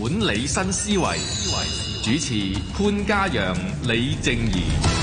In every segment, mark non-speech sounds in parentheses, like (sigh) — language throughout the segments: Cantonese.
管理新思維維，主持潘嘉陽、李靜宜。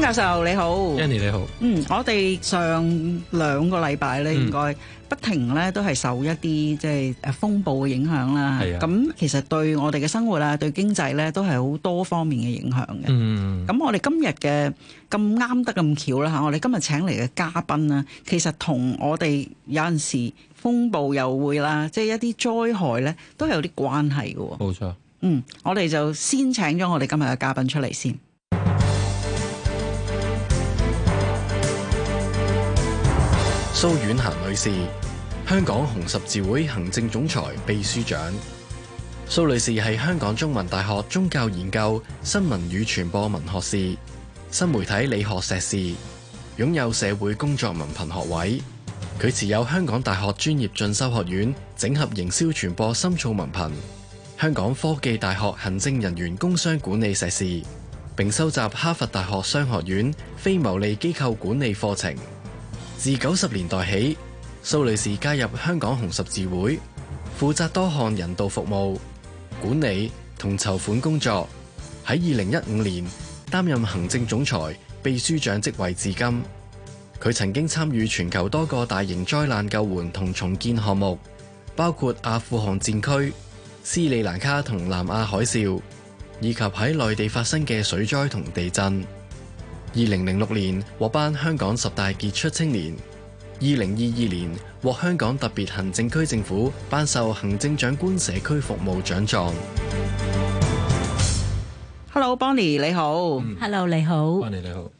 潘教授你好，Jenny 你好，嗯，我哋上兩個禮拜咧，應該不停咧，都係受一啲即係誒風暴嘅影響啦。係啊，咁其實對我哋嘅生活啦，對經濟咧，都係好多方面嘅影響嘅。嗯，咁我哋今日嘅咁啱得咁巧啦，吓，我哋今日請嚟嘅嘉賓啦，其實同我哋有陣時風暴又會啦，即係一啲災害咧，都係有啲關係嘅。冇錯，嗯，我哋就先請咗我哋今日嘅嘉賓出嚟先。蘇婉嫻女士，香港紅十字會行政總裁、秘書長。蘇女士係香港中文大學宗教研究、新聞與傳播文學士、新媒體理學碩士，擁有社會工作文憑學位。佢持有香港大學專業進修學院整合營銷傳播深造文憑、香港科技大學行政人員工商管理碩士，並收集哈佛大學商學院非牟利機構管理課程。自九十年代起，蘇女士加入香港紅十字會，負責多項人道服務、管理同籌款工作。喺二零一五年擔任行政總裁、秘書長職位至今。佢曾經參與全球多個大型災難救援同重建項目，包括阿富汗戰區、斯里蘭卡同南亞海嘯，以及喺內地發生嘅水災同地震。二零零六年獲頒香港十大傑出青年，二零二二年獲香港特別行政區政府頒授行政長官社區服務獎狀。Hello，Bonnie 你好。Hello，你好。歡迎你好。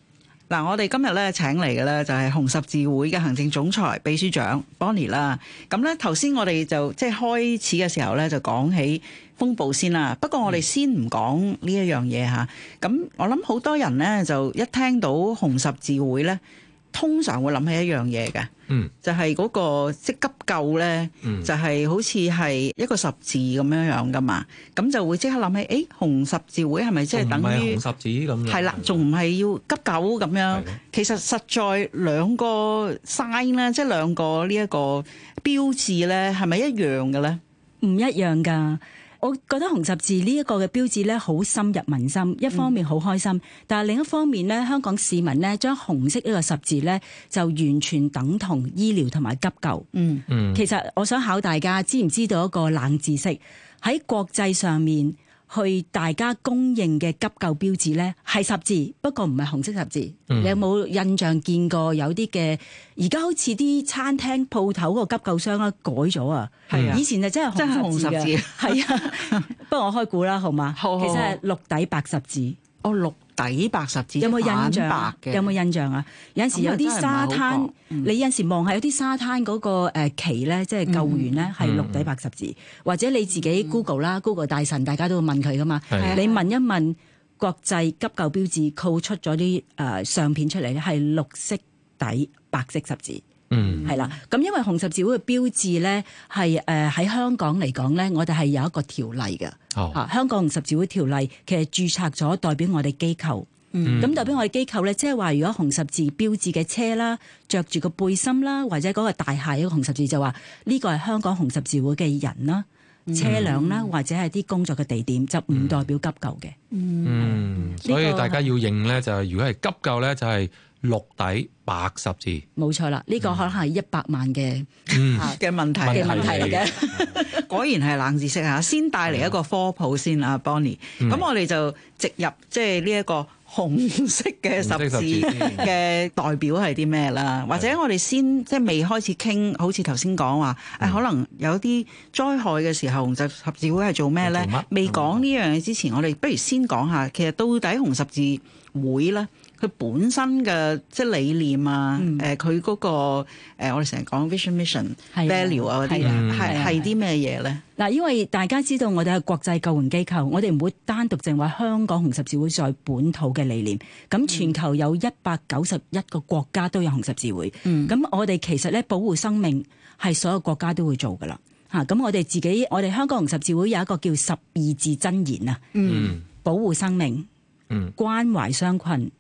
嗱，我哋今日咧請嚟嘅咧就係紅十字會嘅行政總裁、秘書長 Bonnie 啦。咁咧頭先我哋就即係開始嘅時候咧就講起風暴先啦。不過我不，嗯啊、我哋先唔講呢一樣嘢嚇。咁我諗好多人咧，就一聽到紅十字會咧，通常會諗起一樣嘢嘅，嗯，就係嗰、嗰個即急救咧，嗯、就係好似係一個十字咁樣樣噶嘛。咁就會即刻諗起，誒、欸、紅十字會係咪即係等於十字咁？係啦，仲唔係要急救咁樣？的其實實在兩個 sign 啦，即兩個呢一個標誌咧，係咪一樣嘅咧？唔一樣㗎。我覺得紅十字呢一個嘅標誌咧，好深入民心。一方面好開心，但係另一方面咧，香港市民咧將紅色呢個十字咧，就完全等同醫療同埋急救。嗯嗯，其實我想考大家，知唔知道一個冷知識喺國際上面？去大家公認嘅急救標誌咧係十字，不過唔係紅色十字。嗯、你有冇印象見過有啲嘅？而家好似啲餐廳鋪頭個急救箱咧改咗啊！係啊，以前就真係紅十字嘅，字 (laughs) 是啊。 (laughs) 不過我開估啦，好嘛？好好好，其實係綠底白十字。我、哦、綠底白十字，有冇印象？白有冇印象啊？有陣時有啲沙灘，嗯、你有陣時望下有啲沙灘嗰個旗咧，即係救護員咧，係綠、嗯、底白十字，嗯、或者你自己 Google 啦、嗯、Google 大神大家都會問佢㗎嘛，啊、你問一問國際急救標誌，構出咗啲誒相片出嚟咧，係綠色底白色十字。嗯，係啦，咁因為紅十字會嘅標誌咧，係誒喺香港嚟講咧，我哋係有一個條例嘅，吓、哦啊、香港紅十字會條例其實註冊咗代表我哋機構，咁、嗯、代表我哋機構咧，即係話如果紅十字標誌嘅車啦，着住個背心啦，或者嗰個大廈紅十字就話呢個係香港紅十字會嘅人啦、嗯、車輛啦，或者係啲工作嘅地點，就唔代表急救嘅。嗯，嗯嗯所以大家要認咧，就係如果係急救咧，就係、是。綠底白十字，冇錯啦！呢、呢個可能係一百萬嘅嘅、嗯、問題嘅 (laughs) 問題嚟來嘅， (laughs) 果然係冷知識嚇。先帶嚟一個科普先阿 Bonnie。咁我哋就植入即係呢一個紅色嘅十字嘅代表係啲咩啦？ (laughs) 或者我哋先即係未開始傾，好似頭先講話、嗯哎，可能有啲災害嘅時候，紅十字會係做咩咧？未講呢樣嘢之前，嗯、我哋不如先講下，其實到底紅十字會咧？佢本身嘅即係理念啊，誒佢嗰個誒、呃、我哋成日講 vision mission、value 啊，係啊，係啲咩嘢咧？嗱，因為大家知道我哋係國際救援機構，我哋唔會單獨淨話香港紅十字會在本土嘅理念。咁全球有一百九十一個國家都有紅十字會。咁我哋其實咧保護生命係所有國家都會做噶啦。嚇，咁我哋自己我哋香港紅十字會有一個叫十二字真言啊，嗯，保護生命，嗯，關懷傷困。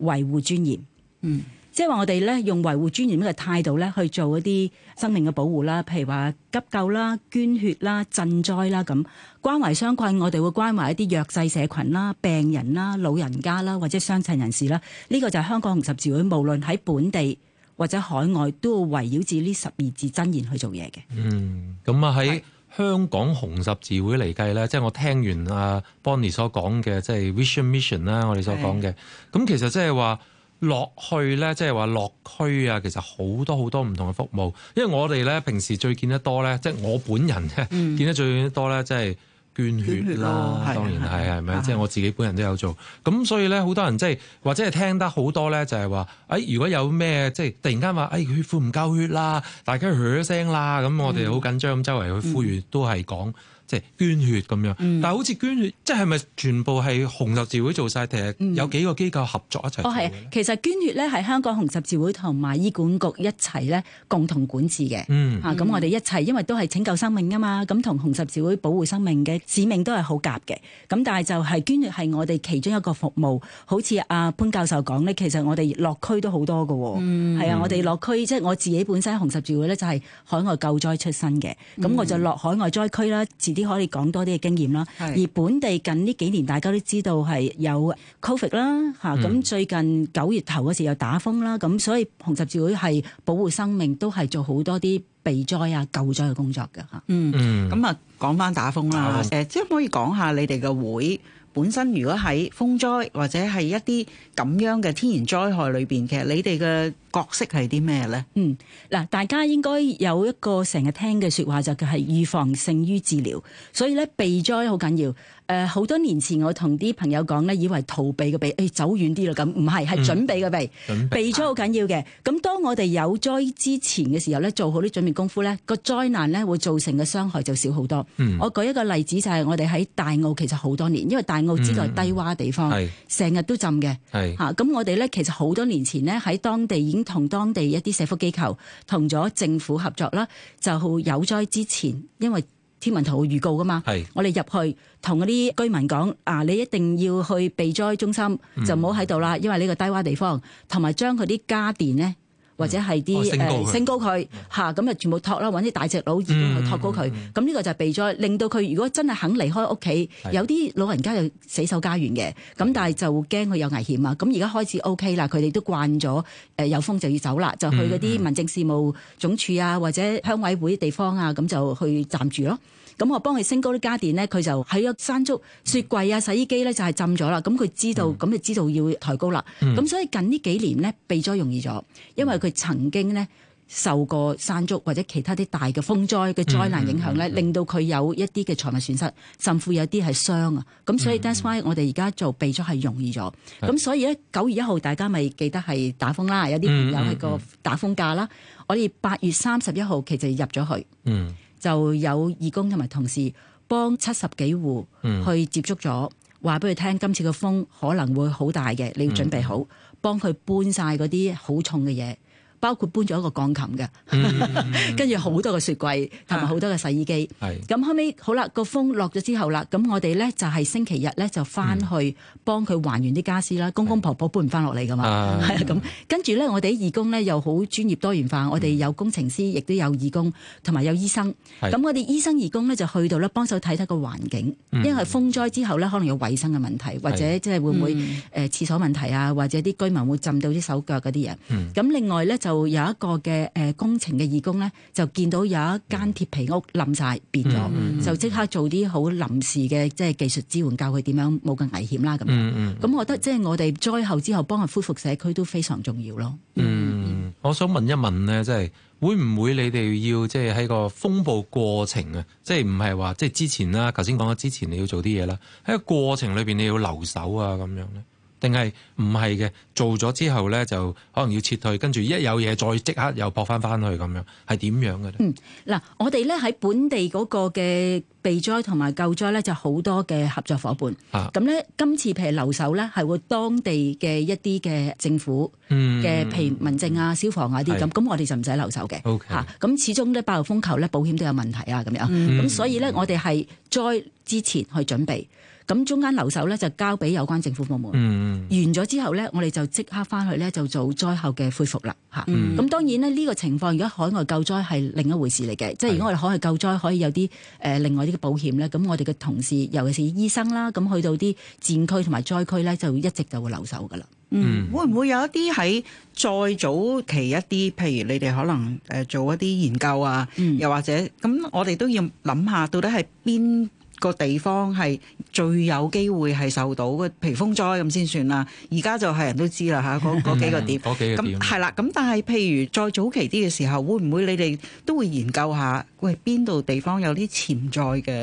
維護尊嚴，嗯，即係話我哋咧用維護尊嚴呢個態度咧去做一啲生命嘅保護啦，譬如話急救啦、捐血啦、賑災啦咁，關懷傷困，我哋會關懷一啲弱勢社群啦、病人啦、老人家啦或者傷殘人士啦，呢、這個就係香港紅十字會無論喺本地或者海外都圍繞住呢十二字真言去做嘢嘅。嗯，咁啊喺。香港紅十字會嚟計咧，即係我聽完阿 Bonnie 所講嘅，即係 Vision Mission 啦，我哋所講嘅，咁其實即係話落去咧，即係話落區啊，其實好多好多唔同嘅服務，因為我哋咧平時最見得多咧，即係我本人嘅、嗯、見得最見得多咧，即係。捐血咯，血啊、當然係係咪？即係我自己本人都有做，咁的所以咧，好多人即係或者係聽得好多咧，就係話，哎，如果有咩即係突然間話，哎，血庫唔夠血啦，大家喝聲啦，咁我哋好緊張，咁、嗯、周圍去呼籲都，都係講。即係捐血咁樣，嗯、但係好似捐血，即係咪全部係紅十字會做晒？定係有幾個機構合作一齊？哦，係，其實捐血咧係香港紅十字會同埋醫管局一齊咧共同管治嘅。嗯，啊，咁我哋一齊，因為都係拯救生命㗎嘛，咁同紅十字會保護生命嘅使命都係好夾嘅。咁但係就係捐血係我哋其中一個服務。好似阿潘教授講咧，其實我哋落區都好多㗎喎。係、嗯、啊，我哋落區即係、就是、我自己本身紅十字會咧就係海外救災出身嘅，咁我就落海外災區啦，可以講多啲嘅經驗啦，是而本地近呢幾年大家都知道係有 COVID 啦吓、嗯，咁最近九月頭嗰時有打風啦，咁、嗯、所以紅十字會係保護生命都係做好多啲避災啊、救災嘅工作㗎吓。嗯，咁啊、嗯，講返打風啦，誒、嗯，即係可以講下你哋嘅會。本身如果喺風災或者係一啲咁樣嘅天然災害裏邊，其實你哋嘅角色係啲咩呢？嗯，嗱，大家應該有一個成日聽嘅説話就係、是、預防勝於治療，所以咧，避災好緊要。誒好、呃、多年前，我同啲朋友講咧，以為逃避嘅避，誒、欸、走遠啲咯，咁唔係，係準備嘅備，嗯、備災好緊要嘅。咁當我哋有災之前嘅時候咧，做好啲準備功夫咧，個災難咧會造成嘅傷害就少好多。嗯、我舉一個例子就係、是、我哋喺大澳，其實好多年，因為大澳之內低窪地方，成日、嗯嗯、都浸嘅。嚇咁是、啊、我哋咧，其實好多年前咧，喺當地已經同當地一啲社福機構同咗政府合作啦，就有災之前，因為。天文台預告噶嘛，是我哋入去同嗰啲居民講啊，你一定要去避災中心，嗯、就唔好喺度啦，因為呢個低窪地方同埋將佢啲家電咧。或者係啲誒升高佢嚇，咁啊全部托啦，揾啲大隻佬去托高佢。咁呢、嗯、個就係避災，令到佢如果真係肯離開屋企，嗯、有啲老人家又死守家園嘅。咁、嗯、但係就驚佢有危險啊。咁而家開始 O K 啦，佢哋都慣咗誒有風就要走啦，就去嗰啲民政事務總署啊，或者鄉委會地方啊，咁就去暫住咯。咁我幫佢升高啲家電咧，佢就喺個山竹雪櫃啊、洗衣機咧就係浸咗啦。咁佢知道，咁、嗯、就知道要抬高啦。咁、嗯、所以近呢幾年咧，避災容易咗，因為佢曾經咧受過山竹或者其他啲大嘅風災嘅災難影響咧，嗯嗯嗯、令到佢有一啲嘅財物損失，甚至有啲係傷啊。咁、嗯嗯、所以 that's why 我哋而家做避災係容易咗。咁、嗯嗯、所以咧，九月一號大家咪記得係打風啦，有啲朋友係個打風假啦。我哋八月三十一號其實入咗去。嗯。嗯嗯。就有義工同埋同事幫七十幾戶去接觸咗，話俾佢聽今次嘅風可能會好大嘅，你要準備好，幫佢搬晒嗰啲好重嘅嘢。包括搬咗一個鋼琴嘅，跟住好多個雪櫃同埋好多嘅洗衣機。咁後尾好啦，個風落咗之後啦，咁我哋呢就係星期日呢，就翻去幫佢還原啲家私啦。公公婆婆搬唔翻落嚟㗎嘛，咁。跟住呢，我哋啲義工呢又好專業多元化，我哋有工程師，亦都有義工同埋有醫生。咁我哋醫生義工呢，就去到呢幫手睇睇個環境，因為風災之後呢，可能有衞生嘅問題，或者即係會唔會誒廁所問題啊，或者啲居民會浸到啲手腳嗰啲嘢。咁另外呢，就就有一個嘅誒工程嘅義工咧，就見到有一間鐵皮屋冧晒，變咗，嗯嗯、就即刻做啲好臨時嘅即係技術支援，教佢點樣冇咁危險啦咁、嗯。嗯咁我覺得即係、就係、我哋災後之後幫佢恢復社區都非常重要咯。嗯，嗯我想問一問咧，即、就、係、係、會唔會你哋要即係喺個風暴過程啊？即係唔係話即係之前啦？頭先講咗之前你要做啲嘢啦，喺個過程裏邊你要留守啊咁樣咧？定係唔係嘅？做咗之後咧，就可能要撤退，跟住一有嘢再即刻又撲返返去咁樣，係點樣嘅咧？嗯，嗱，我哋咧喺本地嗰個嘅避災同埋救災咧，就好、是、多嘅合作伙伴。啊，咁咧今次譬如留守咧，係會當地嘅一啲嘅政府嘅，譬、嗯、如民政啊、嗯、消防啊啲咁。咁是我哋就唔使留守嘅。O Okay .咁、啊、始終咧八號風球咧保險都有問題啊咁樣。咁、嗯嗯、所以咧我哋係災之前去準備。嗯嗯嗯咁中間留守咧就交俾有關政府部門。嗯。完咗之後咧，我哋就即刻翻去咧就做災後嘅恢復啦。嚇、嗯。咁當然咧，呢、這個情況如果海外救災係另一回事嚟嘅，即係如果我哋海外救災可以有啲誒、呃、另外啲保險咧，咁我哋嘅同事，尤其是醫生啦，咁去到啲戰區同埋災區咧，就一直就會留守噶啦。嗯。會唔會有一啲喺再早期一啲，譬如你哋可能誒做一啲研究啊，嗯、又或者咁，我哋都要諗下到底係邊個地方係最有機會係受到個皮風災咁先算啦。而家就係人都知啦嚇，嗰嗰幾個點。 (laughs) 嗰係啦。咁但係，譬如再早期啲嘅時候，會唔會你哋都會研究下，喂邊度地方有啲潛在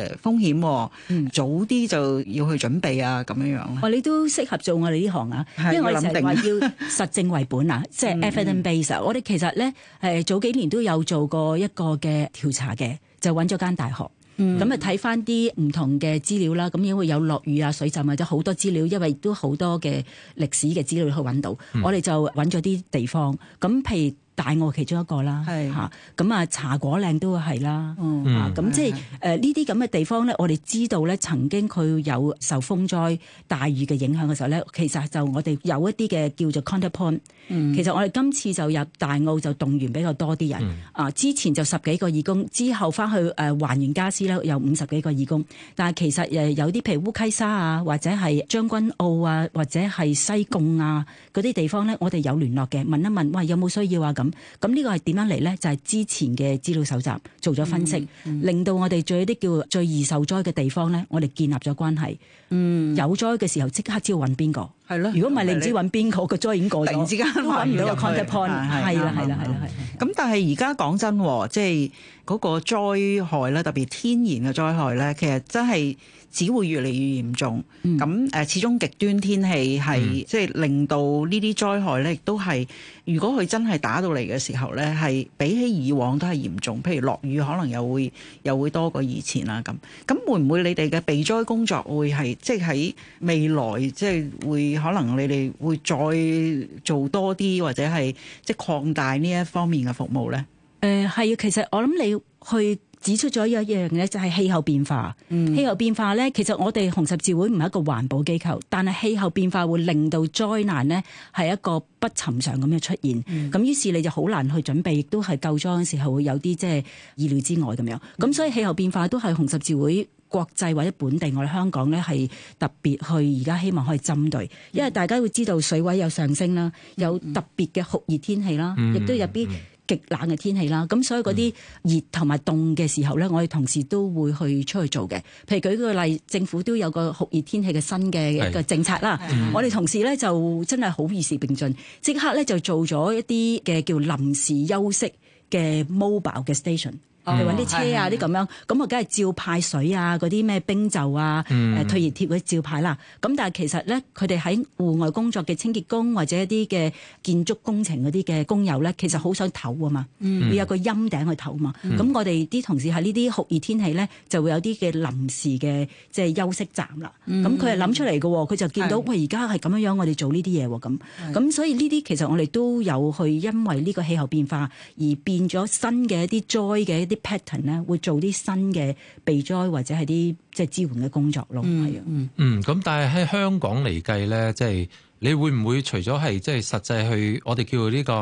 嘅風險，啊？嗯，早啲就要去準備啊，咁樣樣咧。你都適合做我哋呢行啊，因為我哋成日話要實證為本啊， (laughs) 即係 evidence base、嗯、我哋其實咧誒早幾年都有做過一個嘅調查嘅，就揾咗間大學。咁咪睇翻啲唔同嘅資料啦，咁因為有落雨啊、水浸或者好多資料，因為都好多嘅歷史嘅資料去揾到，嗯、我哋就揾咗啲地方，咁譬如，大澳其中一個啦，嚇咁是啊茶果嶺都會係啦，啊咁、嗯啊、即係誒呢啲咁嘅地方咧，我哋知道咧曾經佢有受風災大雨嘅影響嘅時候咧，其實就我哋有一啲嘅叫做 counterpoint。其實我哋今次就入大澳就動員比較多啲人啊，之前就十幾個義工，之後翻去誒還原家私咧有五十幾個義工，但係其實誒有啲譬如烏溪沙啊，或者係將軍澳啊，或者係西貢啊嗰啲地方咧，我哋有聯絡嘅，問一問喂，有冇需要啊咁。咁呢個係點樣嚟咧？就係之前嘅資料搜集做咗分析，令到我哋最啲叫最易受災嘅地方咧，我哋建立咗關係。嗯，有災嘅時候即刻知要揾邊個，係咯。如果唔係你唔知揾邊個，個災已經過咗。突然之間揾唔到個 contact point，係啦係啦係啦係。咁但係而家講真，即係嗰個災害咧，特別天然嘅災害咧，其實真係。只會越嚟越嚴重，咁誒、嗯、始終極端天氣係、嗯、即係令到呢啲災害咧，亦都係如果佢真係打到嚟嘅時候咧，係比起以往都係嚴重。譬如落雨可能又會又會多過以前啦咁。咁會唔會你哋嘅備災工作會係即係喺未來即係會可能你哋會再做多啲或者係即係擴大呢一方面嘅服務咧？誒係啊，其實我諗你去。指出咗有一樣咧，就係、是、氣候變化。嗯、氣候變化咧，其實我哋紅十字會唔係一個環保機構，但係氣候變化會令到災難咧係一個不尋常咁嘅出現。咁、嗯、於是你就好難去準備，亦都係救災嘅時候會有啲即係意料之外咁樣。咁、嗯、所以氣候變化都係紅十字會國際或者本地，我哋香港咧係特別去而家希望可以針對，嗯、因為大家會知道水位有上升啦，嗯、有特別嘅酷熱天氣啦，亦都入邊，嗯嗯嗯極冷嘅天氣啦，咁所以嗰啲熱同埋凍嘅時候咧，嗯、我哋同事都會去出去做嘅。譬如舉個例，政府都有個酷熱天氣嘅新嘅嘅政策啦，是我哋同事咧就真係好與時並進，即刻咧就做咗一啲嘅叫臨時休息嘅 mobile 嘅 station。去揾啲車是是啊，啲咁樣，咁我梗係照派水啊，嗰啲咩冰袖啊，嗯呃、退熱貼嗰啲照派啦。咁但係其實咧，佢哋喺戶外工作嘅清潔工或者一啲嘅建築工程嗰啲嘅工友咧，其實好想唞啊嘛，嗯、要有個陰頂去唞啊嘛。咁、嗯嗯、我哋啲同事喺呢啲酷熱天氣咧，就會有啲嘅臨時嘅即係休息站啦。咁佢係諗出嚟嘅喎，佢就見到喂，而家係咁樣樣，我哋做呢啲嘢喎咁。咁的所以呢啲其實我哋都有去，因為呢個氣候變化而變咗新嘅一啲災嘅一啲。pattern 咧，會做啲新嘅避災或者係啲即係支援嘅工作咯，係啊，嗯，咁但係喺香港嚟計咧，即係你會唔會除咗係即係實際去我哋叫做呢個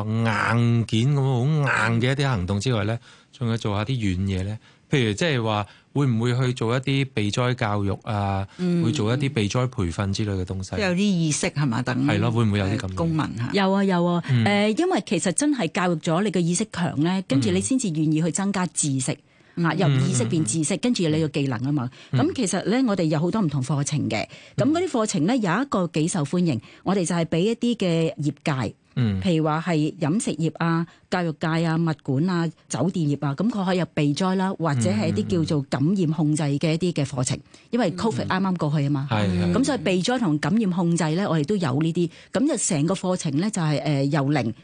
硬件咁好硬嘅一啲行動之外咧，仲有做下啲軟嘢咧？譬如即係話，會唔會去做一啲備災教育啊？嗯、會做一啲備災培訓之類嘅東西，嗯嗯、有啲意識係嘛？等係咯，會唔會有啲咁公民吓、啊？有啊有啊，誒、嗯，因為其實真係教育咗你嘅意識強咧，跟住你先至願意去增加知識。嗯啊！由意識變知識，跟住你個技能啊嘛。咁、嗯、其實咧，我哋有好多唔同課程嘅。咁嗰啲課程咧有一個幾受歡迎，我哋就係俾一啲嘅業界，譬、嗯、如話係飲食業啊、教育界啊、物管啊、酒店業啊，咁佢可以有備災啦，或者係一啲叫做感染控制嘅一啲嘅課程。嗯、因為 Covid 啱啱過去啊嘛，咁、嗯、所以備災同感染控制咧，我哋都有呢啲。咁就成個課程咧就係誒由零。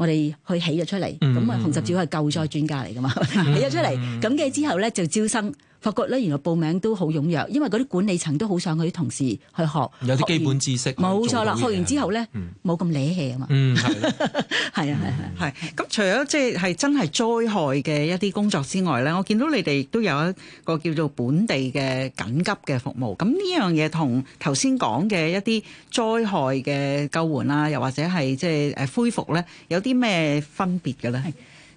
我哋去起咗出嚟，咁啊紅十字係救災專家嚟噶嘛， (laughs) 起咗出嚟，咁嘅、嗯、之後咧就招生。發覺咧，原來報名都好踴躍，因為嗰啲管理層都好想佢啲同事去學，有啲基本知識。冇錯啦，學完之後咧，冇咁嚟氣啊嘛。嗯，係，係啊，係係。係咁，除咗即係係真係災害嘅一啲工作之外咧，我見到你哋都有一個叫做本地嘅緊急嘅服務。咁呢樣嘢同頭先講嘅一啲災害嘅救援啊，又或者係即係誒恢復咧，有啲咩分別嘅咧？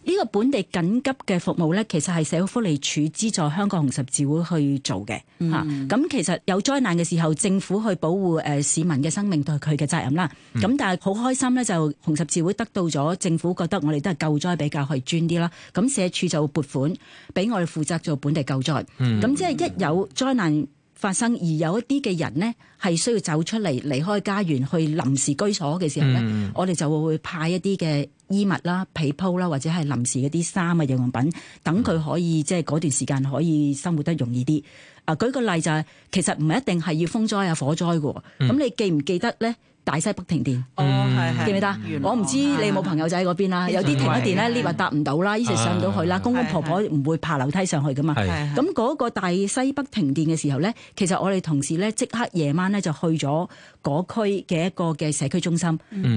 呢個本地緊急嘅服務咧，其實係社會福利署資助香港紅十字會去做嘅嚇。咁、嗯啊、其實有災難嘅時候，政府去保護誒、呃、市民嘅生命，對佢嘅責任啦。咁、嗯、但係好開心咧，就紅十字會得到咗政府覺得我哋都係救災比較去專啲啦。咁社署就撥款俾我哋負責做本地救災。咁、嗯、即係一有災難發生而有一啲嘅人呢，係需要走出嚟離開家園去臨時居所嘅時候咧，我哋就會會派一啲嘅嗯衣物啦、被鋪啦，或者係臨時嗰啲衫啊、日用品，等佢可以即係嗰段時間可以生活得容易啲。啊，舉個例就係其實唔係一定係要風災啊、火災嘅喎。咁、嗯、你記唔記得咧？大西北停電，哦、是是記唔記得？原來、我唔知你有冇朋友仔喺嗰邊啦。啊、有啲停咗電咧 lift 搭唔到啦，於、啊、是，是，是上唔到、啊、去啦。公公婆婆唔會爬樓梯上去嘅嘛。咁嗰個大西北停電嘅時候咧，其實我哋同事咧即刻夜晚咧就去咗嗰區嘅一個嘅社區中心，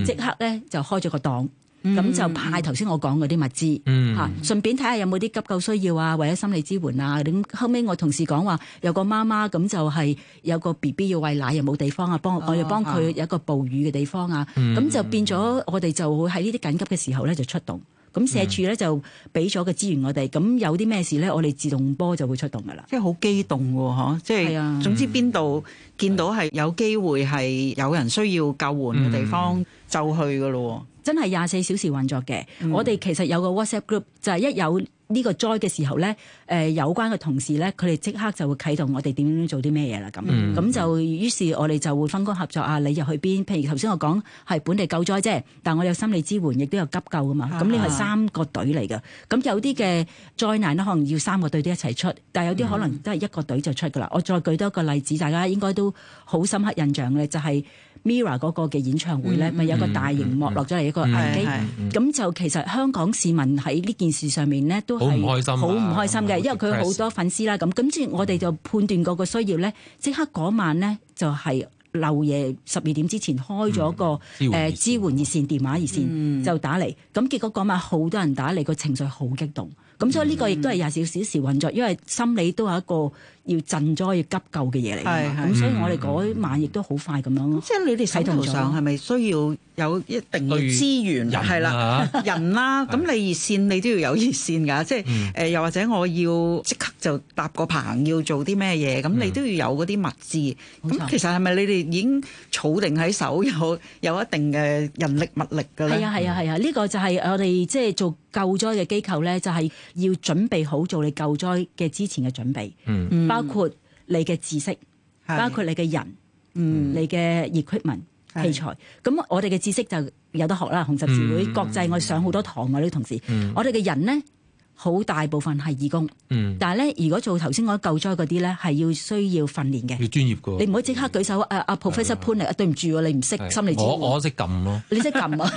即、嗯、刻咧就開咗個檔。咁、嗯、就派頭先我講嗰啲物資嚇、嗯啊，順便睇下有冇啲急救需要啊，或者心理支援啊。咁後尾我同事講話有個媽媽，咁就係有個 B B 要餵奶又冇地方啊，幫我哋、哦、幫佢有一個哺乳嘅地方啊。咁、嗯啊嗯、就變咗我哋就會喺呢啲緊急嘅時候咧就出動。咁、嗯、社署咧就俾咗個資源我哋。咁有啲咩事咧，我哋自動波就會出動噶啦。即係好機動喎，嚇、嗯！即係總之邊度見到係有機會係有人需要救援嘅地方。嗯就去噶咯，真係廿四小時運作嘅，嗯、我哋其實有個 WhatsApp group，就係一有呢個災嘅時候呢，誒、呃、有關嘅同事呢，佢哋即刻就會啟動我哋點樣做啲咩嘢啦咁，咁就、嗯、於是我哋就會分工合作啊！你入去邊？譬如頭先我講係本地救災啫，但我有心理支援，亦都有急救噶嘛。咁呢係三個隊嚟嘅。咁有啲嘅災難呢，可能要三個隊都一齊出，但係有啲可能都係一個隊就出㗎啦。嗯、我再舉多一個例子，大家應該都好深刻印象嘅，就係、是、Mira 嗰個嘅演唱會呢，咪有個大型幕落咗嚟一個危機。咁、嗯嗯嗯嗯嗯、就其實香港市民喺呢件事上面呢。都。都好唔開心，好唔開心嘅，因為佢好多粉絲啦，咁咁即我哋就判斷嗰個需要呢。即刻嗰晚呢，就係、是、漏夜十二點之前開咗個誒、嗯、支援熱線、呃、電話熱線、嗯、就打嚟，咁結果嗰晚好多人打嚟，個情緒好激動，咁所以呢個亦都係廿四小時運作，嗯、因為心理都係一個。要賑災要急救嘅嘢嚟，咁是是 所以我哋嗰晚亦都好快咁樣、嗯。即係你哋細途上係咪需要有一定嘅資源？係啦，人啦。咁你熱線你都要有熱線㗎，即係誒又或者我要即刻就搭個棚要做啲咩嘢，咁你都要有嗰啲物資。咁、嗯、其實係咪你哋已經儲定喺手有有一定嘅人力物力㗎咧？係啊係啊係啊！呢、啊啊啊啊呢個就係我哋即係做救災嘅機構咧，就係要準備好做你救災嘅之前嘅準備。嗯。包括你嘅知識，是包括你嘅人，嗯，你嘅的 equipment 是器材，咁我哋嘅知識就有得學啦，紅十字會、嗯、國際我哋上好多堂啊呢啲同事，嗯、我哋嘅人咧。好大部分係義工，但係咧，如果做頭先我救災嗰啲咧，係要需要訓練嘅，要專業嘅。你唔好即刻舉手，誒阿 Professor 潘嚟，對唔住喎，你唔識心理支援。我我識撳咯，你識撳啊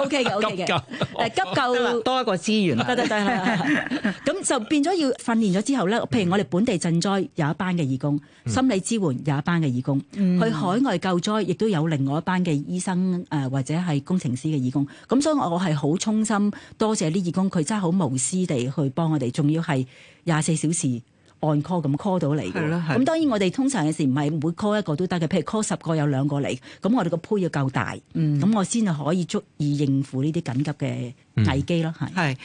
？O K 嘅，O K 嘅。急救多一個資源啦，係係。咁就變咗要訓練咗之後咧，譬如我哋本地震災有一班嘅義工，心理支援有一班嘅義工，去海外救災亦都有另外一班嘅醫生誒或者係工程師嘅義工。咁所以我我係好衷心多謝啲義工，佢真係好無無私地去幫我哋，仲要係廿四小時按 call 咁 call 到嚟嘅。係係。咁當然我哋通常嘅時唔係每 call 一個都得嘅，譬如 call 十個有兩個嚟，咁我哋個鋪要夠大，咁、嗯、我先係可以足以應付呢啲緊急嘅危機咯。係、嗯。是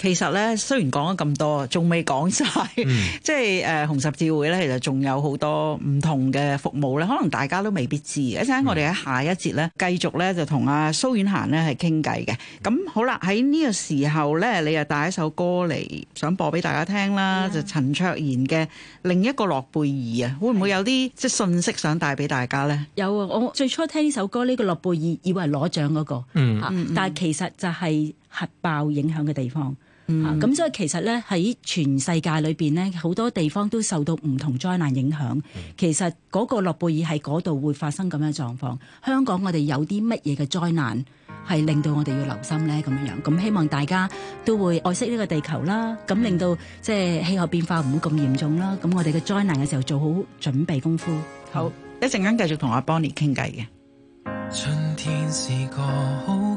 其實咧，雖然講咗咁多，仲未講晒。嗯、即係誒、呃、紅十字會咧，其實仲有好多唔同嘅服務咧，可能大家都未必知。一陣我哋喺下一節咧，繼續咧就同阿蘇婉嫻咧係傾偈嘅。咁好啦，喺呢個時候咧，你又帶一首歌嚟，想播俾大家聽啦，啊、就陳卓賢嘅另一個諾貝爾啊，會唔會有啲即係信息想帶俾大家咧？有啊，我最初聽呢首歌，呢、這個諾貝爾以為攞獎嗰個，啊、但係其實就係核爆影響嘅地方。咁、嗯啊、所以其實咧喺全世界裏邊咧，好多地方都受到唔同災難影響。嗯、其實嗰個諾貝爾喺嗰度會發生咁樣狀況。香港我哋有啲乜嘢嘅災難係令到我哋要留心呢？咁樣樣。咁希望大家都會愛惜呢個地球啦。咁、嗯、令到即係氣候變化唔會咁嚴重啦。咁我哋嘅災難嘅時候做好準備功夫。嗯、好，一陣間繼續同阿 Bonnie 傾偈嘅。春天是個好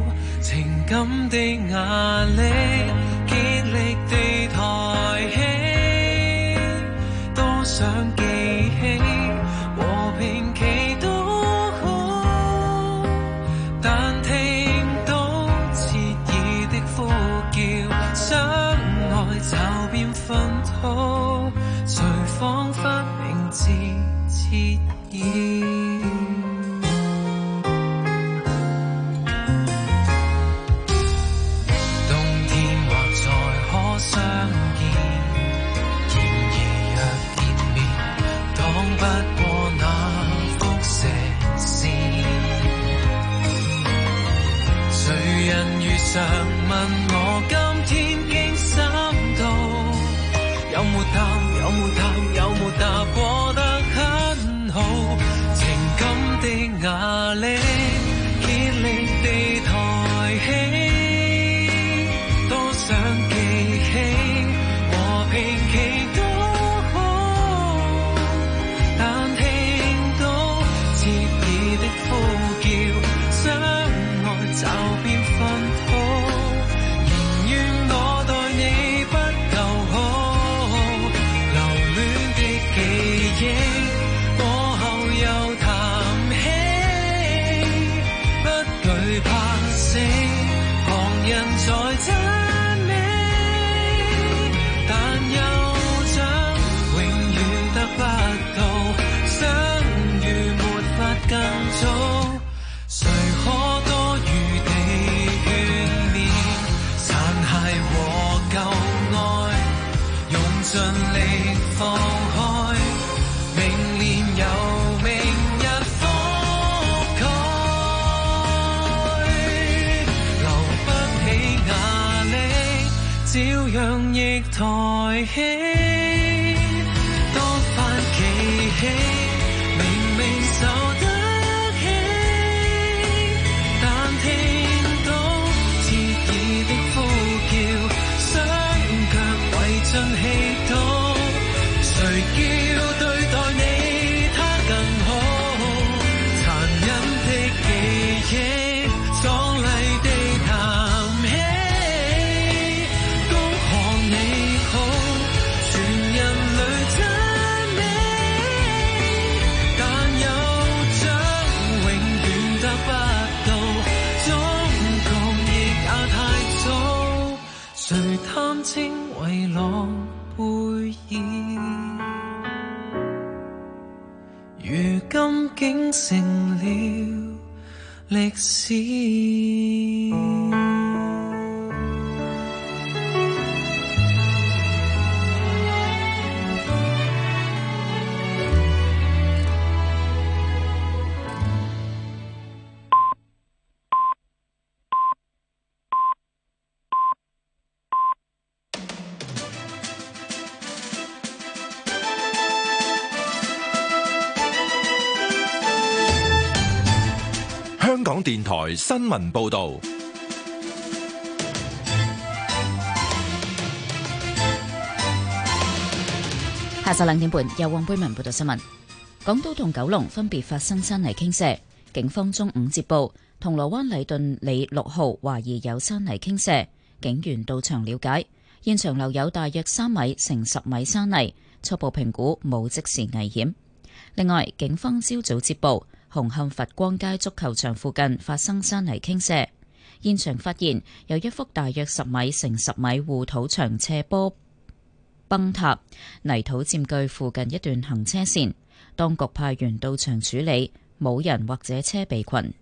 情感的壓力，竭力地。電台新聞報道：下晝兩點半，由黃佩文報道新聞。港島同九龍分別發生山泥傾瀉，警方中午接報，銅鑼灣禮頓里六號懷疑有山泥傾瀉，警員到場了解，現場留有大約三米乘十米山泥，初步評估冇即時危險。另外，警方朝早，早接報。紅磡佛光街足球場附近發生山泥傾瀉，現場發現有一幅大約十米乘十米護土牆斜坡崩塌，泥土佔據附近一段行車線。當局派員到場處理，冇人或者車被困。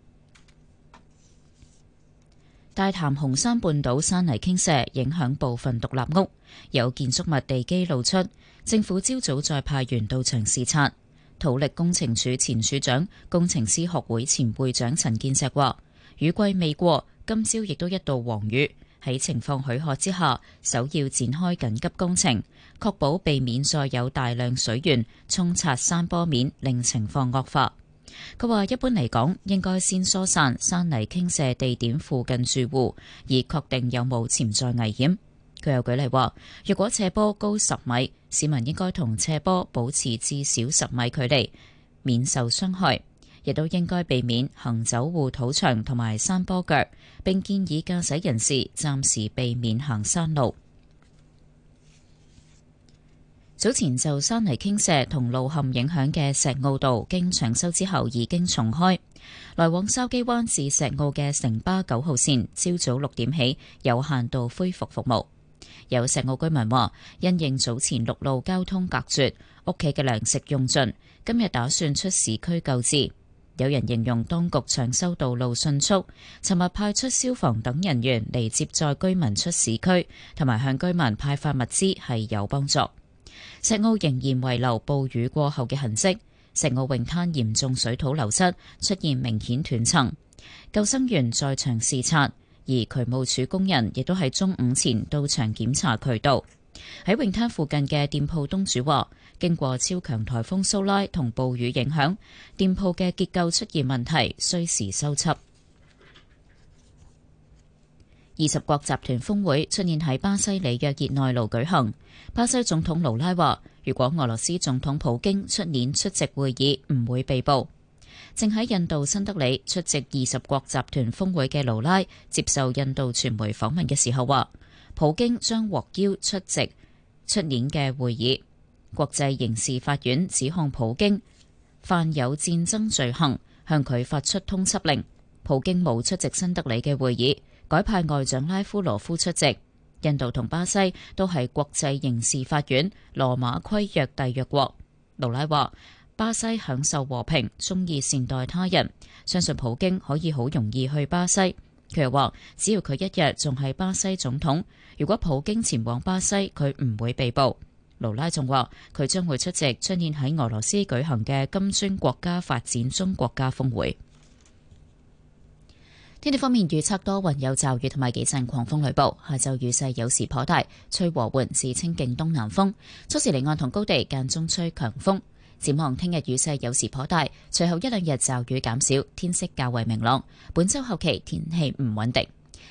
大潭紅山半島山泥傾瀉影響部分獨立屋，有建築物地基露出。政府朝早再派員到場視察。土力工程署前署長、工程師學會前會長陳建石話：雨季未過，今朝亦都一度黃雨。喺情況許可之下，首要展開緊急工程，確保避免再有大量水源衝刷山坡面，令情況惡化。佢話：一般嚟講，應該先疏散山泥傾瀉地點附近住戶，以確定有冇潛在危險。佢又舉例話，若果斜坡高十米，市民應該同斜坡保持至少十米距離，免受傷害。亦都應該避免行走護土牆同埋山坡腳。並建議駕駛人士暫時避免行山路。早前就山泥傾瀉同路陷影響嘅石澳道，經搶修之後已經重開。來往筲箕灣至石澳嘅城巴九號線，朝早六點起有限度恢復服務。有石澳居民話：因應早前陸路交通隔絕，屋企嘅糧食用盡，今日打算出市區救治。有人形容當局搶修道路迅速，尋日派出消防等人員嚟接載居民出市區，同埋向居民派發物資係有幫助。石澳仍然遺留暴雨過後嘅痕跡，石澳泳灘嚴重水土流失，出現明顯斷層。救生員在場視察。而渠務署工人亦都喺中午前到場檢查渠道。喺泳灘附近嘅店鋪東主話，經過超強台風蘇拉同暴雨影響，店鋪嘅結構出現問題收，需時修葺。二十國集團峰會出年喺巴西里約熱內盧舉行，巴西總統盧拉話，如果俄羅斯總統普京出年出席會議，唔會被捕。正喺印度新德里出席二十國集團峰會嘅盧拉，接受印度傳媒訪問嘅時候話，普京將獲邀出席出年嘅會議。國際刑事法院指控普京犯有戰爭罪行，向佢發出通緝令。普京冇出席新德里嘅會議，改派外長拉夫羅夫出席。印度同巴西都係國際刑事法院羅馬規約締約國。盧拉話。巴西享受和平，中意善待他人，相信普京可以好容易去巴西。佢又話，只要佢一日仲係巴西總統，如果普京前往巴西，佢唔會被捕。盧拉仲話，佢將會出席春天喺俄羅斯舉行嘅金磚國家發展中國家峰會。天氣方面，預測多雲有驟雨，同埋幾陣狂風雷暴。下晝雨勢有時頗大，吹和緩至清勁東南風。初時離岸同高地間中吹強風。展望聽日雨勢有時頗大，隨後一兩日驟雨減少，天色較為明朗。本周後期天氣唔穩定。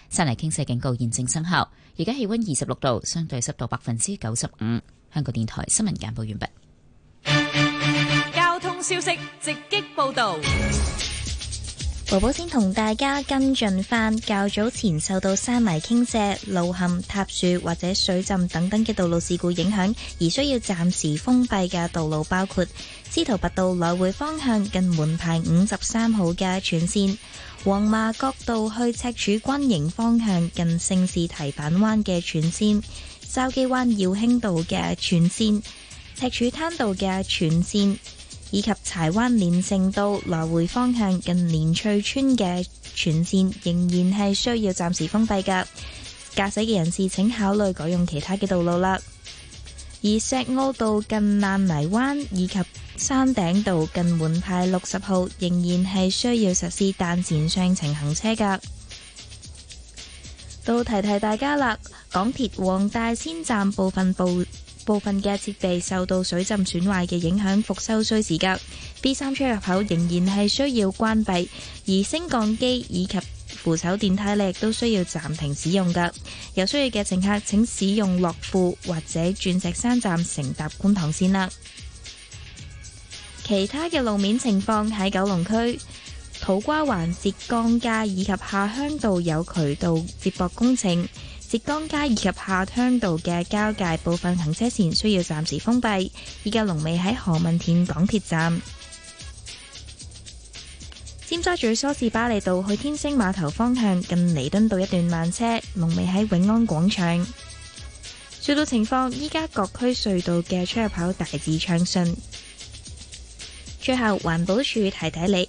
山泥傾瀉警告現正生效，而家氣温二十六度，相對濕度百分之九十五。香港電台新聞簡報完畢。交通消息直擊報道。寶寶先同大家跟進返較早前受到山泥傾瀉、路陷、塌樹或者水浸等等嘅道路事故影響而需要暫時封閉嘅道路，包括司徒拔道來回方向近門牌五十三號嘅全綫、黃麻角道去赤柱軍營方向近聖士提反灣嘅全綫、筲箕灣耀興道嘅全綫、赤柱灘道嘅全綫。以及柴灣連勝道來回方向近連翠邨嘅全線仍然係需要暫時封閉噶，駕駛嘅人士請考慮改用其他嘅道路啦。而石澳道近爛泥灣以及山頂道近門牌六十號仍然係需要實施單線雙程行車噶。到提提大家啦，港鐵黃大仙站部分部。部分嘅設備受到水浸損壞嘅影響，復修需時噶。B 三出入口仍然係需要關閉，而升降機以及扶手電梯咧，亦都需要暫停使用噶。有需要嘅乘客，請使用樂富或者鑽石山站乘搭觀塘綫啦。其他嘅路面情況喺九龍區土瓜灣浙江街以及下鄉道有渠道接駁工程。浙江街以及下鄉道嘅交界部分行車線需要暫時封閉，依家龍尾喺何文田港鐵站。 (noise) 尖沙咀梳士巴利道去天星碼頭方向近彌敦道一段慢車，龍尾喺永安廣場。隧道 (noise) 情況依家各區隧道嘅出入口大致暢順。最後，環保署提提你。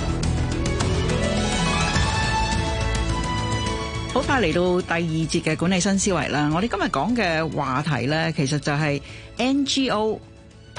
好快嚟到第二節嘅管理新思維啦！我哋今日講嘅話題咧，其實就係 NGO。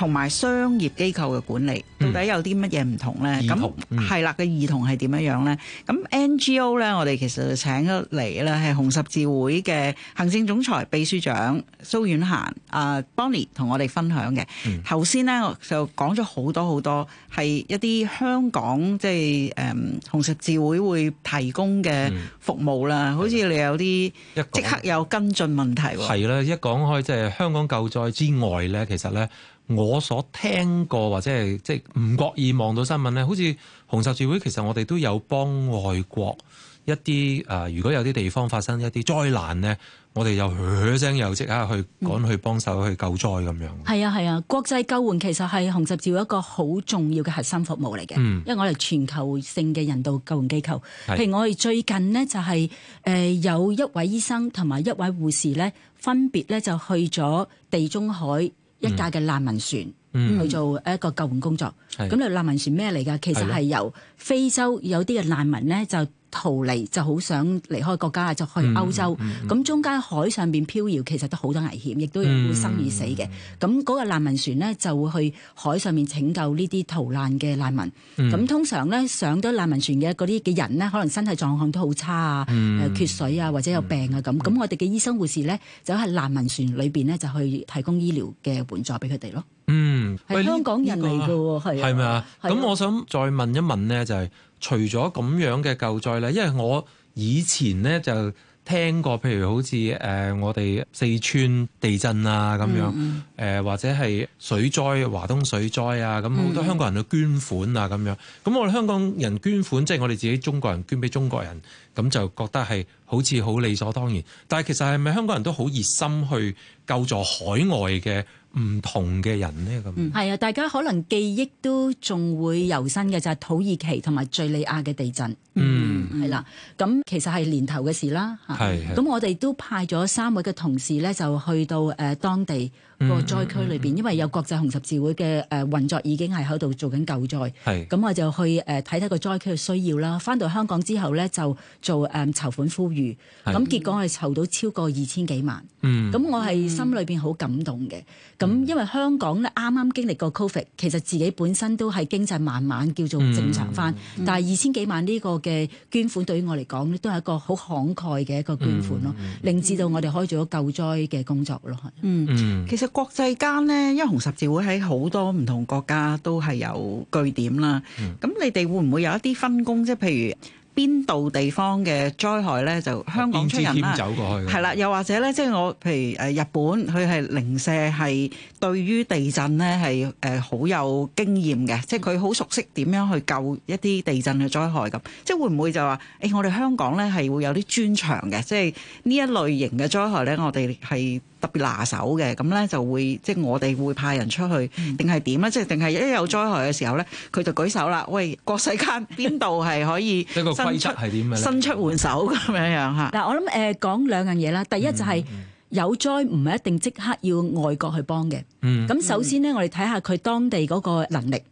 同埋商業機構嘅管理，到底有啲乜嘢唔同咧？咁係啦，嘅兒童係點樣樣咧？咁 NGO 咧，我哋其實請咗嚟啦，係紅十字會嘅行政總裁、秘書長蘇遠賢啊、呃、Bonnie 同我哋分享嘅。頭先咧，我就講咗好多好多係一啲香港即係誒、嗯、紅十字會會提供嘅服務啦，嗯嗯、好似你有啲即刻有跟進問題。係啦，一講開即係香港救災之外咧，其實咧。我所聽過或者係即係唔覺意望到新聞咧，好似紅十字會其實我哋都有幫外國一啲誒、呃，如果有啲地方發生一啲災難咧，我哋又噓聲又即刻去趕去幫手去救災咁樣。係啊係啊，國際救援其實係紅十字會一個好重要嘅核心服務嚟嘅，嗯、因為我哋全球性嘅人道救援機構。譬、啊、如我哋最近呢，就係、是、誒有一位醫生同埋一位護士咧，分別咧就去咗地中海。一架嘅難民船，嗯、去做一個救援工作，咁呢條難民船咩嚟㗎？其實係由非洲有啲嘅難民咧就。逃離就好想離開國家，就去歐洲。咁中間海上邊飄搖，其實都好多危險，亦都會生與死嘅。咁嗰個難民船咧就會去海上面拯救呢啲逃難嘅難民。咁通常咧上咗難民船嘅嗰啲嘅人咧，可能身體狀況都好差啊，缺水啊或者有病啊咁。咁我哋嘅醫生護士咧就喺難民船裏邊咧就去提供醫療嘅援助俾佢哋咯。嗯，係香港人嚟嘅喎，係咪啊？咁我想再問一問咧，就係。除咗咁樣嘅救災呢，因為我以前呢就聽過，譬如好似誒、呃、我哋四川地震啊咁樣，誒、呃、或者係水災、華東水災啊咁，好、嗯、多香港人都捐款啊咁樣。咁我哋香港人捐款，即、就、係、是、我哋自己中國人捐俾中國人，咁就覺得係好似好理所當然。但係其實係咪香港人都好熱心去救助海外嘅唔同嘅人呢，咁，係 (noise) 啊！大家可能記憶都仲會猶新嘅就係、是、土耳其同埋敘利亞嘅地震，嗯，係啦、嗯。咁、啊嗯、其實，係年頭嘅事啦吓，咁我哋都派咗三位嘅同事咧，就去到誒、呃、當地個災區裏邊，因為有國際紅十字會嘅誒運作，已經係喺度做緊救災，係咁、嗯、我就去誒睇睇個災區嘅需要啦。翻到香港之後咧，就做誒籌款呼籲，咁是、嗯、結果係籌到超過二千幾萬，嗯，咁、嗯、我係。心裏邊好感動嘅，咁因為香港咧啱啱經歷過 Covid，其實自己本身都係經濟慢慢叫做正常翻，嗯嗯、但係二千幾萬呢個嘅捐款對於我嚟講咧，都係一個好慷慨嘅一個捐款咯，嗯嗯、令至到我哋可以做咗救災嘅工作咯。嗯嗯，其實國際間咧，因為紅十字會喺好多唔同國家都係有據點啦，咁、嗯、你哋會唔會有一啲分工啫？譬如邊度地方嘅災害咧，就香港出人啦。走過去。係啦，又或者咧，即係我譬如誒日本，佢係零舍係對於地震咧係誒好有經驗嘅，即係佢好熟悉點樣去救一啲地震嘅災害咁。即係會唔會就話誒，我哋香港咧係會有啲專長嘅，即係呢一類型嘅災害咧，我哋係特別拿手嘅咁咧，就會即係我哋會派人出去，定係點咧？即係定係一有災害嘅時候咧，佢就舉手啦。喂，國際間邊度係可以一 (laughs) 個規則係點樣伸出援手咁樣樣嚇。嗱、嗯，我諗誒講兩樣嘢啦。第一就係有災唔係一定即刻要外國去幫嘅。咁首先咧，我哋睇下佢當地嗰個能力。嗯嗯嗯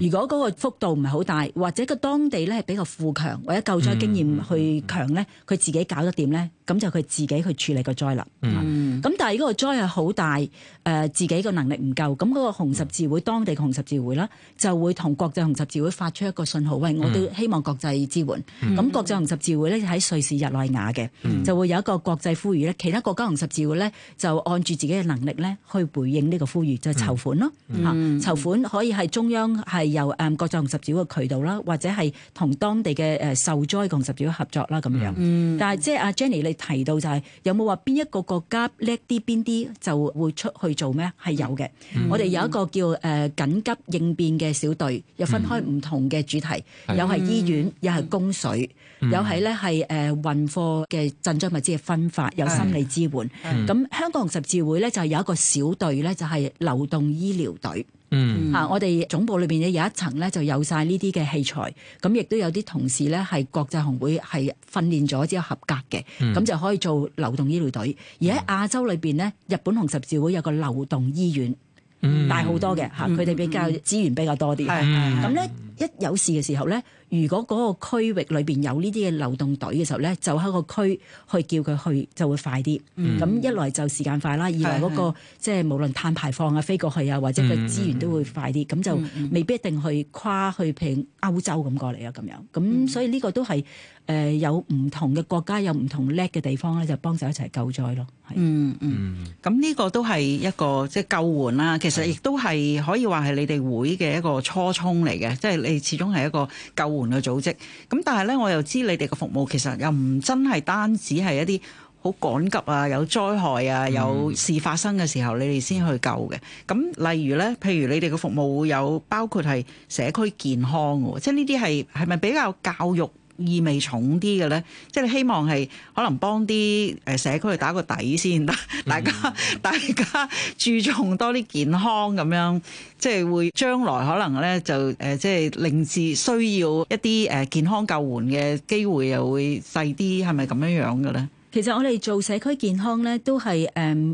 如果嗰個幅度唔係好大，或者個當地咧係比較富強，或者救災經驗去強咧，佢自己搞得掂咧，咁就佢自己去處理個災啦。咁、嗯嗯嗯、但係嗰個災係好大，誒、呃、自己個能力唔夠，咁嗰個紅十字會、嗯、當地紅十字會啦，就會同國際紅十字會發出一個信號，喂，我都希望國際支援。咁、嗯嗯、國際紅十字會咧喺瑞士日內瓦嘅，嗯、就會有一個國際呼籲咧，其他國家紅十字會咧就按住自己嘅能力咧去回應呢個呼籲，就係、籌款咯。嚇、嗯，籌款可以係中央。係由誒國際紅十字會渠道啦，或者係同當地嘅誒受災紅十字會合作啦，咁樣。嗯嗯、但係即係阿 Jenny 你提到就係、是、有冇話邊一個國家叻啲，邊啲就會出去做咩？係有嘅。嗯、我哋有一個叫誒、呃、緊急應變嘅小隊，又分開唔同嘅主題，有係醫院，有係、嗯、供水，有係咧係誒運貨嘅振災物資嘅分發，有心理支援。咁、嗯嗯嗯、香港紅十字會咧就係有一個小隊咧，就係、是、流動醫療隊。嗯，啊，我哋總部裏邊咧有一層咧就有晒呢啲嘅器材，咁亦都有啲同事咧係國際紅會係訓練咗之後合格嘅，咁、嗯、就可以做流動醫療隊。而喺亞洲裏邊咧，日本紅十字會有個流動醫院，嗯、大好多嘅吓，佢、啊、哋、嗯、比較資、嗯、源比較多啲。咁咧、嗯、一有事嘅時候咧。如果嗰個區域裏邊有呢啲嘅流動隊嘅時候咧，就喺個區去叫佢去就會快啲。咁、嗯、一來就時間快啦，二來嗰個是是即係無論碳排放啊、飛過去啊，或者佢資源都會快啲。咁、嗯、就未必一定去跨去譬如歐洲咁過嚟，啊，咁樣，咁、嗯、所以呢個都係誒、呃、有唔同嘅國家有唔同叻嘅地方咧，就幫手一齊救災咯。係。嗯嗯。咁、嗯、呢、嗯、個都係一個即係、就是、救援啦。其實亦都係可以話係你哋會嘅一個初衷嚟嘅，即、就、係、是、你始終係一個救換嘅組織，咁但係咧，我又知你哋嘅服務其實又唔真係單止係一啲好趕急啊，有災害啊，有事發生嘅時候，你哋先去救嘅。咁例如咧，譬如你哋嘅服務有包括係社區健康喎，即係呢啲係係咪比較教育？意味重啲嘅咧，即係希望係可能幫啲誒社區去打個底先，大家、嗯、大家注重多啲健康咁樣，即係會將來可能咧就誒、呃、即係令至需要一啲誒健康救援嘅機會又會細啲，係咪咁樣樣嘅咧？其實我哋做社區健康咧，都係誒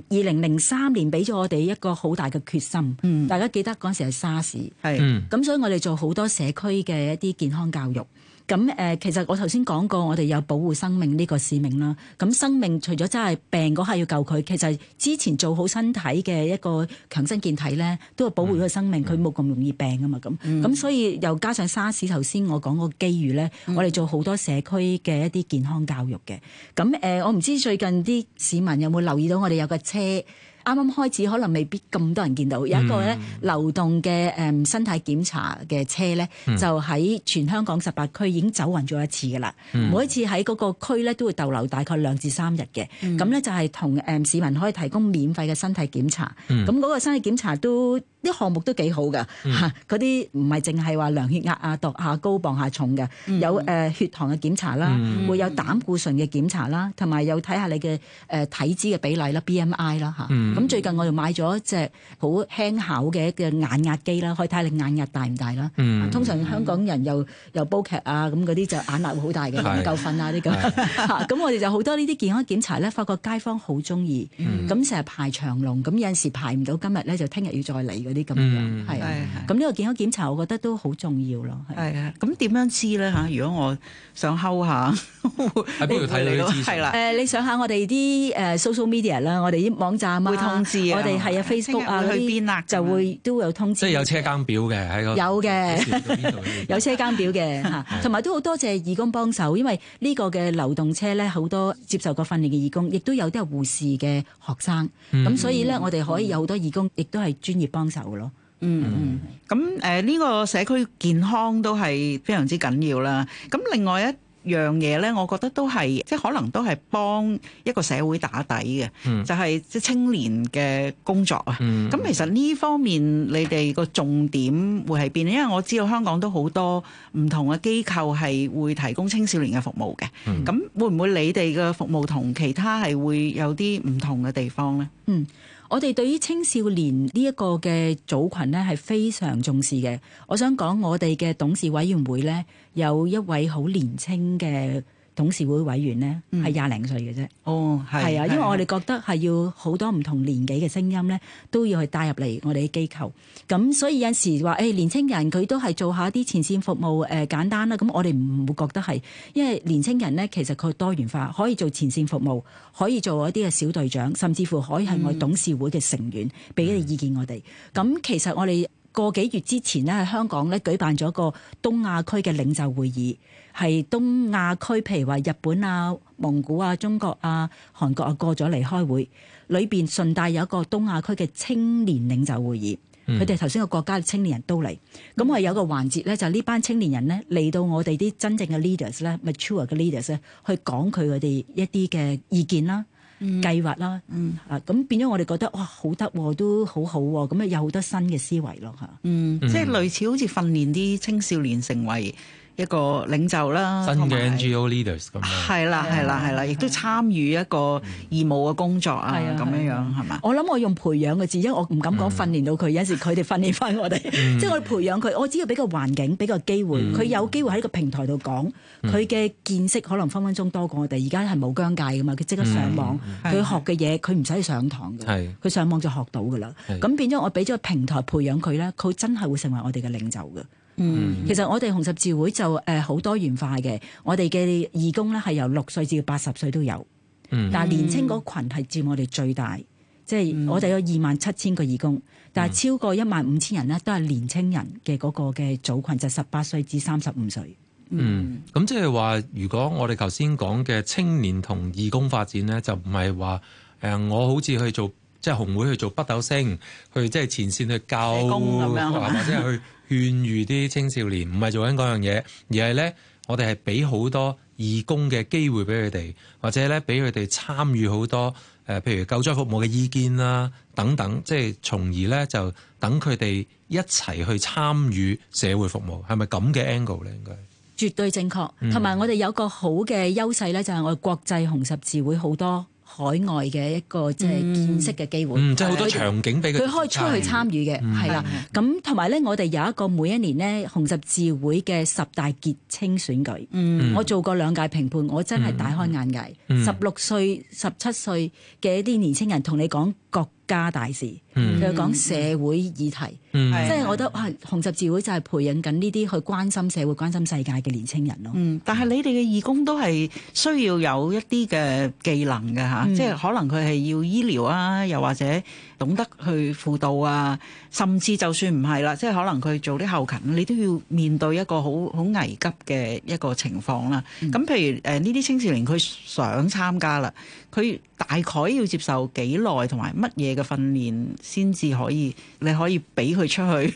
二零零三年俾咗我哋一個好大嘅決心。嗯，大家記得嗰陣時係沙士係是，咁、嗯、所以我哋做好多社區嘅一啲健康教育。咁誒，其實我頭先講過，我哋有保護生命呢個使命啦。咁生命除咗真係病嗰下要救佢，其實之前做好身體嘅一個強身健體咧，都係保護佢個生命，佢冇咁容易病啊嘛。咁咁、嗯、所以又加上沙士頭先我講嗰個機遇咧，嗯、我哋做好多社區嘅一啲健康教育嘅。咁誒、呃，我唔知最近啲市民有冇留意到我哋有個車。啱啱開始可能未必咁多人見到，有一個咧流動嘅誒身體檢查嘅車咧，就喺全香港十八區已經走勻咗一次噶啦。每一次喺嗰個區咧都會逗留大概兩至三日嘅，咁咧、嗯、就係同誒市民可以提供免費嘅身體檢查。咁、那、嗰個身體檢查都。啲項目都幾好㗎嚇，嗰啲唔係淨係話量血壓啊、度下高磅下重嘅，有誒血糖嘅檢查啦，會有膽固醇嘅檢查啦，同埋又睇下你嘅誒體脂嘅比例啦、BMI 啦嚇。咁最近我又買咗隻好輕巧嘅嘅眼壓機啦，可以睇下你眼壓大唔大啦。通常香港人又又煲劇啊咁嗰啲就眼壓會好大嘅，唔夠瞓啊啲咁。咁我哋就好多呢啲健康檢查咧，發覺街坊好中意，咁成日排長龍，咁有陣時排唔到今日咧，就聽日要再嚟啲咁樣係，咁呢個健康檢查我覺得都好重要咯。係啊，咁點、哎、樣知咧嚇？的如果我想睺下。喺邊度睇你咯，係啦。誒，你上下我哋啲誒 social media 啦，我哋啲網站，會通知。我哋係啊 Facebook 啊嗰啲，就會都有通知。即係有車間表嘅喺個。有嘅，有車間表嘅，同埋都好多謝義工幫手，因為呢個嘅流動車咧，好多接受過訓練嘅義工，亦都有啲係護士嘅學生。咁所以咧，我哋可以有好多義工，亦都係專業幫手嘅咯。嗯嗯。咁誒，呢個社區健康都係非常之緊要啦。咁另外一樣嘢呢，我覺得都係即係可能都係幫一個社會打底嘅，嗯、就係即係青年嘅工作啊。咁、嗯、其實呢方面你哋個重點會喺邊？因為我知道香港都好多唔同嘅機構係會提供青少年嘅服務嘅。咁、嗯、會唔會你哋嘅服務同其他係會有啲唔同嘅地方呢？嗯，我哋對於青少年呢一個嘅組群呢，係非常重視嘅。我想講我哋嘅董事委員會呢。有一位好年輕嘅董事會委員咧，係廿零歲嘅啫。哦，係啊，因為我哋覺得係要好多唔同年紀嘅聲音咧，都要去帶入嚟我哋嘅機構。咁所以有時話誒、哎、年輕人佢都係做下啲前線服務誒、呃、簡單啦。咁我哋唔會覺得係，因為年輕人咧其實佢多元化，可以做前線服務，可以做一啲嘅小隊長，甚至乎可以係我哋董事會嘅成員，俾一啲意見我哋。咁其實我哋，嗯個幾月之前咧，喺香港咧舉辦咗個東亞區嘅領袖會議，係東亞區，譬如話日本啊、蒙古啊、中國啊、韓國啊過咗嚟開會，裏邊順帶有一個東亞區嘅青年領袖會議，佢哋頭先個國家嘅青年人都嚟，咁我有個環節咧，就係呢班青年人咧嚟到我哋啲真正嘅 leaders 咧、嗯、mature 嘅 leaders 咧，去講佢佢哋一啲嘅意見啦。嗯、計劃啦，嗯、啊咁變咗我哋覺得哇、哦、好得、哦、都好好、哦、喎，咁啊有好多新嘅思維咯吓，嗯，嗯即係類似好似訓練啲青少年成為一個領袖啦，新嘅 NGO leaders 咁樣，係啦係啦係啦，亦都參與一個義務嘅工作啊，係啊，咁樣樣係嘛？我諗我用培養嘅字，因為我唔敢講訓練到佢，有陣時佢哋訓練翻我哋，即係我哋培養佢，我只要俾個環境，俾個機會，佢有機會喺個平台度講，佢嘅見識可能分分鐘多過我哋。而家係冇疆界噶嘛，佢即刻上網，佢學嘅嘢佢唔使上堂嘅，佢上網就學到噶啦。咁變咗我俾咗個平台培養佢咧，佢真係會成為我哋嘅領袖嘅。嗯，其實我哋紅十字會就誒好多元化嘅，我哋嘅義工咧係由六歲至八十歲都有，嗯，但係年青嗰羣係佔我哋最大，嗯、即係我哋有二萬七千個義工，嗯、但係超過一萬五千人咧都係年青人嘅嗰個嘅組群，就十八歲至三十五歲。嗯，咁即係話，如果我哋頭先講嘅青年同義工發展咧，就唔係話誒我好似去做即係紅會去做北斗星，去即係前線去教工咁樣，係嘛，即係去。 (laughs) 勸喻啲青少年唔係做緊嗰樣嘢，而係呢，我哋係俾好多義工嘅機會俾佢哋，或者呢，俾佢哋參與好多誒、呃，譬如救災服務嘅意見啦、啊、等等，即係從而呢，就等佢哋一齊去參與社會服務，係咪咁嘅 angle 呢？應該絕對正確，同埋、嗯、我哋有個好嘅優勢呢，就係我哋國際紅十字會好多。海外嘅一個即係見識嘅機會，即係好多場景俾佢，佢的們可以出去參與嘅，係啦的。咁同埋咧，我哋有一個每一年咧紅十字會嘅十大傑青選舉，嗯、我做過兩屆評判，嗯、我真係大開眼界。十六歲、十七歲嘅一啲年青人同你講各家大事，佢講、嗯、社會議題，嗯、即係我覺得哇、嗯啊，紅十字會就係培養緊呢啲去關心社會、關心世界嘅年輕人咯。嗯，但係你哋嘅義工都係需要有一啲嘅技能嘅嚇，嗯、即係可能佢係要醫療啊，又或者、嗯。懂得去輔導啊，甚至就算唔係啦，即係可能佢做啲後勤，你都要面對一個好好危急嘅一個情況啦。咁、嗯、譬如誒呢啲青少年，佢想參加啦，佢大概要接受幾耐同埋乜嘢嘅訓練先至可以，你可以俾佢出去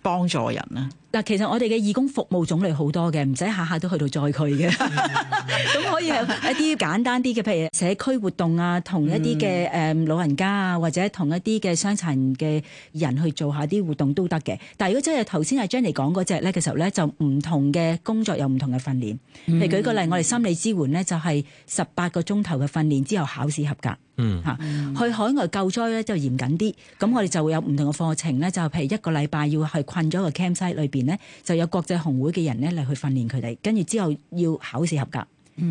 幫 (laughs) 助人啊。嗱，其實我哋嘅義工服務種類好多嘅，唔使下下都去到災區嘅。咁 (laughs) 可以有一啲簡單啲嘅，譬如社區活動啊，同一啲嘅誒老人家啊，或者同一啲嘅傷殘嘅人去做下啲活動都得嘅。但係如果真係頭先阿 Jenny 講嗰隻咧嘅時候咧，就唔同嘅工作有唔同嘅訓練。譬如 (laughs) 舉個例，我哋心理支援咧就係十八個鐘頭嘅訓練之後考試合格。嗯嚇，去海外救災咧就嚴謹啲，咁我哋就會有唔同嘅課程咧，就譬如一個禮拜要係困咗個 campsite 裏邊咧，就有國際紅會嘅人咧嚟去訓練佢哋，跟住之後要考試合格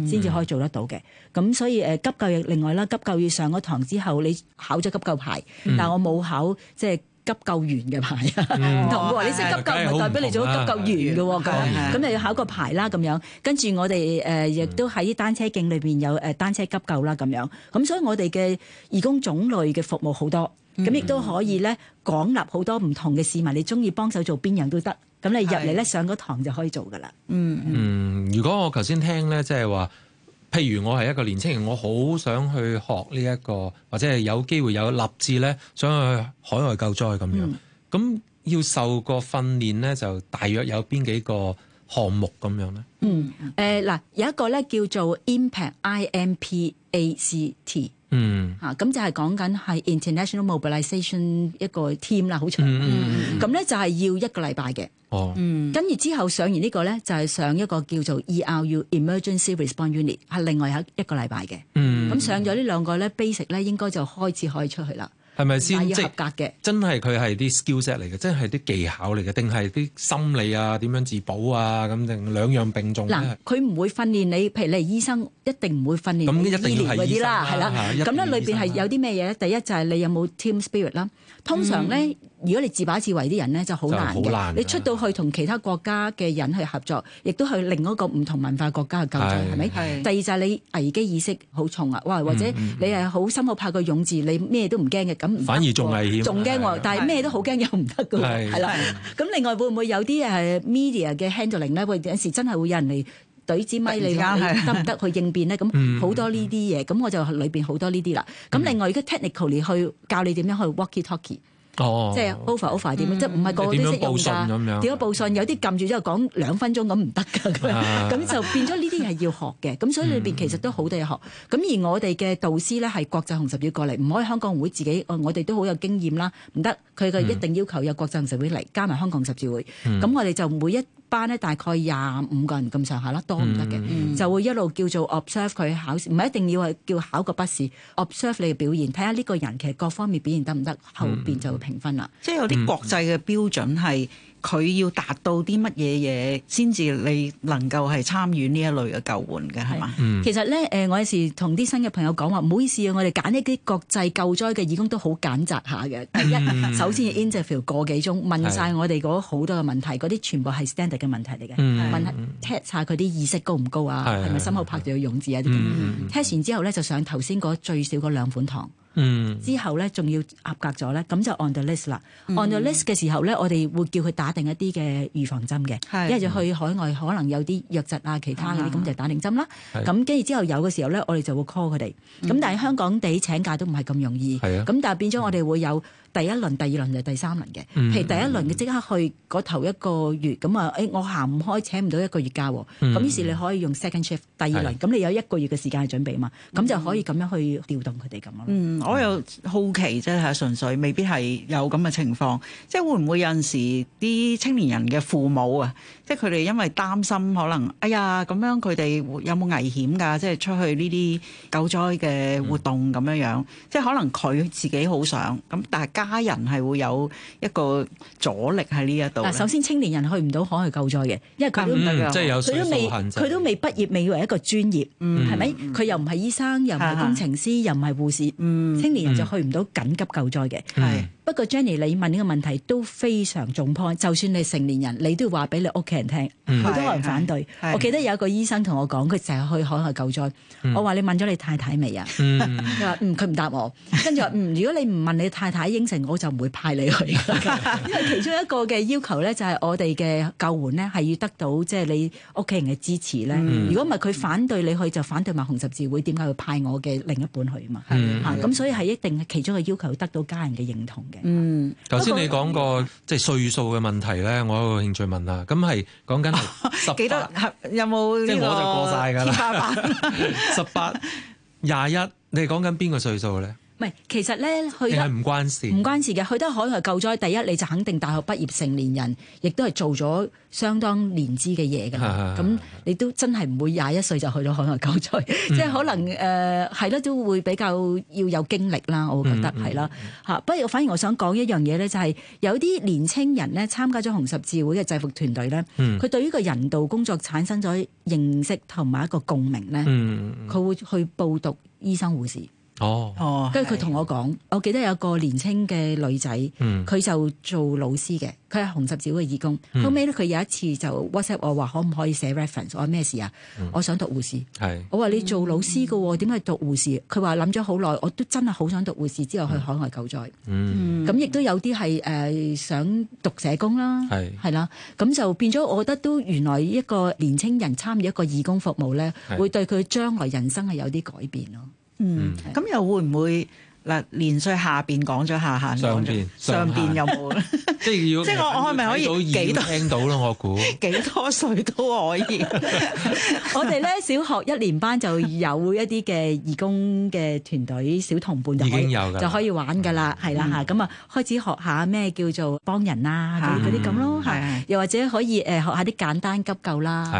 先至可以做得到嘅。咁、嗯、所以誒，急救亦另外啦，急救要上咗堂之後，你考咗急救牌，但係我冇考即係。急救員嘅牌啊，唔同喎，你識急救唔代表你做緊急救員嘅喎。咁咁又要考個牌啦，咁、嗯、樣跟住我哋誒亦都喺單車徑裏邊有誒、呃、單車急救啦，咁樣咁所以我哋嘅義工種類嘅服務好多，咁亦都可以咧廣納好多唔同嘅市民，你中意幫手做邊樣都得，咁你入嚟咧上咗堂就可以做噶啦。嗯嗯，的如果我頭先聽咧，即係話。譬如我係一個年青人，我好想去學呢、這、一個，或者係有機會有立志咧，想去海外救災咁樣。咁、嗯、要受個訓練咧，就大約有邊幾個項目咁樣咧？嗯，誒、呃、嗱，有一個咧叫做 Impact，I M P A C T。嗯嚇，咁、啊、就係、是、講緊係 International Mobilization 一個 team 啦，好長。咁咧、嗯嗯、就係、是、要一個禮拜嘅。哦，咁而之後上完個呢個咧，就係、是、上一個叫做 ERU Emergency Response Unit，係另外有一個禮拜嘅。嗯，咁、嗯、上咗呢兩個咧 basic 咧，應該就開始可以出去啦。係咪先合格嘅？真係佢係啲 skillset 嚟嘅，即係啲技巧嚟嘅，定係啲心理啊？點樣自保啊？咁定兩樣並重。嗱，佢唔會訓練你，譬如你係醫生，一定唔會訓練你醫療嗰啲啦，係啦、啊。咁咧裏邊係有啲咩嘢咧？第一就係你有冇 team spirit 啦、啊。通常咧。嗯如果你自把自為啲人咧，就好難嘅。你出到去同其他國家嘅人去合作，亦都去另一個唔同文化國家去交際，係咪？第二就係你危機意識好重啊！哇，或者你係好深奧怕個勇字，你咩都唔驚嘅，咁反而仲危險，仲驚喎。但係咩都好驚又唔得嘅，係啦。咁另外會唔會有啲誒 media 嘅 handling 咧？會，有時真係會有人嚟懟支咪你，得唔得去應變咧？咁好多呢啲嘢，咁我就裏邊好多呢啲啦。咁另外而家 technically 嚟去教你點樣去 walkie talkie。哦，即係 over over 點樣，即係唔係個個都識用㗎？點樣報信咁樣？點樣報信？有啲撳住之後講兩分鐘咁唔得㗎，咁、啊、 (laughs) 就變咗呢啲係要學嘅。咁 (laughs) 所以裏邊其實都好多嘢學。咁、嗯、而我哋嘅導師咧係國際紅十字會過嚟，唔可以香港會自己。我哋都好有經驗啦，唔得。佢嘅一定要求有國際紅十字會嚟、嗯、加埋香港紅十字會。咁、嗯、我哋就每一。班咧大概廿五個人咁上下啦，多唔得嘅，嗯、就會一路叫做 observe 佢考試，唔係一定要係叫考個筆試，observe 你嘅表現，睇下呢個人其實各方面表現得唔得，後邊就會評分啦、嗯。即係有啲國際嘅標準係。佢要達到啲乜嘢嘢先至你能夠係參與呢一類嘅救援嘅係嘛？其實咧誒，我有時同啲新嘅朋友講話，唔好意思啊，我哋揀一啲國際救災嘅義工都好揀擇下嘅。第一，首先要 interview 個幾鐘，問晒我哋好多嘅問題，嗰啲是全部係 standard 嘅問題嚟嘅。是問 test 下佢啲意識高唔高啊，係咪心口拍住個勇字啊？test、嗯嗯、完之後咧，就上頭先嗰最少嗰兩款堂。嗯、之後咧，仲要合格咗咧，咁就 on the list 啦。on the、嗯、list 嘅時候咧，我哋會叫佢打定一啲嘅預防針嘅，因為就去海外可能有啲瘧疾啊，其他嗰啲，咁的就打定針啦。咁跟住之後有嘅時候咧，我哋就會 call 佢哋。咁的但係香港地請假都唔係咁容易。係啊的。咁但係變咗我哋會有。第一輪、第二輪就第三輪嘅，譬如第一輪佢即刻去嗰頭一個月，咁啊、嗯，誒我行唔開，請唔到一個月假，咁、嗯、於是你可以用 second shift 第二輪，咁的你有一個月嘅時間去準備啊嘛，咁、嗯、就可以咁樣去調動佢哋咁咯。嗯，我有好奇即係純粹未必係有咁嘅情況，即係會唔會有陣時啲青年人嘅父母啊？即係佢哋因為擔心可能，哎呀咁樣，樣，佢哋有冇危險㗎？即係出去呢啲救災嘅活動咁樣樣，即係可能佢自己好想，咁但係家人係會有一個阻力喺呢一度。嗱，首先青年人去唔到海去救災嘅，因為佢都未，佢、嗯、都未畢業，未為一個專業，係咪？佢又唔係醫生，又唔係工程師，嗯、又唔係護士，嗯、青年人就、嗯、去唔到緊急救災嘅，係、嗯的。不過 Jenny，你問呢個問題都非常重 point。就算你成年人，你都要話俾你屋企人聽。好、嗯、多人反對。是是是我記得有一個醫生同我講，佢成日去海外救災。嗯、我話你問咗你太太未啊？佢話唔，佢唔、 (laughs) 嗯、答我。跟住話，如果你唔問你太太應承，我就唔會派你去。 (laughs) 因為其中一個嘅要求咧，就係、是、我哋嘅救援咧，係要得到即係、就是、你屋企人嘅支持咧。嗯、如果唔係，佢反對你去，就反對埋紅十字會點解會派我嘅另一半去啊嘛？咁所以係一定係其中嘅要求，得到家人嘅認同。嗯，頭先你講個即係歲數嘅問題咧，我有個興趣問啊，咁係講緊十幾多？有冇即係我就過晒㗎喇，十八、廿一？你係講緊邊個歲數咧？唔係，其實咧去得，唔關事，唔關事嘅去得海外救災。第一，你就肯定大學畢業成年人，亦都係做咗相當年資嘅嘢噶。咁 (laughs) 你都真係唔會廿一歲就去咗海外救災，嗯、即係可能誒係咯，都會比較要有經歷啦。我覺得係啦，嚇、嗯嗯。不過反而我想講一樣嘢咧，就係有啲年青人咧，參加咗紅十字會嘅制服團隊咧，佢、嗯、對於個人道工作產生咗認識同埋一個共鳴咧，佢、嗯、會去報讀醫生護士。哦，跟住佢同我講，我記得有個年青嘅女仔，佢就做老師嘅，佢係紅十字嘅義工。後尾咧，佢有一次就 WhatsApp 我話：可唔可以寫 reference？我咩事啊？我想讀護士。係，我話你做老師㗎喎，點解讀護士？佢話諗咗好耐，我都真係好想讀護士，之後去海外救災。咁亦都有啲係誒想讀社工啦，係係啦。咁就變咗，我覺得都原來一個年青人參與一個義工服務咧，會對佢將來人生係有啲改變咯。嗯，咁又會唔會？嗱，年歲下邊講咗下下，上邊上邊有冇？即係要即係我我係咪可以幾多聽到咯？我估幾多歲都可以。我哋咧小學一年班就有一啲嘅義工嘅團隊，小同伴就已經有噶，就可以玩噶啦，係啦嚇。咁啊開始學下咩叫做幫人啦，嗰啲咁咯。又或者可以誒學下啲簡單急救啦。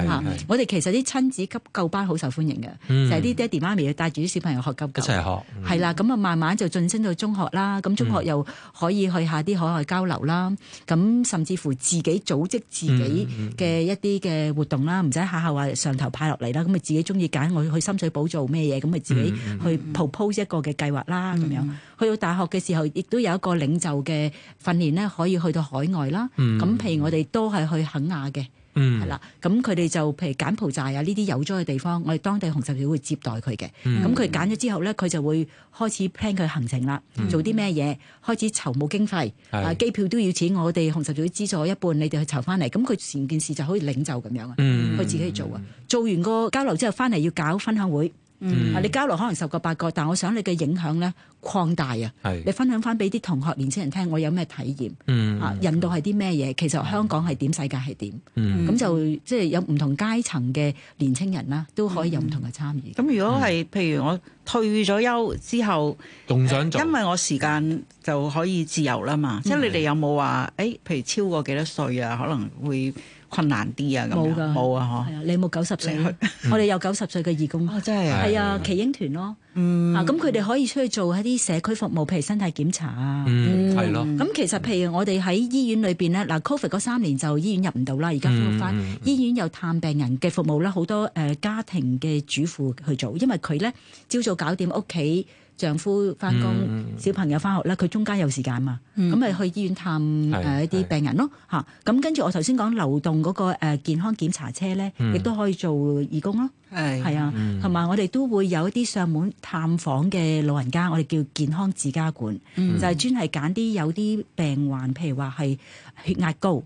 我哋其實啲親子急救班好受歡迎嘅，就係啲爹哋媽咪要帶住啲小朋友學急救一齊學係啦。咁啊慢慢。就晉升到中學啦，咁中學又可以去下啲海外交流啦，咁甚至乎自己組織自己嘅一啲嘅活動啦，唔使，嗯嗯、下下話上頭派落嚟啦，咁咪自己中意揀，我要去深水埗做咩嘢，咁咪自己去 propose 一個嘅計劃啦，咁，嗯嗯、樣去到大學嘅時候，亦都有一個領袖嘅訓練咧，可以去到海外啦，咁譬如我哋都係去肯亞嘅。係啦，咁佢哋就譬如柬埔寨啊呢啲有災嘅地方，我哋當地紅十字會接待佢嘅。咁佢揀咗之後咧，佢就會開始 plan 佢行程啦，mm hmm. 做啲咩嘢，開始籌募經費，是啊機票都要錢，我哋紅十字會資助一半，你哋去籌翻嚟。咁佢成件事就好似領袖咁樣啊，佢、mm hmm. 自己去做啊。做完個交流之後，翻嚟要搞分享會。啊！Mm. 你交流可能十個八個，但我想你嘅影響咧擴大啊！是你分享翻俾啲同學年青人聽，我有咩體驗、mm. 啊？引導係啲咩嘢？其實香港係點？Mm. 世界係點？咁、mm. 就即係有唔同階層嘅年青人啦，都可以有唔同嘅參與。咁、mm. 如果係譬如我退咗休之後，仲想做，因為我時間就可以自由啦嘛。Mm. 即係你哋有冇話誒，譬如超過幾多歲啊？可能會。困難啲啊咁，冇噶，冇啊嗬。係啊，你冇九十歲， (laughs) 我哋有九十歲嘅義工。哦，真係啊，係、嗯、啊，耆英團咯。嗯，啊，咁佢哋可以出去做一啲社區服務，譬如身體檢查啊。嗯，係咯、嗯。咁的、嗯、其實譬如我哋喺醫院裏邊咧，嗱，COVID 嗰三年就醫院入唔到啦，而家恢復翻。醫院有探病人嘅服務啦，好多誒、呃、家庭嘅主婦去做，因為佢咧朝早搞掂屋企。丈夫翻工，嗯、小朋友翻學啦，佢中間有時間嘛，咁咪、嗯、去醫院探誒是、呃、一啲病人咯嚇。咁、啊、跟住我頭先講流動嗰、那個、呃、健康檢查車咧，亦都、嗯、可以做義工咯，係是啊，同埋、嗯、我哋都會有一啲上門探訪嘅老人家，我哋叫健康自家管，嗯、就係專係揀啲有啲病患，譬如話係血壓高、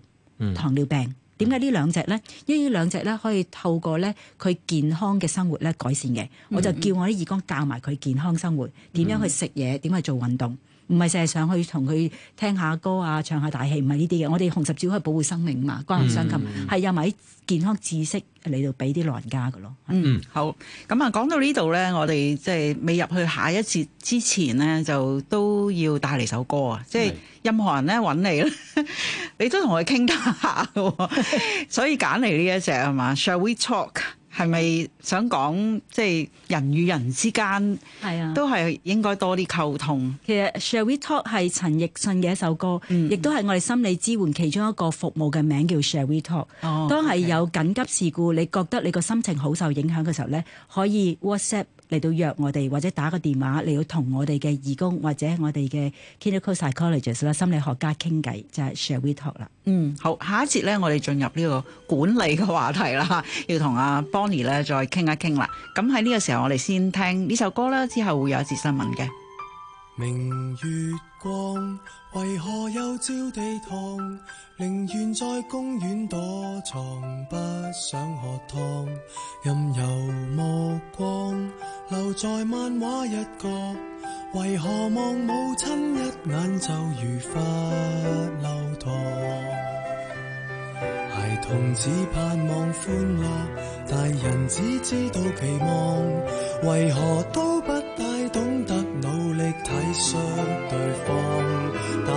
糖尿病。點解呢兩隻呢？因為呢兩隻呢可以透過呢佢健康嘅生活呢改善嘅，我就叫我啲義工教埋佢健康生活，點樣去食嘢，點去做運動。唔係成日上去同佢聽下歌啊，唱下大戲，唔係呢啲嘅。我哋紅十字可以保護生命嘛，環環相扣，係又咪健康知識嚟到俾啲老人家嘅咯。嗯、mm，hmm. 是好。咁啊，講到呢度咧，我哋即係未入去下一節之前咧，就都要帶嚟首歌啊。即係任何人咧揾你咧， (laughs) 你都同佢傾得下嘅， (laughs) 所以揀嚟呢一隻係嘛？Shall we talk？係咪想講即係人與人之間、啊、都係應該多啲溝通？其實 s h a l l We Talk 係陳奕迅嘅一首歌，亦都係我哋心理支援其中一個服務嘅名，叫 s h a l l We Talk。哦、當係有緊急事故，哦 okay. 你覺得你個心情好受影響嘅時候咧，可以 WhatsApp。嚟到約我哋，或者打個電話嚟到同我哋嘅義工或者我哋嘅 clinical psychologist 啦、心理學家傾偈，就係、是、Shall We Talk 啦。嗯，好，下一節咧，我哋進入呢個管理嘅話題啦，要同阿、啊、Bonnie 咧再傾一傾啦。咁喺呢個時候，我哋先聽呢首歌啦，之後會有一節新聞嘅。明月光。為何又照地堂？寧願在公園躲藏，不想喝湯。任由目光留在漫畫一角。為何望母親一眼就如罰留堂？孩童只盼望歡樂，大人只知道期望。為何都不大懂得努力體恤對方？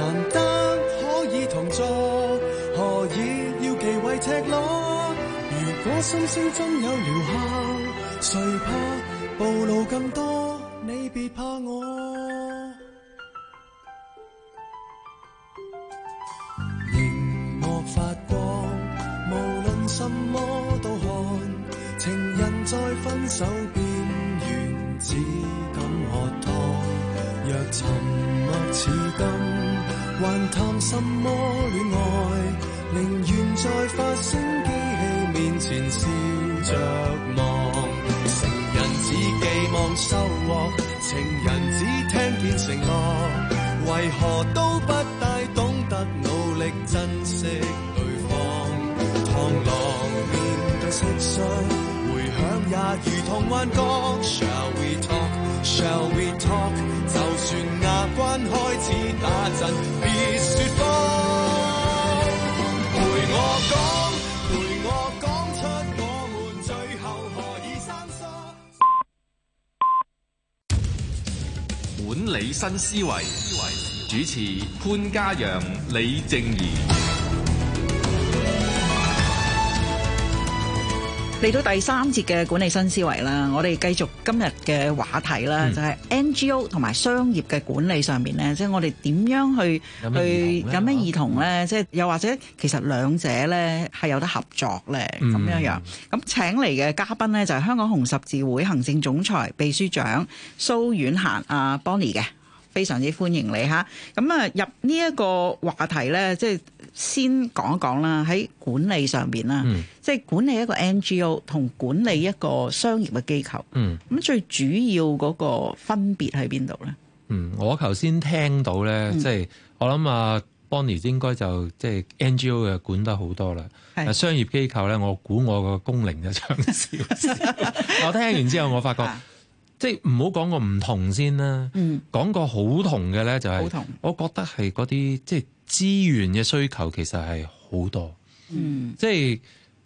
難得可以同坐，何以要忌諱赤裸？如果心聲真有療效，誰怕暴露更多？你別怕我，熒幕發光，無論什麼都看。情人在分手邊緣，只敢喝湯。若沉默似金。還談什麼戀愛？寧願在發聲機器面前笑着忙。成人只寄望收穫，情人只聽見承諾。為何都不大懂得努力珍惜對方？螳螂面對蟋蟀，回響也如同幻覺。Shall we talk? Shall we talk？就算牙關開始打震，別說謊，陪我講，陪我講出我們最後何以生疏。管理新思維，主持潘嘉陽、李靜宜。嚟到第三節嘅管理新思維啦，我哋繼續今日嘅話題啦，嗯、就係 NGO 同埋商業嘅管理上面咧，即、就、係、是、我哋點樣去有去有咩異同咧？即係又或者其實兩者咧係有得合作咧咁樣樣，咁、嗯、請嚟嘅嘉賓咧就係、是、香港紅十字會行政總裁、秘書長蘇婉嫻阿 Bonnie 嘅，非常之歡迎你吓，咁啊入呢一個話題咧，即、就、係、是。先講一講啦，喺管理上邊啦，即係管理一個 NGO 同管理一個商業嘅機構，咁最主要嗰個分別喺邊度咧？嗯，我頭先聽到咧，即係我諗啊 Bonnie 應該就即係 NGO 嘅管得好多啦。係商業機構咧，我估我個工齡就長少少。我聽完之後，我發覺即係唔好講個唔同先啦。嗯，講個好同嘅咧就係，好同。我覺得係嗰啲即係。資源嘅需求其實係好多，嗯，即係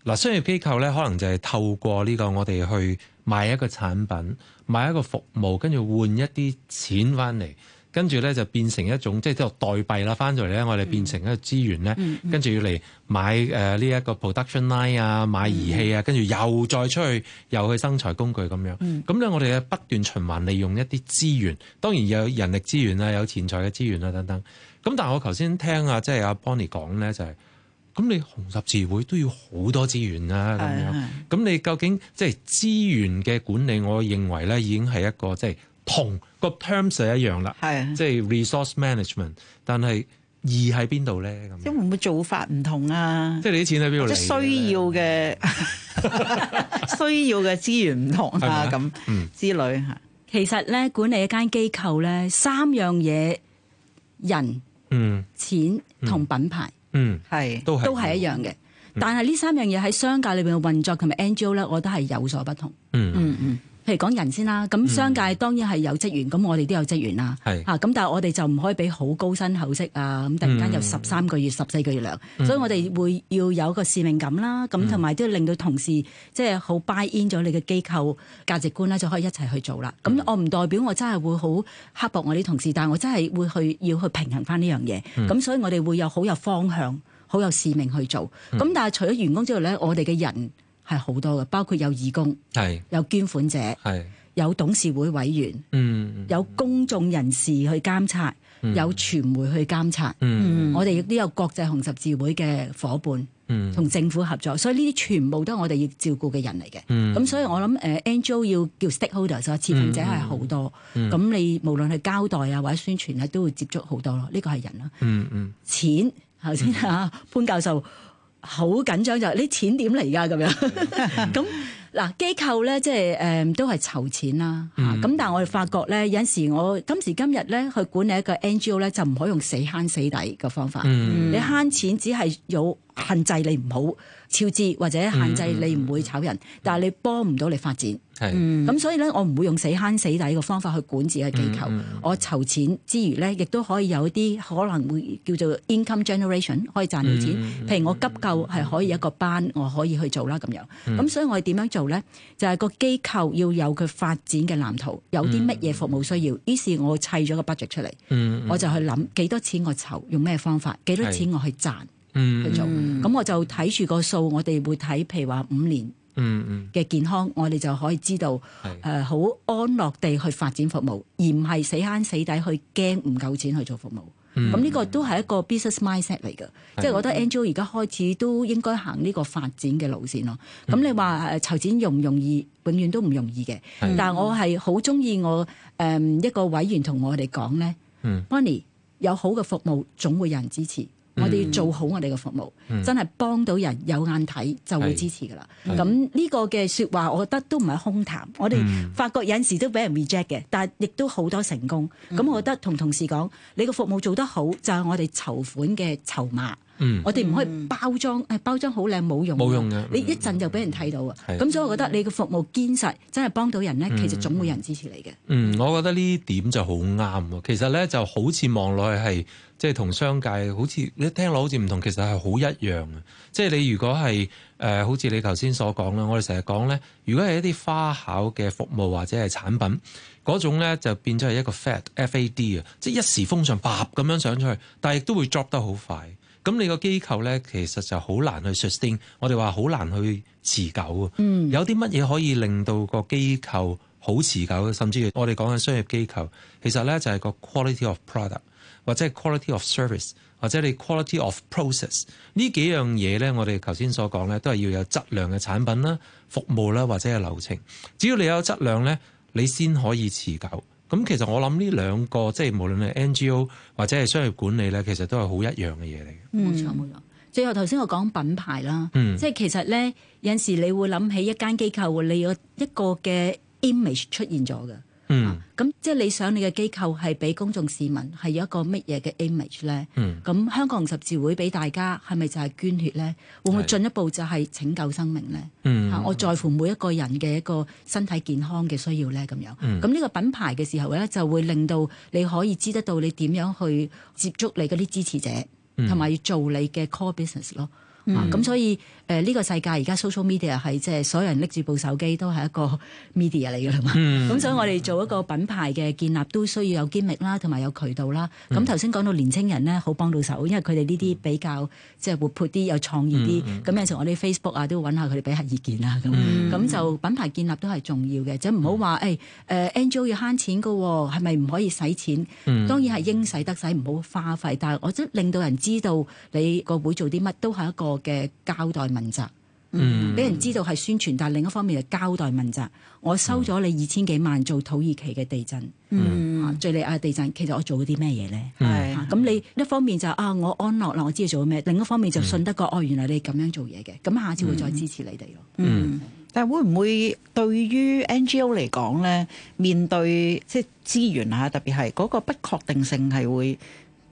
嗱，商業機構咧，可能就係透過呢個我哋去買一個產品、買一個服務，跟住換一啲錢翻嚟，跟住咧就變成一種即係即代幣啦，翻咗嚟咧，我哋變成一個資源咧，跟住、嗯、要嚟買誒呢一個 production line 啊，買儀器啊，跟住、嗯、又再出去又去生財工具咁樣，咁咧、嗯、我哋嘅不斷循環利用一啲資源，當然有人力資源啊，有錢財嘅資源啊等等。咁但係我頭先聽啊，即係阿 Bonnie 講咧，就係咁你紅十字會都要好多資源啦，咁樣咁你究竟即係資源嘅管理，我認為咧已經係一個即係同個 terms 一樣啦，即係 resource management。但係異喺邊度咧？咁即係會唔會做法唔同啊？即係你啲錢喺邊度嚟？需要嘅需要嘅資源唔同啊，咁之類嚇。其實咧，管理一間機構咧，三樣嘢人，嗯，錢同品牌，嗯，係都係都係一樣嘅，樣嗯、但係呢三樣嘢喺商界裏邊嘅運作同埋 NGO 咧，我覺得係有所不同。嗯嗯。嗯嗯嗯譬如講人先啦，咁商界當然係有職員，咁、嗯、我哋都有職員啦，嚇咁是、啊，但係我哋就唔可以俾好高薪厚職啊，咁突然間有十三個月、十四、嗯、個月糧，嗯、所以我哋會要有一個使命感啦，咁同埋都要令到同事即係、就、好、是、buy in 咗你嘅機構價值觀啦，就可以一齊去做啦。咁、嗯、我唔代表我真係會好刻薄我啲同事，但係我真係會去要去平衡翻呢樣嘢，咁、嗯、所以我哋會有好有方向、好有使命去做。咁、嗯嗯、但係除咗員工之外咧，我哋嘅人，係好多嘅，包括有義工，有捐款者，有董事會委員，有公眾人士去監察，有傳媒去監察，我哋亦都有國際紅十字會嘅伙伴，同政府合作，所以呢啲全部都係我哋要照顧嘅人嚟嘅。咁所以我諗誒，NGO 要叫 stakeholder 所持份者係好多。咁你無論係交代啊，或者宣傳啊，都會接觸好多咯。呢個係人啦。嗯嗯。錢頭先啊，潘教授。好緊張就係、是、你錢點嚟㗎？咁樣咁，嗱機構咧，即係誒、呃、都係籌錢啦，咁、嗯、但係我哋發覺咧，有陣時我今時今日咧去管理一個 NGO 咧就唔可以用死慳死抵嘅方法，嗯、你慳錢只係有。限制你唔好超支，或者限制你唔會炒人，嗯、但係你幫唔到你發展。係、嗯，咁所以咧，我唔會用死慳死抵嘅方法去管治嘅機構。嗯、我籌錢之餘咧，亦都可以有一啲可能會叫做 income generation，可以賺到錢。嗯、譬如我急救係可以有一個班，我可以去做啦咁樣。咁、嗯、所以我哋點樣做咧？就係、是、個機構要有佢發展嘅藍圖，有啲乜嘢服務需要，於是我砌咗個 budget 出嚟，嗯嗯嗯、我就去諗幾多錢我籌，用咩方法，幾多錢我去賺。嗯，mm hmm. 去做，咁我就睇住個數，我哋會睇，譬如話五年嗯嗯嘅健康，mm hmm. 我哋就可以知道，誒好的、呃、安落地去發展服務，而唔係死慳死抵去驚唔夠錢去做服務。咁呢、mm hmm. 個都係一個 business mindset 嚟嘅，即係的我覺得 Angel 而家開始都應該行呢個發展嘅路線咯。咁、mm hmm. 你話誒籌錢容唔容易？永遠都唔容易嘅。的但係我係好中意我誒、呃、一個委員同我哋講咧 Money 有好嘅服務，總會有人支持。我哋要做好我哋嘅服務，嗯、真係幫到人，有眼睇就會支持噶啦。咁呢是個嘅説話，我覺得都唔係空談。嗯、我哋發覺有時都俾人 reject 嘅，但係亦都好多成功。咁、嗯、我覺得同同事講，你個服務做得好，就係、是、我哋籌款嘅籌碼。嗯，我哋唔可以包裝，誒、嗯、包裝好靚冇用冇用嘅。嗯、你一陣就俾人睇到啊。咁的所以我覺得你嘅服務堅實，真係幫到人咧，嗯、其實總會有人支持你嘅。嗯，我覺得呢點就好啱啊。其實咧就好似望落去係即係同商界好似你聽落好似唔同，其實係好一樣嘅。即、就、係、是、你如果係誒、呃，好似你頭先所講啦，我哋成日講咧，如果係一啲花巧嘅服務或者係產品嗰種咧，就變咗係一個 f a t f a d 啊，即係一時風尚啪咁樣上出去，但係亦都會 drop 得好快。咁你個機構呢，其實就好難去 sustain。我哋話好難去持久啊。嗯、有啲乜嘢可以令到個機構好持久？甚至係我哋講嘅商業機構，其實呢就係、是、個 quality of product，或者 quality of service，或者你 quality of process 呢幾樣嘢呢，我哋頭先所講呢，都係要有質量嘅產品啦、服務啦，或者係流程。只要你有質量呢，你先可以持久。咁其實我諗呢兩個即係無論係 NGO 或者係商業管理咧，其實都係好一樣嘅嘢嚟嘅。冇錯冇錯。最後頭先我講品牌啦，嗯、即係其實咧有陣時你會諗起一間機構，你有一個嘅 image 出現咗嘅。嗯，咁即係你想你嘅機構係俾公眾市民係有一個乜嘢嘅 image 咧？嗯，咁香港紅十字會俾大家係咪就係捐血咧？是會唔會進一步就係拯救生命咧？嗯，我在乎每一個人嘅一個身體健康嘅需要咧，咁樣。嗯，咁呢、嗯、個品牌嘅時候咧，就會令到你可以知得到你點樣去接觸你嗰啲支持者，同埋、嗯、要做你嘅 core business 咯。嗯，咁所以。嗯誒呢、呃這個世界而家 social media 係即係所有人拎住部手機都係一個 media 嚟㗎啦嘛，咁、嗯嗯、所以我哋做一個品牌嘅建立都需要有 gimmick 啦，同埋有，有渠道啦。咁頭先講到年青人咧，好幫到手，因為佢哋呢啲比較、嗯、即係活潑啲，有創意啲。咁有時我啲 Facebook 啊，都揾下佢哋俾下意見啊。咁咁就品牌建立都係重要嘅，嗯、即唔好話誒誒 Angel 要慳、哎呃、錢嘅喎，係咪唔可以使錢？嗯、當然係應使得使，唔好花費。但係我即係令到人知道你個會做啲乜，都係一個嘅交代。問責，俾、嗯、人知道係宣傳，但係另一方面又交代問責。嗯、我收咗你二千幾萬做土耳其嘅地震，敘、嗯啊、利亞地震，其實我做咗啲咩嘢咧？係咁是、啊、你一方面就啊，我安樂啦，我知道你做咗咩。另一方面就信得過，嗯、哦，原來你咁樣做嘢嘅，咁、啊、下次會再支持你哋咯。嗯，嗯是但係會唔會對於 NGO 嚟講咧，面對即係資源啊，特別係嗰、嗰個不確定性係會。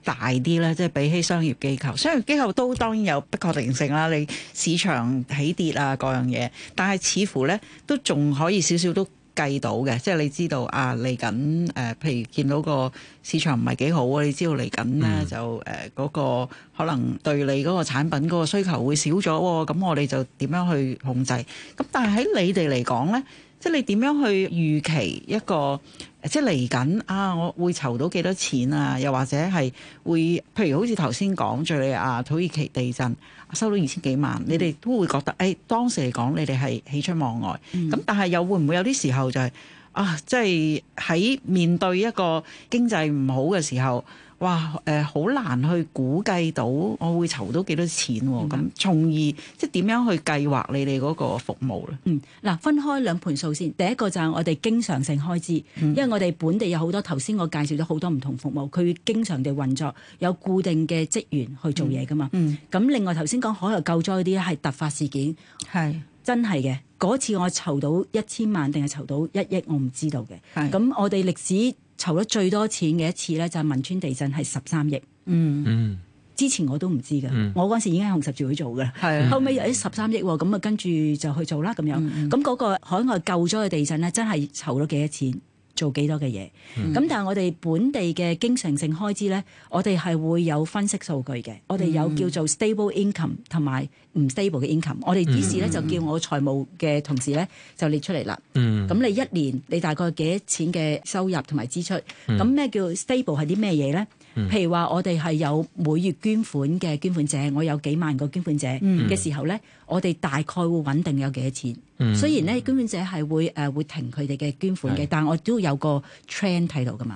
大啲咧，即係比起商業機構，商業機構都當然有不確定性啦。你市場起跌啊，各樣嘢，但係似乎咧都仲可以少少都計到嘅。即係你知道啊，嚟緊誒，譬如見到個市場唔係幾好，你知道嚟緊咧就誒嗰個可能對你嗰個產品嗰個需求會少咗喎，咁、哦、我哋就點樣去控制？咁但係喺你哋嚟講咧。即係你點樣去預期一個即係嚟緊啊，我會籌到幾多錢啊？又或者係會，譬如好似頭先講敍利亞土耳其地震收到二千幾萬，你哋都會覺得誒、哎、當時嚟講你哋係喜出望外。咁但係又會唔會有啲時候就係、是、啊，即係喺面對一個經濟唔好嘅時候？哇！誒、呃，好難去估計到我會籌到幾多錢喎、啊？咁的，從而即係點樣去計劃你哋嗰個服務咧？嗯，嗱，分開兩盤數先。第一個就係我哋經常性開支，嗯、因為我哋本地有好多頭先我介紹咗好多唔同服務，佢經常地運作，有固定嘅職員去做嘢㗎嘛，嗯。嗯，咁另外頭先講海外救災嗰啲係突發事件，係是真係嘅。嗰次我籌到一千萬定係籌到一億，我唔知道嘅。咁的是我哋歷史。籌咗最多錢嘅一次咧，就係汶川地震，係十三億。嗯，之前我都唔知㗎，嗯、我嗰陣時已經喺紅十字會做㗎。係啊的，後尾又係十三億，咁啊、嗯、跟住就去做啦咁樣。咁嗰、嗯、個海外救咗嘅地震咧，真係籌咗幾多錢？做幾多嘅嘢？咁、嗯、但係我哋本地嘅經常性開支呢，我哋係會有分析數據嘅。我哋有叫做 stable income 同埋唔 stable 嘅 income。我哋於是呢，嗯、就叫我財務嘅同事呢，就列出嚟啦。咁、嗯、你一年你大概幾多錢嘅收入同埋支出？咁咩叫 stable 係啲咩嘢呢？嗯、譬如話我哋係有每月捐款嘅捐款者，我有幾萬個捐款者嘅時候呢。我哋大概會穩定有幾多錢？雖然咧，嗯呃、捐款者係會誒會停佢哋嘅捐款嘅，是但係我都有個 trend 睇到噶嘛。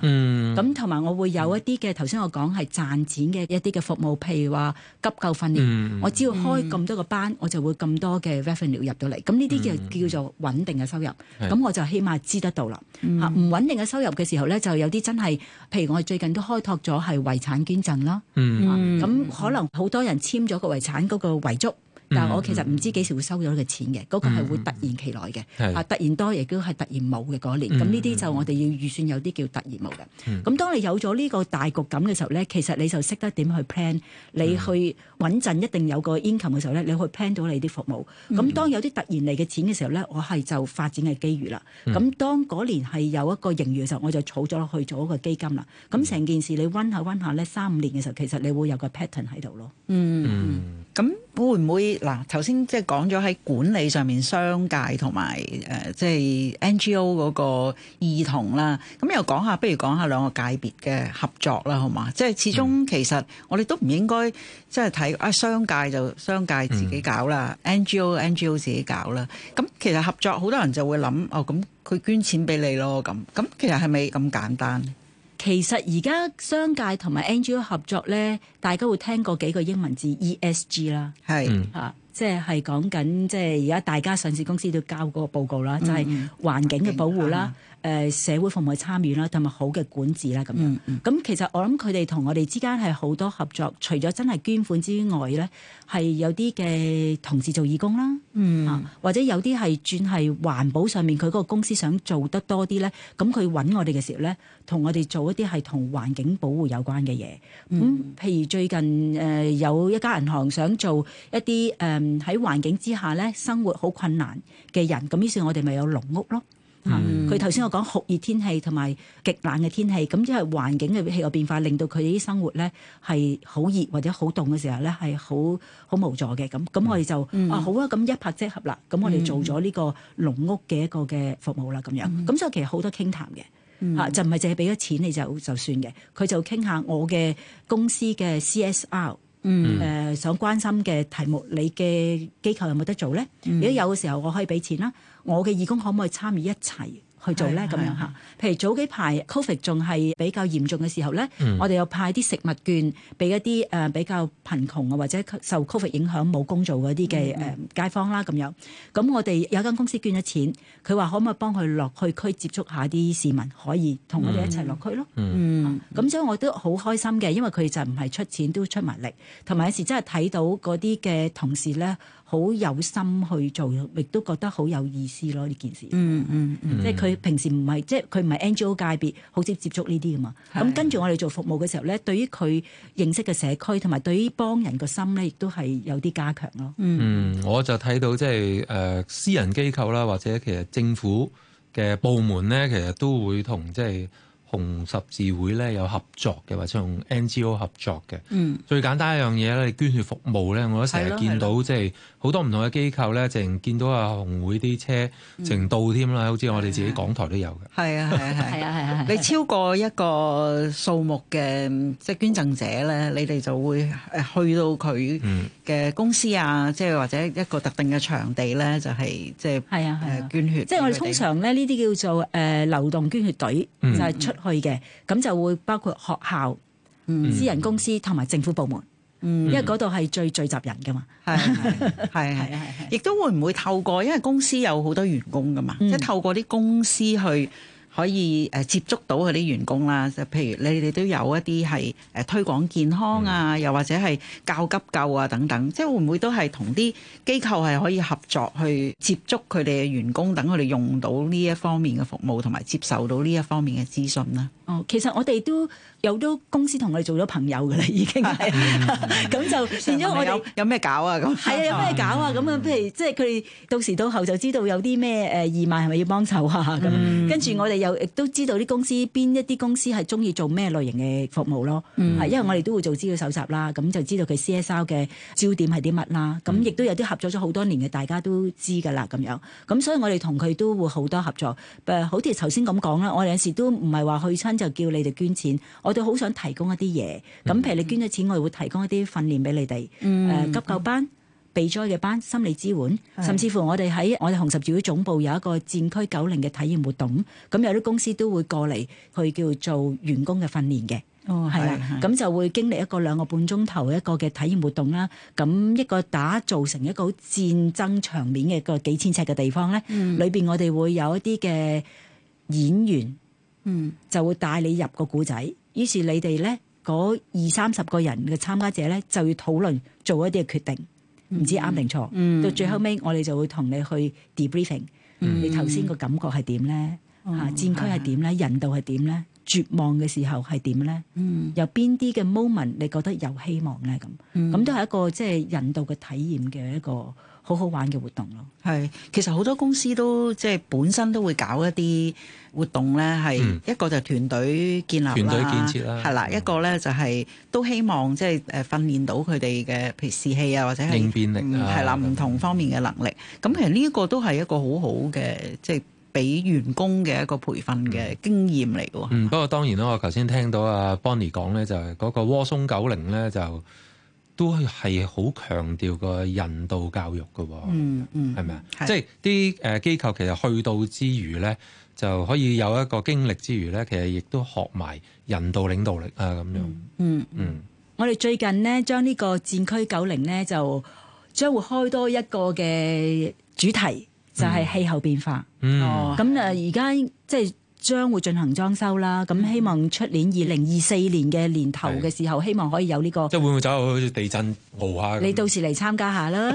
咁同埋我會有一啲嘅頭先我講係賺錢嘅一啲嘅服務，譬如話急救訓練，嗯、我只要開咁多個班，我就會咁多嘅 revenue 入到嚟。咁呢啲叫叫做穩定嘅收入，咁、嗯、我就起碼知得到啦嚇。唔、嗯、穩定嘅收入嘅時候咧，就有啲真係譬如我最近都開拓咗係遺產捐贈啦，咁可能好多人簽咗個遺產嗰個遺囑。但係我其實唔知幾時會收咗佢錢嘅，嗰、嗯、個係會突然其來嘅，是啊突然多亦都係突然冇嘅嗰年。咁呢啲就我哋要預算有啲叫突然冇嘅。咁、嗯、當你有咗呢個大局感嘅時候咧，其實你就識得點去 plan，你去穩陣一定有個 income 嘅時候咧，你去 plan 到你啲服務。咁、嗯、當有啲突然嚟嘅錢嘅時候咧，我係就發展嘅機遇啦。咁、嗯、當嗰年係有一個盈餘嘅時候，我就儲咗落去做一個基金啦。咁成、嗯、件事你溫下溫下咧，三五年嘅時候，其實你會有個 pattern 喺度咯。嗯。嗯。咁會唔會？嗱，頭先即係講咗喺管理上面商界、呃就是、同埋誒即係 NGO 嗰個異同啦？咁又講下，不如講下兩個界別嘅合作啦，好嘛？即係始終其實我哋都唔應該即係睇啊商界就商界自己搞啦、嗯、NGO NGO 自己搞啦。咁其實合作好多人就會諗哦，咁佢捐錢俾你咯咁。咁其實係咪咁簡單？其實而家商界同埋 NGO 合作咧，大家會聽過幾個英文字 ESG 啦，係嚇是、嗯，即係講緊即係而家大家上市公司都交嗰個報告啦，嗯、就係環境嘅保護啦。嗯誒社會服務嘅參與啦，同埋好嘅管治啦，咁樣。咁、嗯嗯、其實我諗佢哋同我哋之間係好多合作，除咗真係捐款之外咧，係有啲嘅同事做義工啦，嗯、啊或者有啲係轉係環保上面，佢嗰個公司想做得多啲咧，咁佢揾我哋嘅時候咧，同我哋做一啲係同環境保護有關嘅嘢。咁、嗯嗯、譬如最近誒、呃、有一家銀行想做一啲誒喺環境之下咧生活好困難嘅人，咁於是我哋咪有籠屋咯。佢頭先我講酷熱天氣同埋極冷嘅天氣，咁因為環境嘅氣候變化令到佢啲生活咧係好熱或者好凍嘅時候咧係好好無助嘅咁。咁我哋就啊好、嗯、啊，咁一拍即合啦。咁我哋做咗呢個農屋嘅一個嘅服務啦，咁樣。咁、嗯、所以其實好多傾談嘅嚇，嗯、就唔係淨係俾咗錢你就算就算嘅。佢就傾下我嘅公司嘅 CSR，誒想關心嘅題目，你嘅機構有冇得做咧？嗯、如果有嘅時候，我可以俾錢啦。我嘅義工可唔可以參與一齊去做咧？咁樣吓，譬如早幾排 Covid 仲係比較嚴重嘅時候咧，嗯、我哋又派啲食物券俾一啲誒比較貧窮嘅或者受 Covid 影響冇工做嗰啲嘅誒街坊啦，咁、嗯嗯、樣。咁我哋有間公司捐咗錢，佢話可唔可以幫佢落去區接觸下啲市民，可以同我哋一齊落區咯。嗯，咁、嗯嗯、所以我都好開心嘅，因為佢就唔係出錢都出埋力，同埋有，有時真係睇到嗰啲嘅同事咧。好有心去做，亦都覺得好有意思咯呢件事。嗯嗯嗯，即係佢平時唔係，即係佢唔係 NGO 界別，好少接觸呢啲噶嘛。咁是、嗯、跟住我哋做服務嘅時候咧，對於佢認識嘅社區同埋對於幫人個心咧，亦都係有啲加強咯。嗯，我就睇到即係誒、呃、私人機構啦，或者其實政府嘅部門咧，其實都會同即係。紅十字會咧有合作嘅，或者同 NGO 合作嘅。嗯。最簡單一樣嘢咧，你捐血服務咧，我都成日見到，即係好多唔同嘅機構咧，淨見到啊紅會啲車程到添啦，好似我哋自己港台都有嘅。係啊係係係啊係係。你超過一個數目嘅即係捐贈者咧，你哋就會誒去到佢嘅公司啊，即係或者一個特定嘅場地咧，就係即係誒捐血。即係我哋通常咧呢啲叫做誒流動捐血隊，就係出。去嘅咁就會包括學校、嗯、私人公司同埋政府部門，嗯、因為嗰度係最聚集人㗎嘛。係係係係，亦都 (laughs) 會唔會透過，因為公司有好多員工噶嘛，即係、嗯、透過啲公司去。可以誒接觸到佢啲員工啦，就譬如你哋都有一啲係誒推廣健康啊，又或者係教急救啊等等，即係會唔會都係同啲機構係可以合作去接觸佢哋嘅員工，等佢哋用到呢一方面嘅服務同埋接受到呢一方面嘅資訊啦。哦，其實我哋都有都公司同我哋做咗朋友嘅啦，已經係，咁就變咗我有咩搞啊？咁係啊，有咩搞啊？咁啊，譬如即係佢哋到時到後就知道有啲咩誒義賣，係咪要幫手啊？咁跟住我哋又。亦都知道啲公司邊一啲公司係中意做咩類型嘅服務咯，係、嗯、因為我哋都會做資料搜集啦，咁、嗯、就知道佢 CSR 嘅焦點係啲乜啦，咁亦、嗯、都有啲合作咗好多年嘅，大家都知噶啦咁樣，咁所以我哋同佢都會好多合作，誒，好似頭先咁講啦，我哋有時都唔係話去親就叫你哋捐錢，我哋好想提供一啲嘢，咁譬如你捐咗錢，我哋會提供一啲訓練俾你哋，誒、嗯呃、急救班。嗯嗯備災嘅班，心理支援，的甚至乎我哋喺我哋紅十字會總部有一個戰區九零嘅體驗活動。咁有啲公司都會過嚟去叫做員工嘅訓練嘅，係啦。咁就會經歷一個兩個半鐘頭一個嘅體驗活動啦。咁一個打造成一個好戰爭場面嘅個幾千尺嘅地方咧，嗯、裏邊我哋會有一啲嘅演員，嗯，就會帶你入個故仔。於是你哋咧，嗰二三十個人嘅參加者咧，就要討論做一啲嘅決定。唔知啱定錯，嗯、到最後尾我哋就會同你去 debriefing、嗯。你頭先個感覺係點咧？嚇、嗯、戰區係點咧？人道係點咧？絕望嘅時候係點咧？嗯、有邊啲嘅 moment 你覺得有希望咧？咁咁、嗯、都係一個即係人道嘅體驗嘅一個好好玩嘅活動咯。係，其實好多公司都即係本身都會搞一啲，活動咧係一個就團隊建立、嗯、團隊建設啦，係啦的，一個咧就係都希望即係誒訓練到佢哋嘅譬如士氣啊，或者係應變力係、啊、啦，唔同方面嘅能力。咁其實呢一個都係一個好好嘅即係俾員工嘅一個培訓嘅經驗嚟嘅喎。不過、嗯、的當然啦，我頭先聽到阿、啊、Bonnie 講咧，就係、是、嗰個窩鬆九零咧，就都係好強調個人道教育嘅、嗯。嗯嗯，係咪啊？即係啲誒機構其實去到之餘咧。就可以有一個經歷之餘咧，其實亦都學埋人道領導力啊咁樣。嗯嗯，嗯，我哋最近咧將呢個戰區九零咧就將會開多一個嘅主題，就係、是、氣候變化。嗯嗯、哦，咁啊而家即係。將會進行裝修啦，咁希望出年二零二四年嘅年頭嘅時候，的希望可以有呢、呢個。即係會唔會走去地震熬下？你到時嚟參加下啦，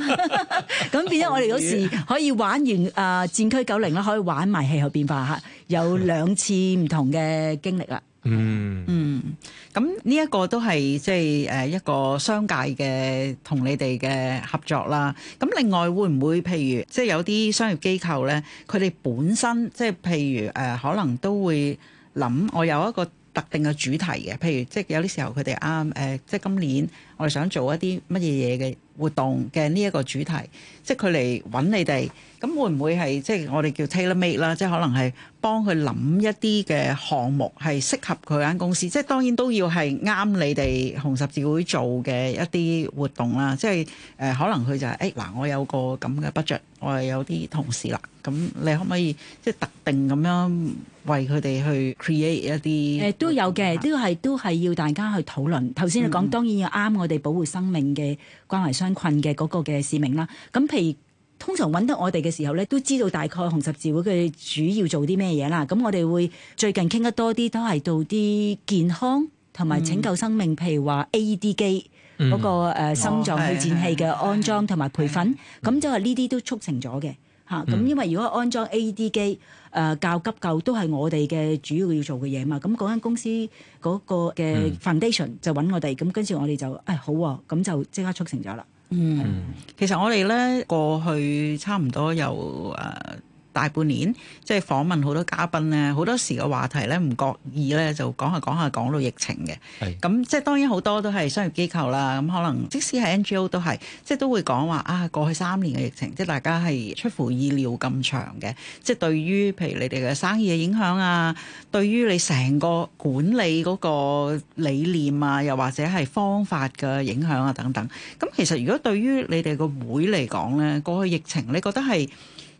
咁 (laughs) 變咗我哋嗰時可以玩完啊、呃、戰區九零啦，可以玩埋氣候變化嚇，有兩次唔同嘅經歷啦。 (laughs) 嗯、mm. 嗯，咁呢一個都係即係誒一個商界嘅同你哋嘅合作啦。咁另外會唔會譬如即係有啲商業機構咧，佢哋本身即係譬如誒、呃，可能都會諗我有一個特定嘅主題嘅，譬如即係有啲時候佢哋啱誒，即係今年我哋想做一啲乜嘢嘢嘅活動嘅呢一個主題，即係佢嚟揾你哋。咁會唔會係即係我哋叫 tailor made 啦？即係可能係幫佢諗一啲嘅項目係適合佢間公司。即係當然都要係啱你哋紅十字會做嘅一啲活動啦。即係誒，可能佢就係誒，嗱，我有個咁嘅 budget，我係有啲同事啦。咁你可唔可以即係特定咁樣為佢哋去 create 一啲？誒都有嘅，都係都係要大家去討論。頭先你講，當然要啱我哋保護生命嘅關懷傷困嘅嗰個嘅使命啦。咁譬如。通常揾得我哋嘅時候咧，都知道大概紅十字會佢主要做啲咩嘢啦。咁我哋會最近傾得多啲，都係到啲健康同埋拯救生命，譬如話 AED 機嗰個、呃哦、心臟去顫器嘅安裝同埋培訓。咁、哎、就係呢啲都促成咗嘅嚇。咁、哎嗯、因為如果安裝 AED 機、呃，誒教急救都係我哋嘅主要要做嘅嘢嘛。咁嗰間公司嗰個嘅 foundation 就揾我哋，咁跟住我哋就誒、哎、好喎、啊，咁就即刻促成咗啦。嗯，其實我哋咧，過去差唔多有，誒、uh 大半年，即係訪問好多嘉賓咧，好多時嘅話題咧唔覺意咧就講下講下講到疫情嘅。係咁是，即係當然好多都係商業機構啦，咁可能即使係 NGO 都係，即係都會講話啊過去三年嘅疫情，即係大家係出乎意料咁長嘅。即係對於譬如你哋嘅生意嘅影響啊，對於你成個管理嗰個理念啊，又或者係方法嘅影響啊等等。咁其實如果對於你哋個會嚟講咧，過去疫情你覺得係？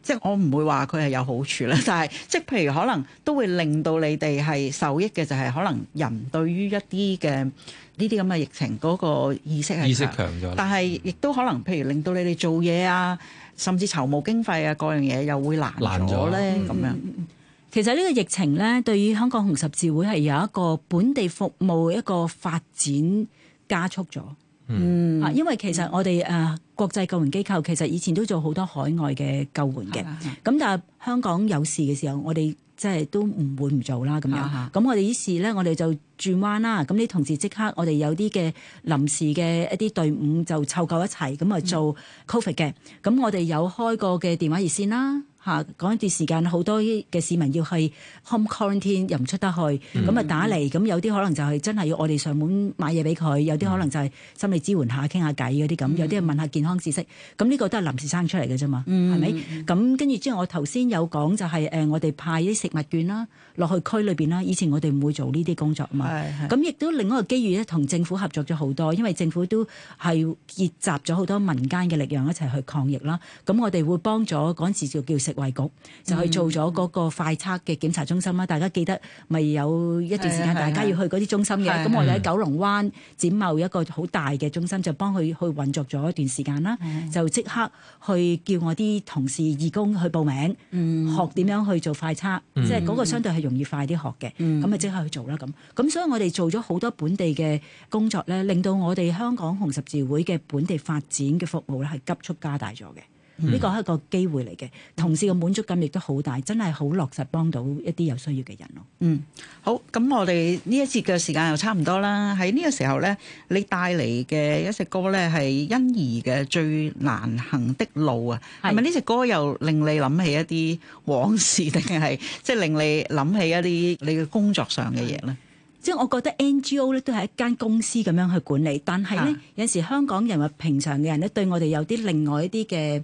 即係我唔會話佢係有好處啦，但係即係譬如可能都會令到你哋係受益嘅，就係、是、可能人對於一啲嘅呢啲咁嘅疫情嗰個意識係意識強咗，但係亦都可能譬如令到你哋做嘢啊，甚至籌募經費啊，各樣嘢又會難難咗咧咁樣。嗯、其實呢個疫情咧，對於香港紅十字會係有一個本地服務一個發展加速咗。嗯，因為其實我哋誒。嗯呃國際救援機構其實以前都做好多海外嘅救援嘅，咁 (music) 但係香港有事嘅時候，我哋即係都唔會唔做啦咁樣。咁 (music) 我哋於是咧，我哋就轉彎啦。咁啲同事即刻，我哋有啲嘅臨時嘅一啲隊伍就湊夠一齊咁啊做 covid 嘅。咁 (music) 我哋有開過嘅電話熱線啦。嚇，一段時間好多嘅市民要去 home quarantine，又唔出得去，咁啊、mm hmm. 打嚟，咁有啲可能就係真係要我哋上門買嘢俾佢，有啲可能就係心理支援下、傾下偈嗰啲咁，mm hmm. 有啲係問下健康知識，咁呢個都係臨時生出嚟嘅啫嘛，係咪、mm？咁跟住之後，我頭先有講就係誒，我哋派啲食物券啦、啊，落去區裏邊啦。以前我哋唔會做呢啲工作嘛，咁亦、mm hmm. 都另一個機遇咧，同政府合作咗好多，因為政府都係結集咗好多民間嘅力量一齊去抗疫啦。咁我哋會幫咗嗰陣時就叫食衛局、嗯、就去做咗嗰個快測嘅檢查中心啦，大家記得咪有一段時間大家要去嗰啲中心嘅，咁的我哋喺九龍灣展貿一個好大嘅中心就幫佢去運作咗一段時間啦，嗯、就即刻去叫我啲同事義工去報名，嗯、學點樣去做快測，嗯、即係嗰個相對係容易快啲學嘅，咁咪即刻去做啦咁。咁所以我哋做咗好多本地嘅工作咧，令到我哋香港紅十字會嘅本地發展嘅服務咧係急速加大咗嘅。呢個係一個機會嚟嘅，同事嘅滿足感亦都好大，真係好落實幫到一啲有需要嘅人咯。嗯，好，咁我哋呢一節嘅時間又差唔多啦。喺呢個時候呢，你帶嚟嘅一隻歌呢，係欣宜嘅《最難行的路》啊，係咪呢隻歌又令你諗起一啲往事，定係即係令你諗起一啲你嘅工作上嘅嘢呢？ (laughs) 即係我覺得 NGO 呢都係一間公司咁樣去管理，但係呢，啊、有時香港人或平常嘅人呢，對我哋有啲另外一啲嘅。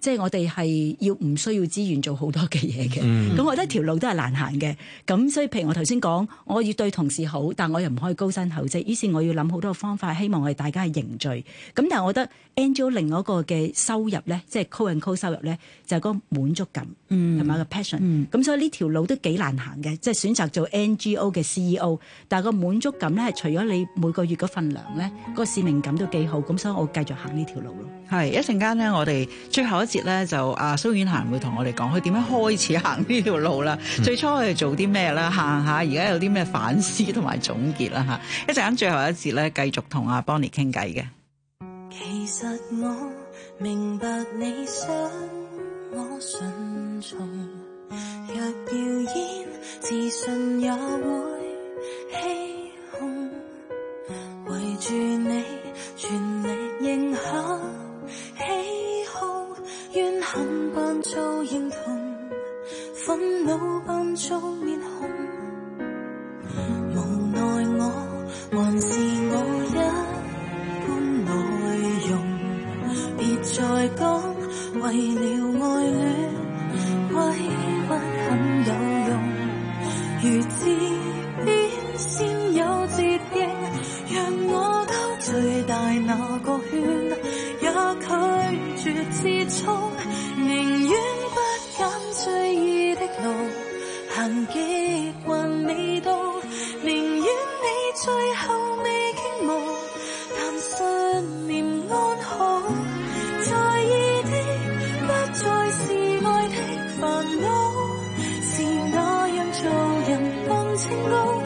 即係我哋係要唔需要資源做好多嘅嘢嘅，咁、嗯、我覺得條路都係難行嘅。咁所以譬如我頭先講我要對同事好，但我又唔可以高薪厚職，於是我要諗好多嘅方法，希望我哋大家係凝聚。咁但係我覺得 NGO 另一個嘅收入咧，即係 co and co 收入咧，就係、是、個滿足感，同埋個 passion？咁所以呢條路都幾難行嘅，即、就、係、是、選擇做 NGO 嘅 CEO，但係個滿足感咧係除咗你每個月份糧咧，個使命感都幾好，咁所以我繼續行呢條路咯。係一陣間咧，我哋最後一。節咧就阿蘇婉嫻會同我哋講佢點樣開始行呢條路啦，嗯、最初佢哋做啲咩啦，行下而家有啲咩反思同埋總結啦吓，一陣間最後一節咧繼續同阿 Bonnie 傾偈嘅。怨恨扮做認同，憤怒扮做面孔，無奈我還是我一般內容。別再講，為了愛戀委屈很有用，如自貶先有折應，讓我兜最大那個圈也屈。絕志衝，寧願不揀追憶的路，行極還未到，寧願你最後未傾慕，但信念安好，在意的不再是愛的煩惱，是那樣做人更清高？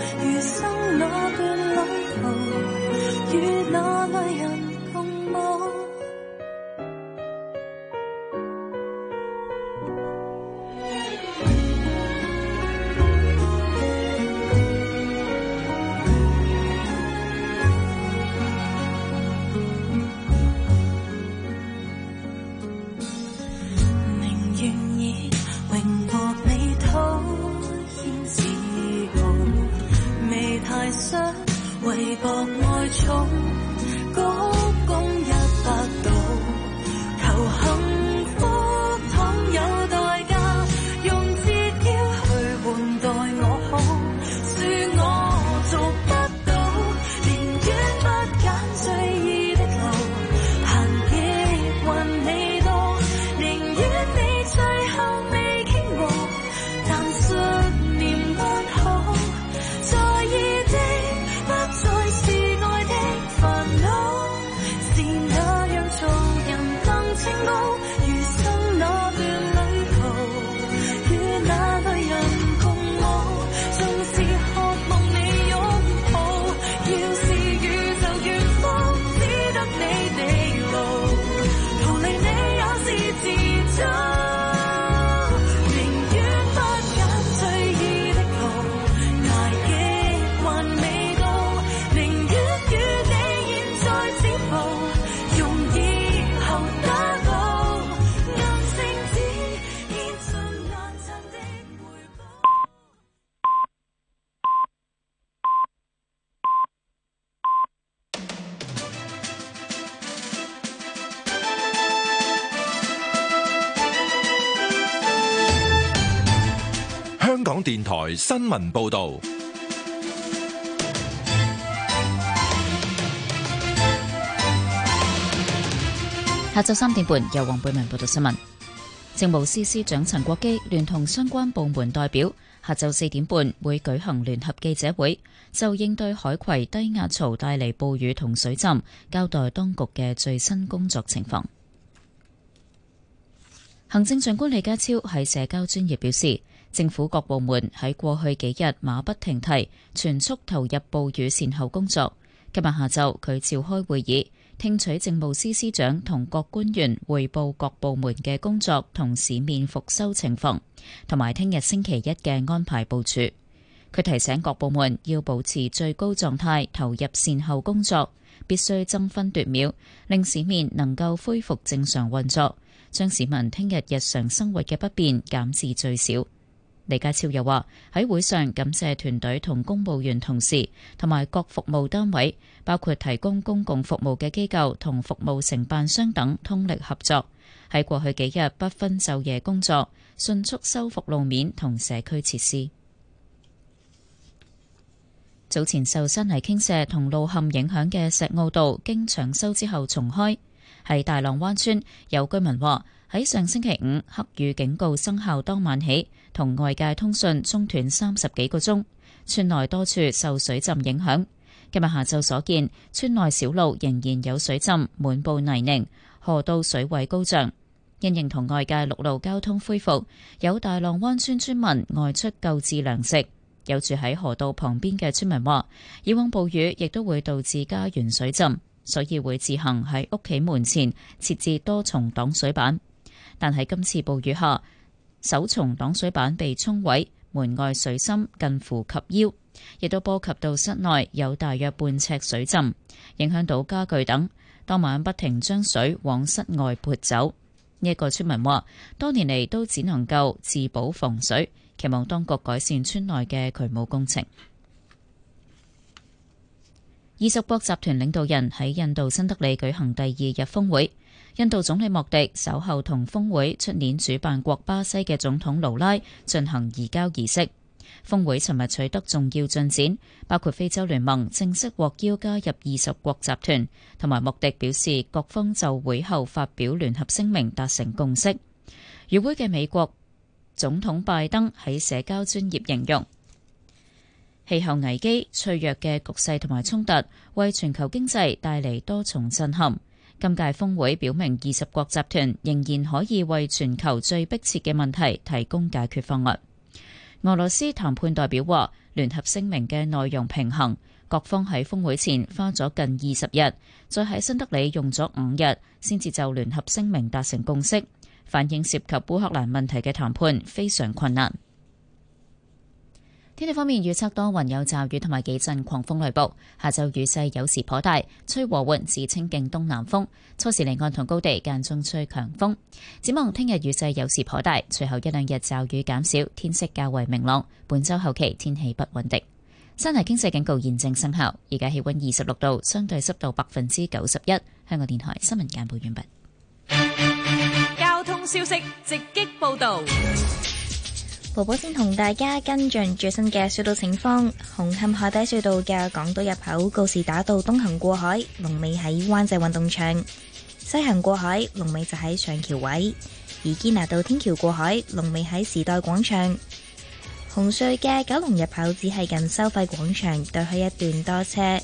電台新聞報道：下晝三點半由黃貝文報道新聞。政務司司長陳國基聯同相關部門代表，下晝四點半會舉行聯合記者會，就應對海葵低壓槽帶嚟暴雨同水浸交代當局嘅最新工作情況。行政長官李家超喺社交專頁表示。政府各部門喺過去幾日馬不停蹄，全速投入暴雨善後工作。今日下晝，佢召開會議，聽取政務司司長同各官員匯報各部門嘅工作同市面復修情況，同埋聽日星期一嘅安排部署。佢提醒各部門要保持最高狀態，投入善後工作，必須爭分奪秒，令市面能夠恢復正常運作，將市民聽日日常生活嘅不便減至最少。李家超又話喺會上感謝團隊同公務員同事，同埋各服務單位，包括提供公共服務嘅機構同服務承辦商等通力合作，喺過去幾日不分晝夜工作，迅速修復路面同社區設施。早前受山泥傾瀉同路陷影響嘅石澳道，經搶修之後重開。喺大浪灣村有居民話喺上星期五黑雨警告生效當晚起，同外界通訊中斷三十幾個鐘，村內多處受水浸影響。今日下晝所見，村內小路仍然有水浸，滿布泥濘，河道水位高漲。因應同外界陸路交通恢復，有大浪灣村村民外出購置糧食。有住喺河道旁邊嘅村民話：以往暴雨亦都會導致家園水浸，所以會自行喺屋企門前設置多重擋水板。但喺今次暴雨下，首重擋水板被沖毀，門外水深近乎及腰，亦都波及到室內，有大約半尺水浸，影響到家具等。當晚不停將水往室外潑走。呢個村民話：多年嚟都只能夠自保防水，期望當局改善村內嘅渠務工程。二十國集團領導人喺印度新德里舉行第二日峰會。印度總理莫迪稍後同峰會出年主辦國巴西嘅總統盧拉進行移交儀式。峰會尋日取得重要進展，包括非洲聯盟正式獲邀加入二十國集團，同埋莫迪表示各方就會後發表聯合聲明達成共識。與會嘅美國總統拜登喺社交專業形容，氣候危機、脆弱嘅局勢同埋衝突為全球經濟帶嚟多重震撼。今屆峰會表明，二十國集團仍然可以為全球最迫切嘅問題提供解決方案。俄羅斯談判代表話，聯合聲明嘅內容平衡，各方喺峰會前花咗近二十日，再喺新德里用咗五日，先至就聯合聲明達成共識，反映涉及烏克蘭問題嘅談判非常困難。天氣方面預測多雲有驟雨同埋幾陣狂風雷暴，下晝雨勢有時頗大，吹和緩至清勁東南風，初時離岸同高地間中吹強風。展望聽日雨勢有時頗大，隨後一兩日驟雨減少，天色較為明朗。本周後期天氣不穩定。山泥傾瀉警告現正生效，而家氣温二十六度，相對濕度百分之九十一。香港電台新聞簡報完畢。交通消息直擊報道。婆婆先同大家跟進最新嘅隧道情況，紅磡海底隧道嘅港島入口告士打道東行過海龍尾喺灣仔運動場，西行過海龍尾就喺上橋位；而堅拿道天橋過海龍尾喺時代廣場。紅隧嘅九龍入口只係近收費廣場，對開一段多車。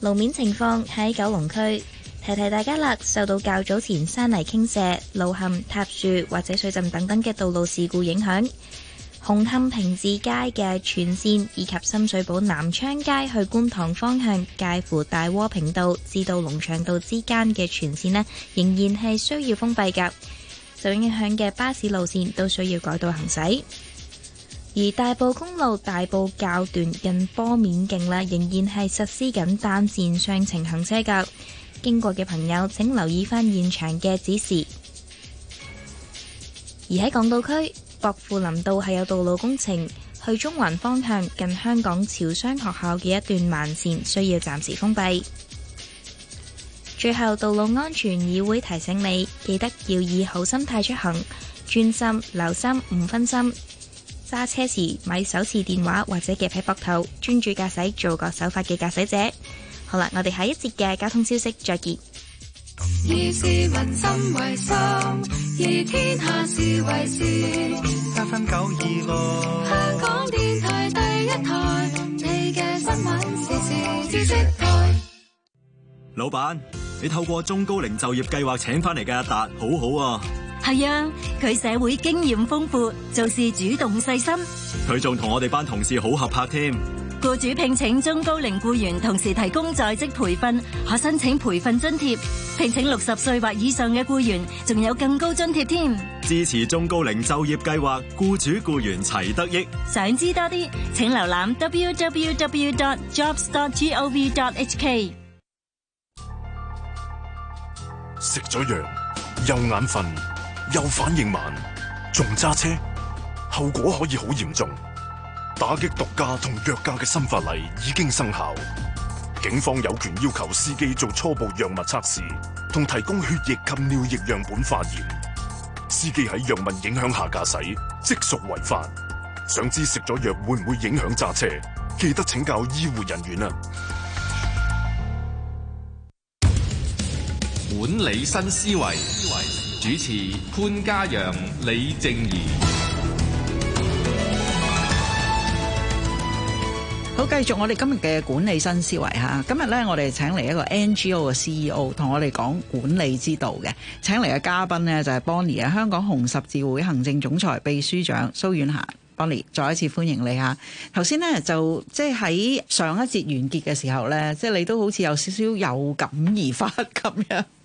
路面情況喺九龍區。提提大家啦，受到較早前山泥傾瀉、路陷、塌樹或者水浸等等嘅道路事故影響，紅磡平治街嘅全線以及深水埗南昌街去觀塘方向，介乎大窩坪道至到農場道之間嘅全線呢，仍然係需要封閉噶。受影響嘅巴士路線都需要改道行駛。而大埔公路大埔滘段近波面徑啦，仍然係實施緊單線雙程行車噶。經過嘅朋友，請留意返現場嘅指示。而喺港島區，薄扶林道係有道路工程，去中環方向近香港潮商學校嘅一段慢線需要暫時封閉。最後，道路安全議會提醒你，記得要以好心態出行，專心留心，唔分心。揸車時咪手持電話或者夾喺膊頭，專注駕駛，做個守法嘅駕駛者。好啦，我哋下一節嘅交通消息再見。以市民心為心，以天下事為事。七分九二六，香港電台第一台，你嘅新聞時事知識台。老闆，你透過中高齡就業計劃請翻嚟嘅阿達，好好啊。係啊，佢社會經驗豐富，做事主動細心。佢仲同我哋班同事好合拍添。僱主聘請中高齡僱員，同時提供在職培訓，可申請培訓津貼。聘請六十歲或以上嘅僱員，仲有更高津貼添。支持中高齡就業計劃，僱主僱員齊得益。想知多啲，請瀏覽 www.jobs.gov.hk。食咗藥又眼瞓，又反應慢，仲揸車，後果可以好嚴重。打擊毒駕同藥駕嘅新法例已經生效，警方有權要求司機做初步藥物測試，同提供血液及尿液樣本化驗。司機喺藥物影響下駕駛，即屬違法。想知食咗藥會唔會影響揸車？記得請教醫護人員啊！管理新思維思維，主持潘嘉陽、李靜宜。繼續我哋今日嘅管理新思維吓，今日呢我哋請嚟一個 NGO 嘅 CEO 同我哋講管理之道嘅，請嚟嘅嘉賓呢，就係 Bonnie 啊，香港紅十字會行政總裁、秘書長蘇婉嫻 Bonnie，再一次歡迎你吓。頭先呢，就即係喺上一節完結嘅時候呢，即係你都好似有少少有感而發咁樣。 (laughs)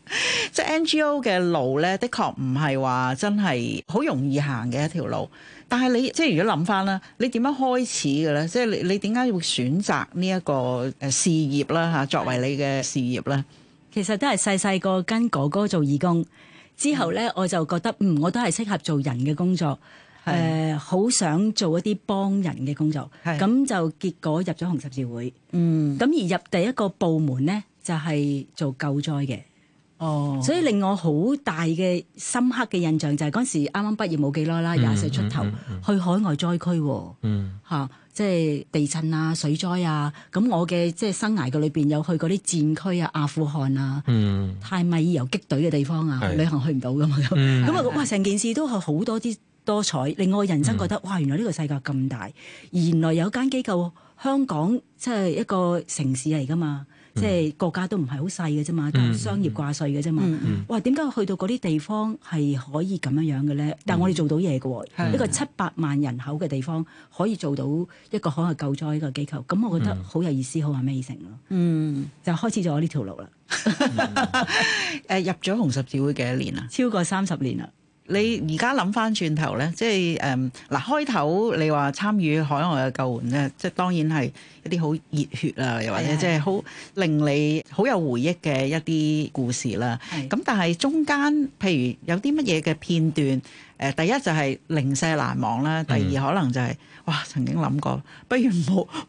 即係 NGO 嘅路咧，的確唔係話真係好容易行嘅一條路。但係你即係如果諗翻啦，你點樣開始嘅咧？即係你你點解會選擇呢一個誒事業啦吓，作為你嘅事業咧？其實都係細細個跟哥哥做義工之後咧，嗯、我就覺得嗯，我都係適合做人嘅工作。誒是、呃，好想做一啲幫人嘅工作。咁是 就結果入咗紅十字會。嗯。咁而入第一個部門咧，就係、是、做救災嘅。哦，所以令我好大嘅深刻嘅印象就係嗰陣時啱啱畢業冇幾耐啦，廿歲出頭去海外災區，嚇，即係地震啊、水災啊。咁我嘅即係生涯嘅裏邊有去嗰啲戰區啊、阿富汗啊、泰米爾游擊隊嘅地方啊，旅行去唔到噶嘛咁。啊哇，成件事都係好多啲多彩，令我人生覺得哇，原來呢個世界咁大，而原來有間機構香港即係一個城市嚟噶嘛。即係國家都唔係好細嘅啫嘛，但商業掛帥嘅啫嘛。嗯、哇，點解去到嗰啲地方係可以咁樣樣嘅咧？嗯、但係我哋做到嘢嘅喎，嗯、一個七百萬人口嘅地方可以做到一個可能救災嘅機構，咁、嗯、我覺得好有意思，好 Amazing 咯。嗯，就開始咗我呢條路啦。誒、嗯，入咗紅十字會幾多年啊？超過三十年啦。你而家諗翻轉頭咧，即係誒嗱，開頭你話參與海外嘅救援咧，即係當然係一啲好熱血啊，又或者即係好令你好有回憶嘅一啲故事啦。咁係係但係中間譬如有啲乜嘢嘅片段？誒、呃、第一就係零舍難忘啦，第二可能就係、是嗯，哇曾經諗過，不如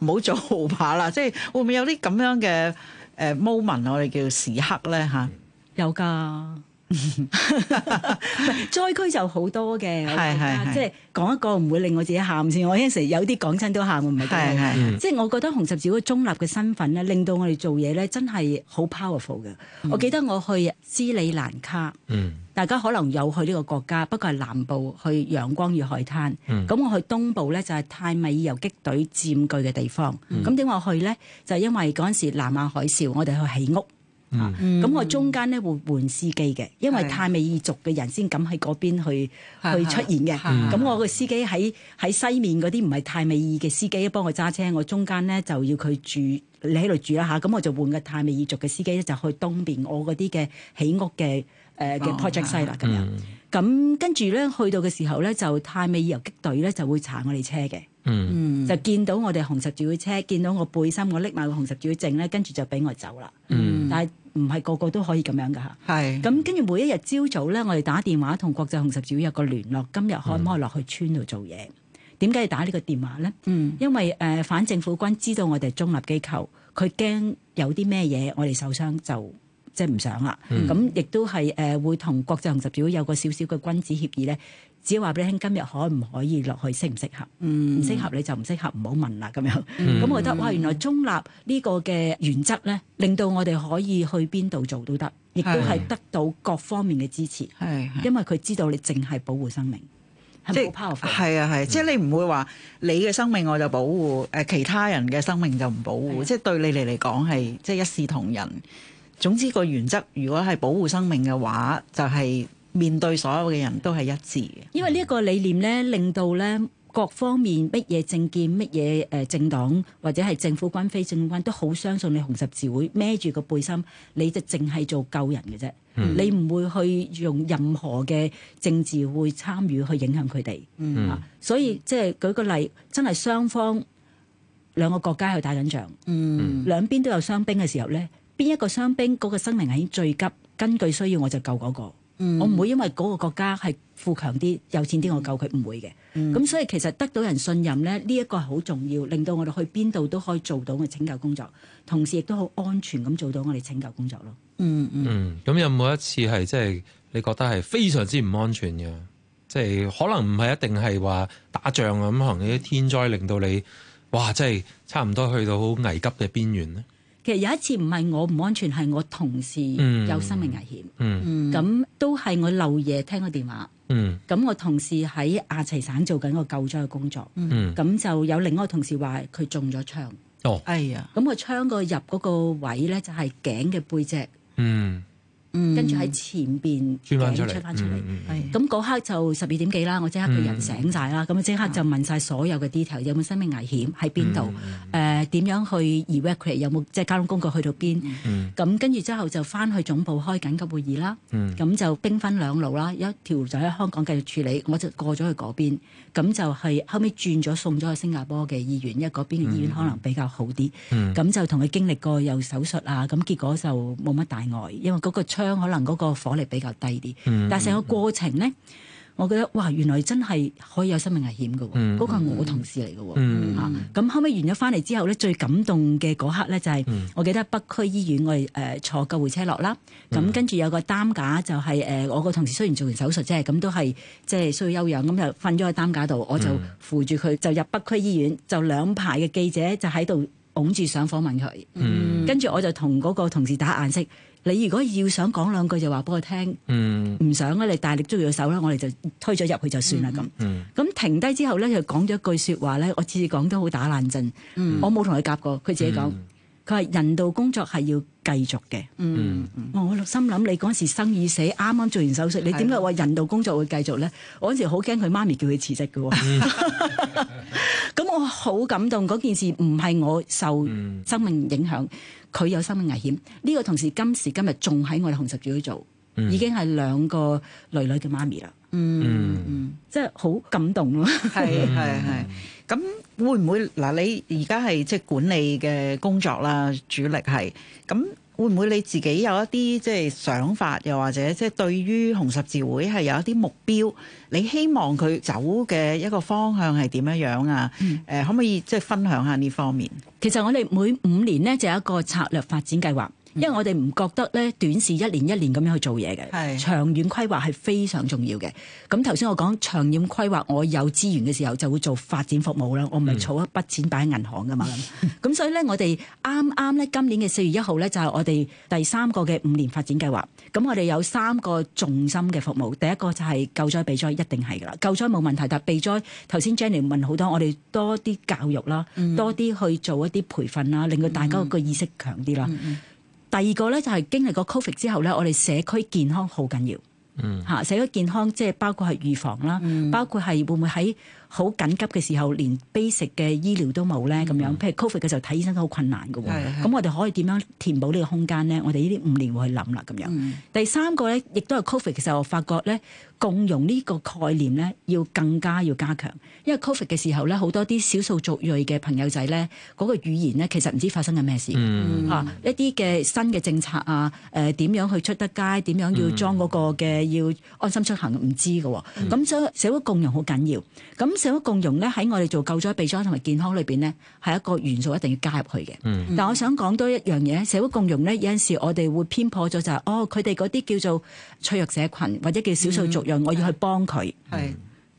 唔好做下啦，即係會唔會有啲咁樣嘅誒 moment，我哋叫時刻咧嚇？啊、有㗎。 (laughs) 災區就好多嘅，是是是即係講一個唔會令我自己喊先。是是是我有時有啲講親都喊，我唔係即係我覺得紅十字嗰個中立嘅身份咧，令到我哋做嘢咧真係好 powerful 嘅。嗯、我記得我去斯里蘭卡，嗯、大家可能有去呢個國家，不過係南部去陽光與海灘。咁、嗯、我去東部咧就係、是、泰米爾遊擊隊佔據嘅地方。咁點、嗯、我去咧？就是、因為嗰陣時南亞海嘯，我哋去起屋。咁、嗯、我中間咧會換司機嘅，因為泰米爾族嘅人先敢喺嗰邊去的去出現嘅。咁我個司機喺喺西面嗰啲唔係泰米爾嘅司機幫我揸車，我中間咧就要佢住你喺度住一下，咁我就換個泰米爾族嘅司機咧就去東邊我嗰啲嘅起屋嘅誒嘅 project site 啦咁樣。咁跟住咧去到嘅時候咧，就泰米爾遊擊隊咧就會查我哋車嘅，嗯、就見到我哋紅十字嘅車，見到我背心我拎埋個紅十字嘅證咧，跟住就俾我走啦。嗯、但係唔係個個都可以咁樣噶吓，咁跟住每一日朝早咧，我哋打電話同國際紅十字會有個聯絡，今日可唔可以落去村度做嘢？點解，嗯、要打呢個電話咧？嗯、因為誒、呃，反政府軍知道我哋中立機構，佢驚有啲咩嘢我哋受傷就。即係唔想啦，咁亦都係誒會同國際紅十字會有個少少嘅君子協議咧，只要話俾你聽，今日可唔可以落去？適唔適合？唔適合你就唔適合，唔好問啦咁樣。咁我覺得哇，原來中立呢個嘅原則咧，令到我哋可以去邊度做都得，亦都係得到各方面嘅支持。係因為佢知道你淨係保護生命，即係 powerful。係啊係，即係你唔會話你嘅生命我就保護，誒其他人嘅生命就唔保護。即係對你哋嚟講係即係一視同仁。總之個原則，如果係保護生命嘅話，就係、是、面對所有嘅人都係一致嘅。因為呢一個理念咧，令到咧各方面乜嘢政見、乜嘢誒政黨或者係政府軍非政府軍都好，相信你紅十字會孭住個背心，你就淨係做救人嘅啫。嗯、你唔會去用任何嘅政治會參與去影響佢哋。所以即係舉個例，真係雙方兩個國家去打緊仗，兩邊、嗯、都有傷兵嘅時候咧。邊一個傷兵嗰個生命危險最急，根據需要我就救嗰個，嗯、我唔會因為嗰個國家係富強啲、有錢啲，我救佢唔會嘅。咁、嗯、所以其實得到人信任呢，呢一個係好重要，令到我哋去邊度都可以做到我哋拯救工作，同時亦都好安全咁做到我哋拯救工作咯、嗯。嗯嗯。咁有冇一次係即係你覺得係非常之唔安全嘅？即係可能唔係一定係話打仗啊，咁可能啲天災令到你，哇！即係差唔多去到好危急嘅邊緣咧。其實有一次唔係我唔安全，係我同事有生命危險。咁、嗯嗯、都係我漏夜聽個電話。咁、嗯、我同事喺亞齊省做緊個救災嘅工作。咁、嗯、就有另外一個同事話佢中咗槍。哦、哎呀！咁個槍個入嗰個位咧就係頸嘅背脊。嗯嗯跟住喺前邊掟出翻出嚟，咁嗰刻就十二點幾啦，我即刻個人醒晒啦，咁啊即刻就問晒所有嘅 detail、啊、有冇生命危險喺邊度，誒點、嗯呃、樣去 evacuate 有冇即係交通工具去到邊，咁跟住之後就翻去總部開緊急會議啦，咁、嗯、就兵分兩路啦，一條就喺香港繼續處理，我就過咗去嗰邊。咁就係後尾轉咗送咗去新加坡嘅醫院，因為嗰邊嘅醫院可能比較好啲。咁、嗯嗯、就同佢經歷過有手術啊，咁結果就冇乜大礙，因為嗰個槍可能嗰個火力比較低啲。但係成個過程咧，嗯嗯嗯我覺得哇，原來真係可以有生命危險嘅，嗰、嗯、個係我同事嚟嘅，嚇、嗯。咁、啊、後尾完咗翻嚟之後咧，最感動嘅嗰刻咧就係、是，嗯、我記得北區醫院我誒、呃、坐救護車落啦。咁、嗯嗯、跟住有個擔架就係、是、誒、呃、我個同事雖然做完手術啫，咁都係即係需要休養，咁就瞓咗喺擔架度，我就扶住佢就入北區醫院，就兩排嘅記者就喺度擁住上訪問佢。嗯嗯、跟住我就同嗰個同事打眼色。你如果要想講兩句就話俾我聽，唔、嗯、想咧你大力捉住個手咧，我哋就推咗入去就算啦咁。咁、嗯嗯、停低之後咧，就講咗一句説話咧，我次次講都好打爛陣，嗯、我冇同佢夾過，佢自己講。嗯嗯嗯佢話人道工作係要繼續嘅。嗯，我心諗你嗰時生與死啱啱做完手術，你點解話人道工作會繼續咧？我嗰時好驚佢媽咪叫佢辭職㗎喎。咁我好感動，嗰件事唔係我受生命影響，佢有生命危險。呢個同事今時今日仲喺我哋紅十字會做，已經係兩個囡囡嘅媽咪啦。嗯，即係好感動咯。係係係咁。會唔會嗱？你而家係即係管理嘅工作啦，主力係咁會唔會你自己有一啲即係想法，又或者即係對於紅十字會係有一啲目標？你希望佢走嘅一個方向係點樣樣啊？誒、嗯，可唔可以即係分享下呢方面？其實我哋每五年呢，就有一個策略發展計劃。因為我哋唔覺得咧，短視一年一年咁樣去做嘢嘅。是長遠規劃係非常重要嘅。咁頭先我講長遠規劃，我有資源嘅時候就會做發展服務啦。我唔係儲一筆錢擺喺銀行噶嘛。咁 (laughs) 所以咧，我哋啱啱咧今年嘅四月一號咧，就係、是、我哋第三個嘅五年發展計劃。咁我哋有三個重心嘅服務，第一個就係救災備災一定係噶啦，救災冇問題，但係備災頭先 Jenny 問好多，我哋多啲教育啦，嗯、多啲去做一啲培訓啦，令到大家個意識強啲啦。嗯嗯第二個咧就係經歷過 COVID 之後咧，我哋社區健康好緊要嚇。嗯、社區健康即係包括係預防啦，嗯、包括係會唔會喺，好緊急嘅時候，連 basic 嘅醫療都冇咧，咁樣，譬如 COVID 嘅時候睇醫生都好困難㗎喎。咁是是 我哋可以點樣填補呢個空間咧？我哋呢啲五年會去諗啦，咁樣。嗯、第三個咧，亦都係 COVID 嘅時候，其實我發覺咧，共融呢個概念咧，要更加要加，加強，因為 COVID 嘅時候咧，好多啲少數族裔嘅朋友仔咧，嗰、那個語言咧，其實唔知發生緊咩事嚇、嗯啊，一啲嘅新嘅政策啊，誒、呃、點樣去出得街，點樣要裝嗰個嘅要安心出行，唔知㗎喎。所以社會共融好緊要，咁。社會共融咧喺我哋做救災、備災同埋健康裏邊咧，係一個元素一定要加入去嘅。嗯，但我想講多一樣嘢，社會共融咧有陣時我哋會偏頗咗就係、是，哦，佢哋嗰啲叫做脆弱社群或者叫少數族裔，嗯、我要去幫佢。係、嗯，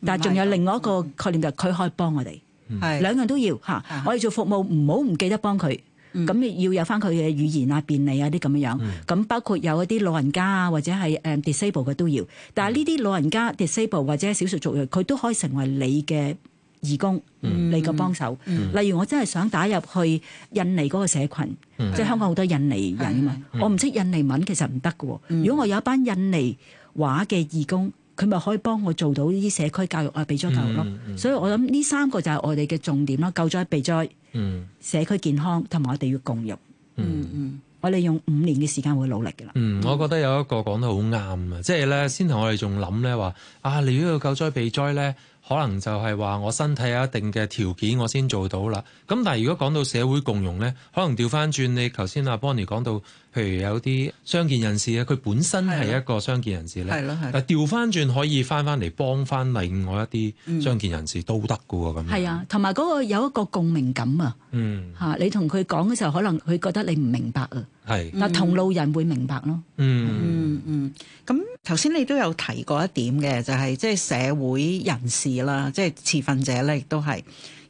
但係仲有另外一個概念就係佢可以幫我哋，係、嗯，兩、嗯、樣都要吓。嗯啊、我哋做服務唔好唔記得幫佢。咁你、嗯、要有翻佢嘅語言啊，便利啊，啲咁樣樣，咁、嗯、包括有一啲老人家啊，或者係誒 disabled 嘅都要，但係呢啲老人家 disabled 或者少數族裔，佢都可以成為你嘅義工，嗯、你嘅幫手。嗯嗯、例如我真係想打入去印尼嗰個社群，嗯、即係香港好多印尼人啊嘛，嗯、我唔識印尼文其實唔得㗎喎。嗯、如果我有一班印尼話嘅義工，佢咪可以幫我做到呢啲社區教育啊，備災教育咯。嗯嗯嗯、所以我諗呢三個就係我哋嘅重點咯，救災、備災。災嗯，社區健康同埋我哋要共融。嗯嗯，嗯我哋用五年嘅時間會努力㗎啦。嗯，我覺得有一個講得好啱啊，即係咧，先我哋仲諗咧話，啊，你呢個救災避災咧，可能就係話我身體有一定嘅條件，我先做到啦。咁但係如果講到社會共融咧，可能調翻轉，你頭先阿 Bonnie 講到。譬如有啲傷健人士咧，佢本身係一個傷健人士咧，嗱調翻轉可以翻翻嚟幫翻另外一啲傷健人士、嗯、都得嘅咁。係啊，同埋嗰個有一個共鳴感啊，嚇、嗯、你同佢講嘅時候，可能佢覺得你唔明白啊。係是，嗱同路人會明白咯。嗯嗯嗯，咁頭先你都有提過一點嘅，就係即係社會人士啦，即、就、係、是、持份者咧，亦都係。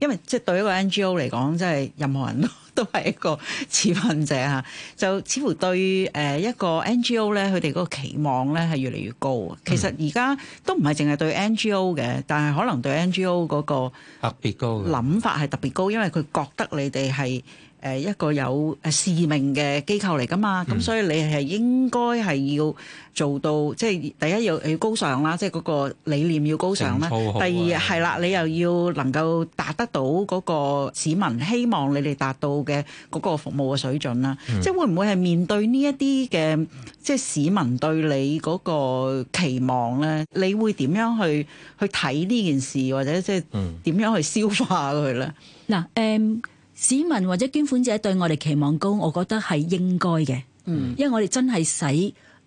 因為即係對一個 NGO 嚟講，即係任何人都都係一個持份者嚇。就似乎對誒一個 NGO 咧，佢哋嗰個期望咧係越嚟越高。其實而家都唔係淨係對 NGO 嘅，但係可能對 NGO 嗰個特別高，諗法係特別高，因為佢覺得你哋係。誒一個有誒使命嘅機構嚟㗎嘛，咁所以你係應該係要做到，即係第一要要高尚啦，即係嗰個理念要高尚啦。第二係啦，你又要能夠達得到嗰個市民希望你哋達到嘅嗰個服務嘅水準啦。即係會唔會係面對呢一啲嘅即係市民對你嗰個期望咧？你會點樣去去睇呢件事，或者即係點樣去消化佢咧？嗱誒。市民或者捐款者對我哋期望高，我覺得係應該嘅，嗯、因為我哋真係使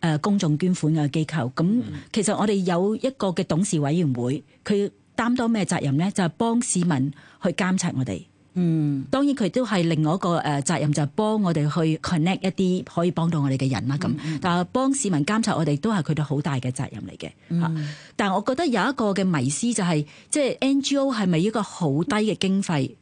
誒公眾捐款嘅機構。咁、嗯、其實我哋有一個嘅董事委員會，佢擔當咩責任咧？就係、是、幫市民去監察我哋。嗯，當然佢都係另外一個誒責任，就係、是、幫我哋去 connect 一啲可以幫到我哋嘅人啦。咁、嗯、但係幫市民監察我哋都係佢哋好大嘅責任嚟嘅。嚇、嗯！但係我覺得有一個嘅迷思就係、是，即係 NGO 係咪一個好低嘅經費？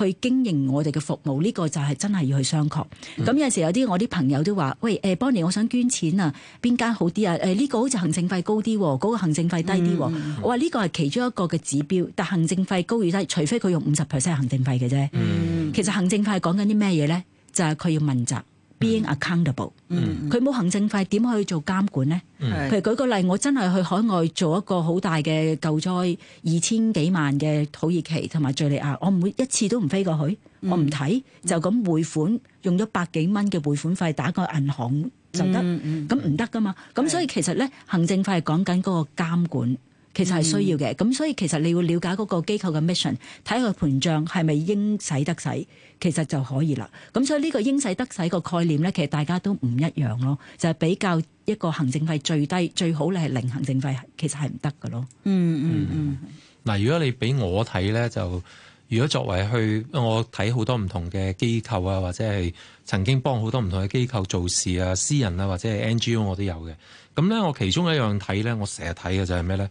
去經營我哋嘅服務，呢、這個就係真係要去商榷。咁、嗯、有陣時有啲我啲朋友都話，喂，誒、欸，Bonnie，我想捐錢啊，邊間好啲啊？誒、欸，呢、這個好似行政費高啲、啊，嗰、那個行政費低啲、啊。嗯、我話呢、這個係其中一個嘅指標，但行政費高與低，除非佢用五十 percent 行政費嘅啫。嗯、其實行政費講緊啲咩嘢咧？就係、是、佢要問責。being accountable，佢冇、mm hmm. 行政費點可以做監管咧？譬、mm hmm. 如舉個例，我真係去海外做一個好大嘅救災，二千幾萬嘅土耳其同埋敍利亞，我唔會一次都唔飛過去，mm hmm. 我唔睇，就咁匯款用咗百幾蚊嘅匯款費打個銀行就得，咁唔得噶嘛？咁所以其實咧，行政費係講緊嗰個監管，其實係需要嘅。咁、mm hmm. 所以其實你要了解嗰個機構嘅 mission，睇佢盤賬係咪應使得使。其實就可以啦，咁所以呢個應使得使個概念呢，其實大家都唔一樣咯，就係、是、比較一個行政費最低最好，你係零行政費，其實係唔得㗎咯。嗯嗯嗯。嗱、嗯，嗯、如果你俾我睇呢，就如果作為去我睇好多唔同嘅機構啊，或者係曾經幫好多唔同嘅機構做事啊、私人啊，或者係 NGO 我都有嘅。咁呢，我其中一樣睇呢，我成日睇嘅就係咩呢？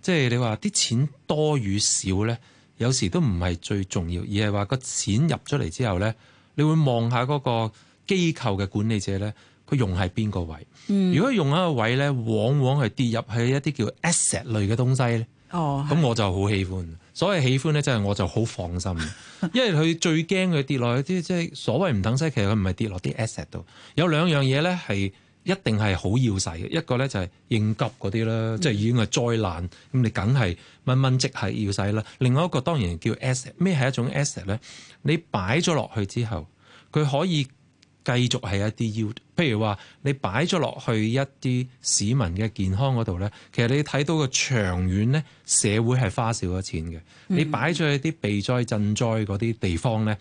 即係你話啲錢多與少呢。有時都唔係最重要，而係話個錢入咗嚟之後咧，你會望下嗰個機構嘅管理者咧，佢用喺邊個位？嗯、如果用一個位咧，往往係跌入去一啲叫 asset 類嘅東西咧。哦，咁我就好喜歡，的所謂喜歡咧，即係我就好放心。因為佢最驚佢跌落去啲，即係所謂唔等式，其實佢唔係跌落啲 asset 度，有兩樣嘢咧係。一定係好要使嘅，一個咧就係應急嗰啲啦，嗯、即係已經係災難，咁你梗係蚊蚊即係要使啦。另外一個當然叫 asset，咩係一種 asset 咧？你擺咗落去之後，佢可以繼續係一啲要，譬如話你擺咗落去一啲市民嘅健康嗰度咧，其實你睇到個長遠咧，社會係花少咗錢嘅。嗯、你擺咗喺啲避災賑災嗰啲地方咧。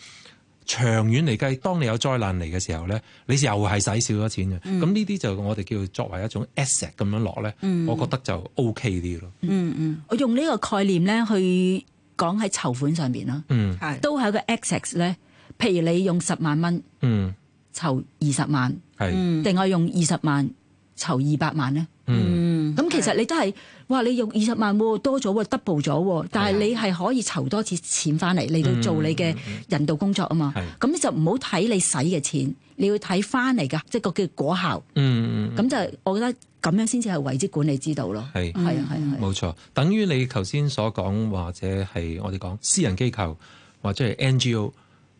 長遠嚟計，當你有災難嚟嘅時候咧，你又係使少咗錢嘅。咁呢啲就我哋叫作為一種 asset 咁樣落咧，我覺得就 OK 啲咯。嗯嗯，我用呢個概念咧去講喺籌款上邊啦。嗯，係都係一個 asset 咧。譬如你用十萬蚊，嗯，籌二十萬，係定係用二十萬籌二百萬咧？嗯。嗯其實你都係，哇！你用二十萬多咗 double 咗，但係你係可以籌多次錢翻嚟嚟到做你嘅人道工作啊嘛。咁、嗯嗯、你就唔好睇你使嘅錢，你要睇翻嚟噶，即係個嘅果效。嗯嗯嗯。咁、嗯、就我覺得咁樣先至係為之管理之道咯。係係啊係啊。冇、嗯、錯，等於你頭先所講或者係我哋講私人機構或者係 NGO，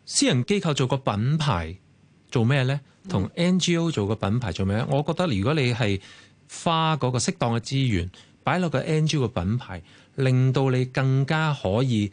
私人機構做個品牌做咩咧？同 NGO 做個品牌做咩咧？我覺得如果你係。花嗰個適當嘅資源擺落個 NG 嘅品牌，令到你更加可以，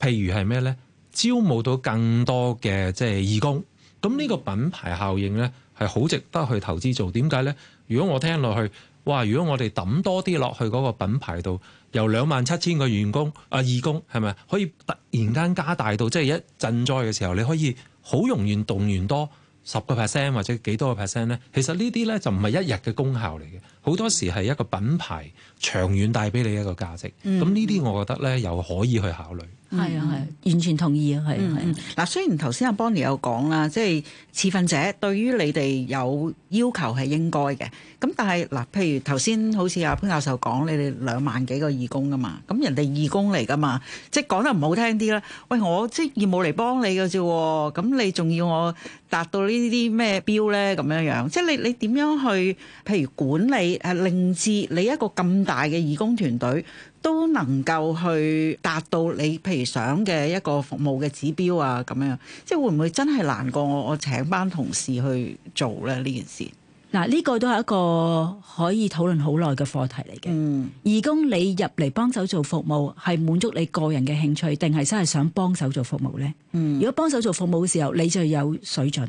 譬如係咩呢？招募到更多嘅即係義工，咁呢個品牌效應呢，係好值得去投資做。點解呢？如果我聽落去，哇！如果我哋抌多啲落去嗰個品牌度，由兩萬七千個員工啊、呃、義工係咪可以突然間加大到即係一賑災嘅時候，你可以好容易動員多十個 percent 或者幾多個 percent 呢？其實呢啲呢，就唔係一日嘅功效嚟嘅。好多時係一個品牌長遠帶俾你一個價值，咁呢啲我覺得咧、嗯、又可以去考慮。係啊係，嗯、完全同意啊係啊係啊。嗱、嗯嗯、雖然頭先阿 Bonnie 有講啦，即係持份者對於你哋有要求係應該嘅。咁但係嗱，譬如頭先好似阿潘教授講，你哋兩萬幾個義工噶嘛，咁人哋義工嚟噶嘛，即係講得唔好聽啲啦。喂，我即係義務嚟幫你嘅啫，咁你仲要我達到呢啲咩標咧？咁樣樣，即係你你點樣去譬如管理？係令至你一個咁大嘅義工團隊都能夠去達到你譬如想嘅一個服務嘅指標啊，咁樣，即係會唔會真係難過我我請班同事去做咧呢件事？嗱，呢個都係一個可以討論好耐嘅課題嚟嘅。嗯、義工你入嚟幫手做服務，係滿足你個人嘅興趣，定係真係想幫手做服務呢？嗯、如果幫手做服務嘅時候，你就有水準，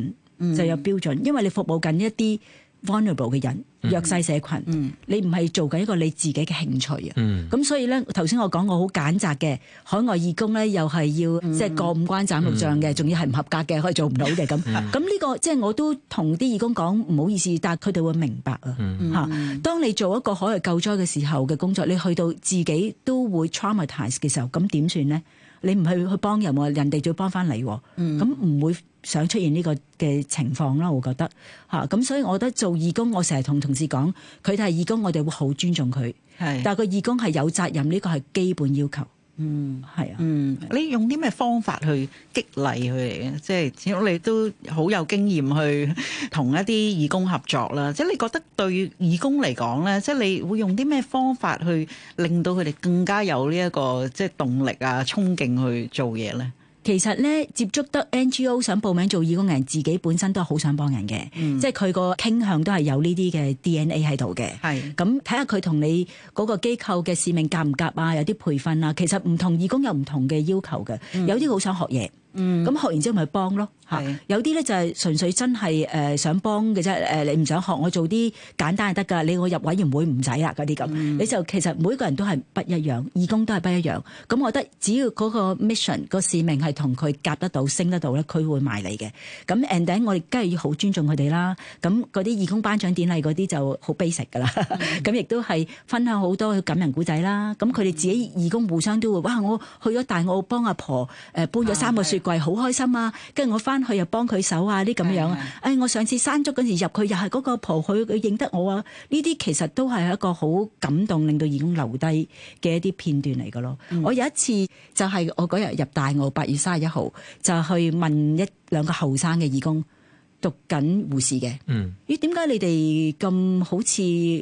就有標準，嗯、因為你服務緊一啲。Vulnerable 嘅人，嗯、弱勢社群，嗯、你唔係做緊一個你自己嘅興趣啊，咁、嗯、所以咧，頭先我講我好揀擇嘅海外義工咧，又係要、嗯、即係過五關斬六將嘅，仲、嗯、要係唔合格嘅，可以做唔到嘅咁咁呢、嗯這個即係我都同啲義工講唔好意思，但係佢哋會明白啊。吓、嗯啊，當你做一個海外救災嘅時候嘅工作，你去到自己都會 traumatize 嘅時候，咁點算咧？你唔去去幫人，人哋再幫翻你，咁唔、嗯、會。想出現呢個嘅情況啦，我覺得嚇，咁、啊、所以我覺得做義工，我成日同同事講，佢哋係義工，我哋會好尊重佢。係是，但係佢義工係有責任，呢個係基本要求。嗯，係啊。嗯，是你用啲咩方法去激勵佢哋？即係，只要你都好有經驗去同一啲義工合作啦。即係你覺得對義工嚟講咧，即係你會用啲咩方法去令到佢哋更加有呢、這、一個即係動力啊、衝勁去做嘢咧？其實咧，接觸得 NGO 想報名做義工嘅人，自己本身都係好想幫人嘅，嗯、即係佢個傾向都係有呢啲嘅 DNA 喺度嘅。係是，咁睇下佢同你嗰個機構嘅使命夾唔夾啊？有啲培訓啊，其實唔同義工有唔同嘅要求嘅，有啲好想學嘢。嗯咁、嗯、學完之後咪幫咯。嚇是有啲咧就係純粹真係誒想幫嘅啫。誒你唔想學，我做啲簡單，就得㗎。你我入委員會唔使啦嗰啲咁。嗯、你就其實每個人都係不一樣，義工都係不一樣。咁我覺得只要嗰個 mission 個使命係同佢夾得到升得到咧，佢會埋嚟嘅。咁 ending 我哋梗係要好尊重佢哋啦。咁嗰啲義工頒獎典禮嗰啲就好 basic 㗎啦。咁亦都係分享好多感人故仔啦。咁佢哋自己義工互相都會，哇！我去咗大澳幫阿婆誒搬咗三個雪，啊好開心啊！跟住我翻去又幫佢手啊啲咁樣啊！誒是、哎，我上次山竹嗰時入去，又係嗰個婆，佢佢認得我啊！呢啲其實都係一個好感動，令到義工留低嘅一啲片段嚟噶咯。嗯、我有一次就係、是、我嗰日入大澳八月三十一號，就去問一兩個後生嘅義工，讀緊護士嘅。嗯，咦？點解你哋咁好似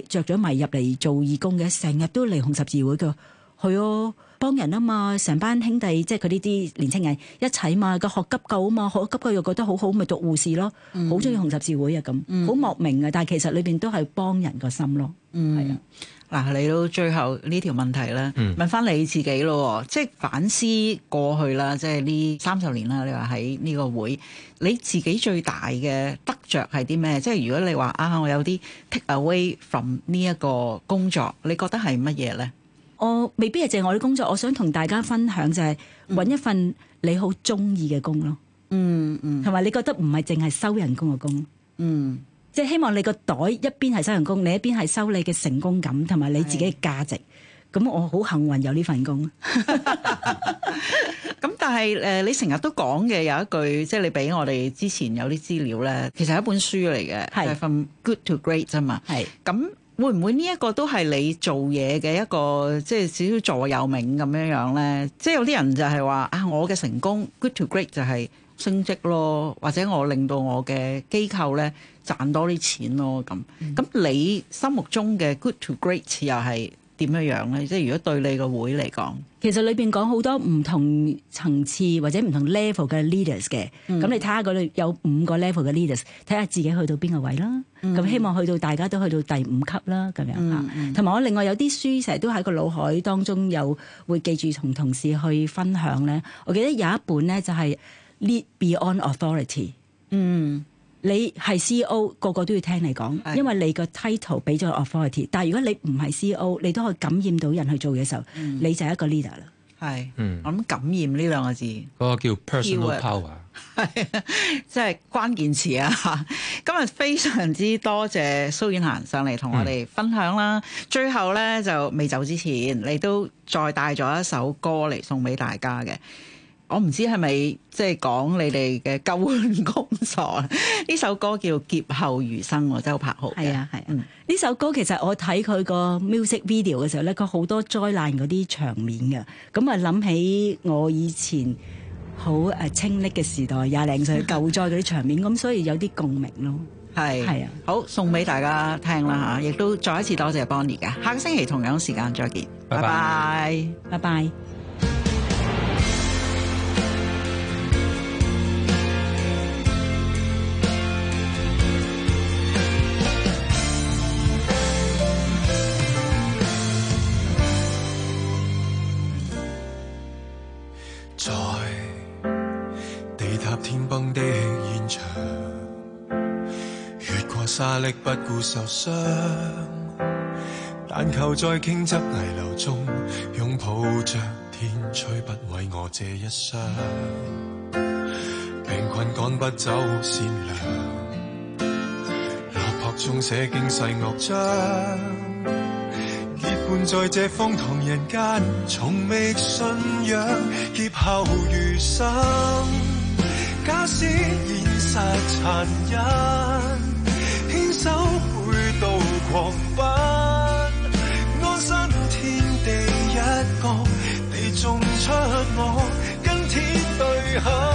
着咗迷入嚟做義工嘅？成日都嚟紅十字會㗎？去哦。幫人啊嘛，成班兄弟即係佢呢啲年青人一齊嘛，個學急救啊嘛，學急救又覺得好好，咪讀護士咯，好中意紅十字會啊咁，好、嗯、莫名啊！但係其實裏邊都係幫人個心咯，係啊。嗱，嚟到最後呢條問題咧，嗯、問翻你自己咯，即係反思過去啦，即係呢三十年啦。你話喺呢個會，你自己最大嘅得着係啲咩？即係如果你話啊，我有啲 take away from 呢一個工作，你覺得係乜嘢咧？我未必係淨我啲工作，我想同大家分享就係揾一份你好中意嘅工咯，嗯嗯，同埋你覺得唔係淨係收人工嘅工，嗯，即係希望你個袋一邊係收人工，你一邊係收你嘅成功感，同埋你自己嘅價值。咁我好幸運有呢份工。咁但係誒，你成日都講嘅有一句，即係你俾我哋之前有啲資料咧，其實係一本書嚟嘅，係 From Good to Great 啫嘛，係咁。會唔會呢一個都係你做嘢嘅一個，即係少少座右銘咁樣樣咧？即係有啲人就係話啊，我嘅成功 good to great 就係升職咯，或者我令到我嘅機構咧賺多啲錢咯咁。咁你心目中嘅 good to great 又係點樣樣咧？即係如果對你個會嚟講，其實裏邊講好多唔同層次或者唔同 level 嘅 leaders 嘅、嗯，咁你睇下嗰度有五個 level 嘅 leaders，睇下自己去到邊個位啦。咁、嗯、希望去到大家都去到第五級啦，咁樣嚇。同埋、嗯嗯、我另外有啲書，成日都喺個腦海當中有會記住，同同事去分享咧。我記得有一本咧就係 Lead Beyond Authority，嗯。你係 CEO 個個都要聽你講，是因為你個 title 俾咗 authority。但係如果你唔係 CEO，你都可以感染到人去做嘅時候，嗯、你就係一個 leader 啦。係是，嗯、我諗感染呢兩個字。嗰個叫 personal Key word. power，即係 (laughs) (laughs) 關鍵詞啊！ (laughs) 今日非常之多謝蘇婉嫻上嚟同我哋分享啦。嗯、最後呢，就未走之前，你都再帶咗一首歌嚟送俾大家嘅。我唔知係咪即係講你哋嘅救援工作啊？呢 (laughs) 首歌叫《劫後餘生》哦，周柏豪嘅。係啊，係啊。呢、嗯、首歌其實我睇佢個 music video 嘅時候咧，佢好多災難嗰啲場面嘅。咁啊諗起我以前好誒清歷嘅時代，廿零歲救災嗰啲場面，咁 (laughs) 所以有啲共鳴咯。係係是啊，好送俾大家聽啦吓，亦都再一次多謝 Bonnie 嘅。下個星期同樣時間再見，拜拜，拜拜。壓力不顧受傷，但求在傾側危樓中，擁抱着天，吹不毀我這一生。病困趕不走善良，落魄中寫驚世樂章。結伴在這荒唐人間，從未信仰劫後餘生，假使現實殘忍。手背度狂奔，安身天地一角，你種出我跟天對合。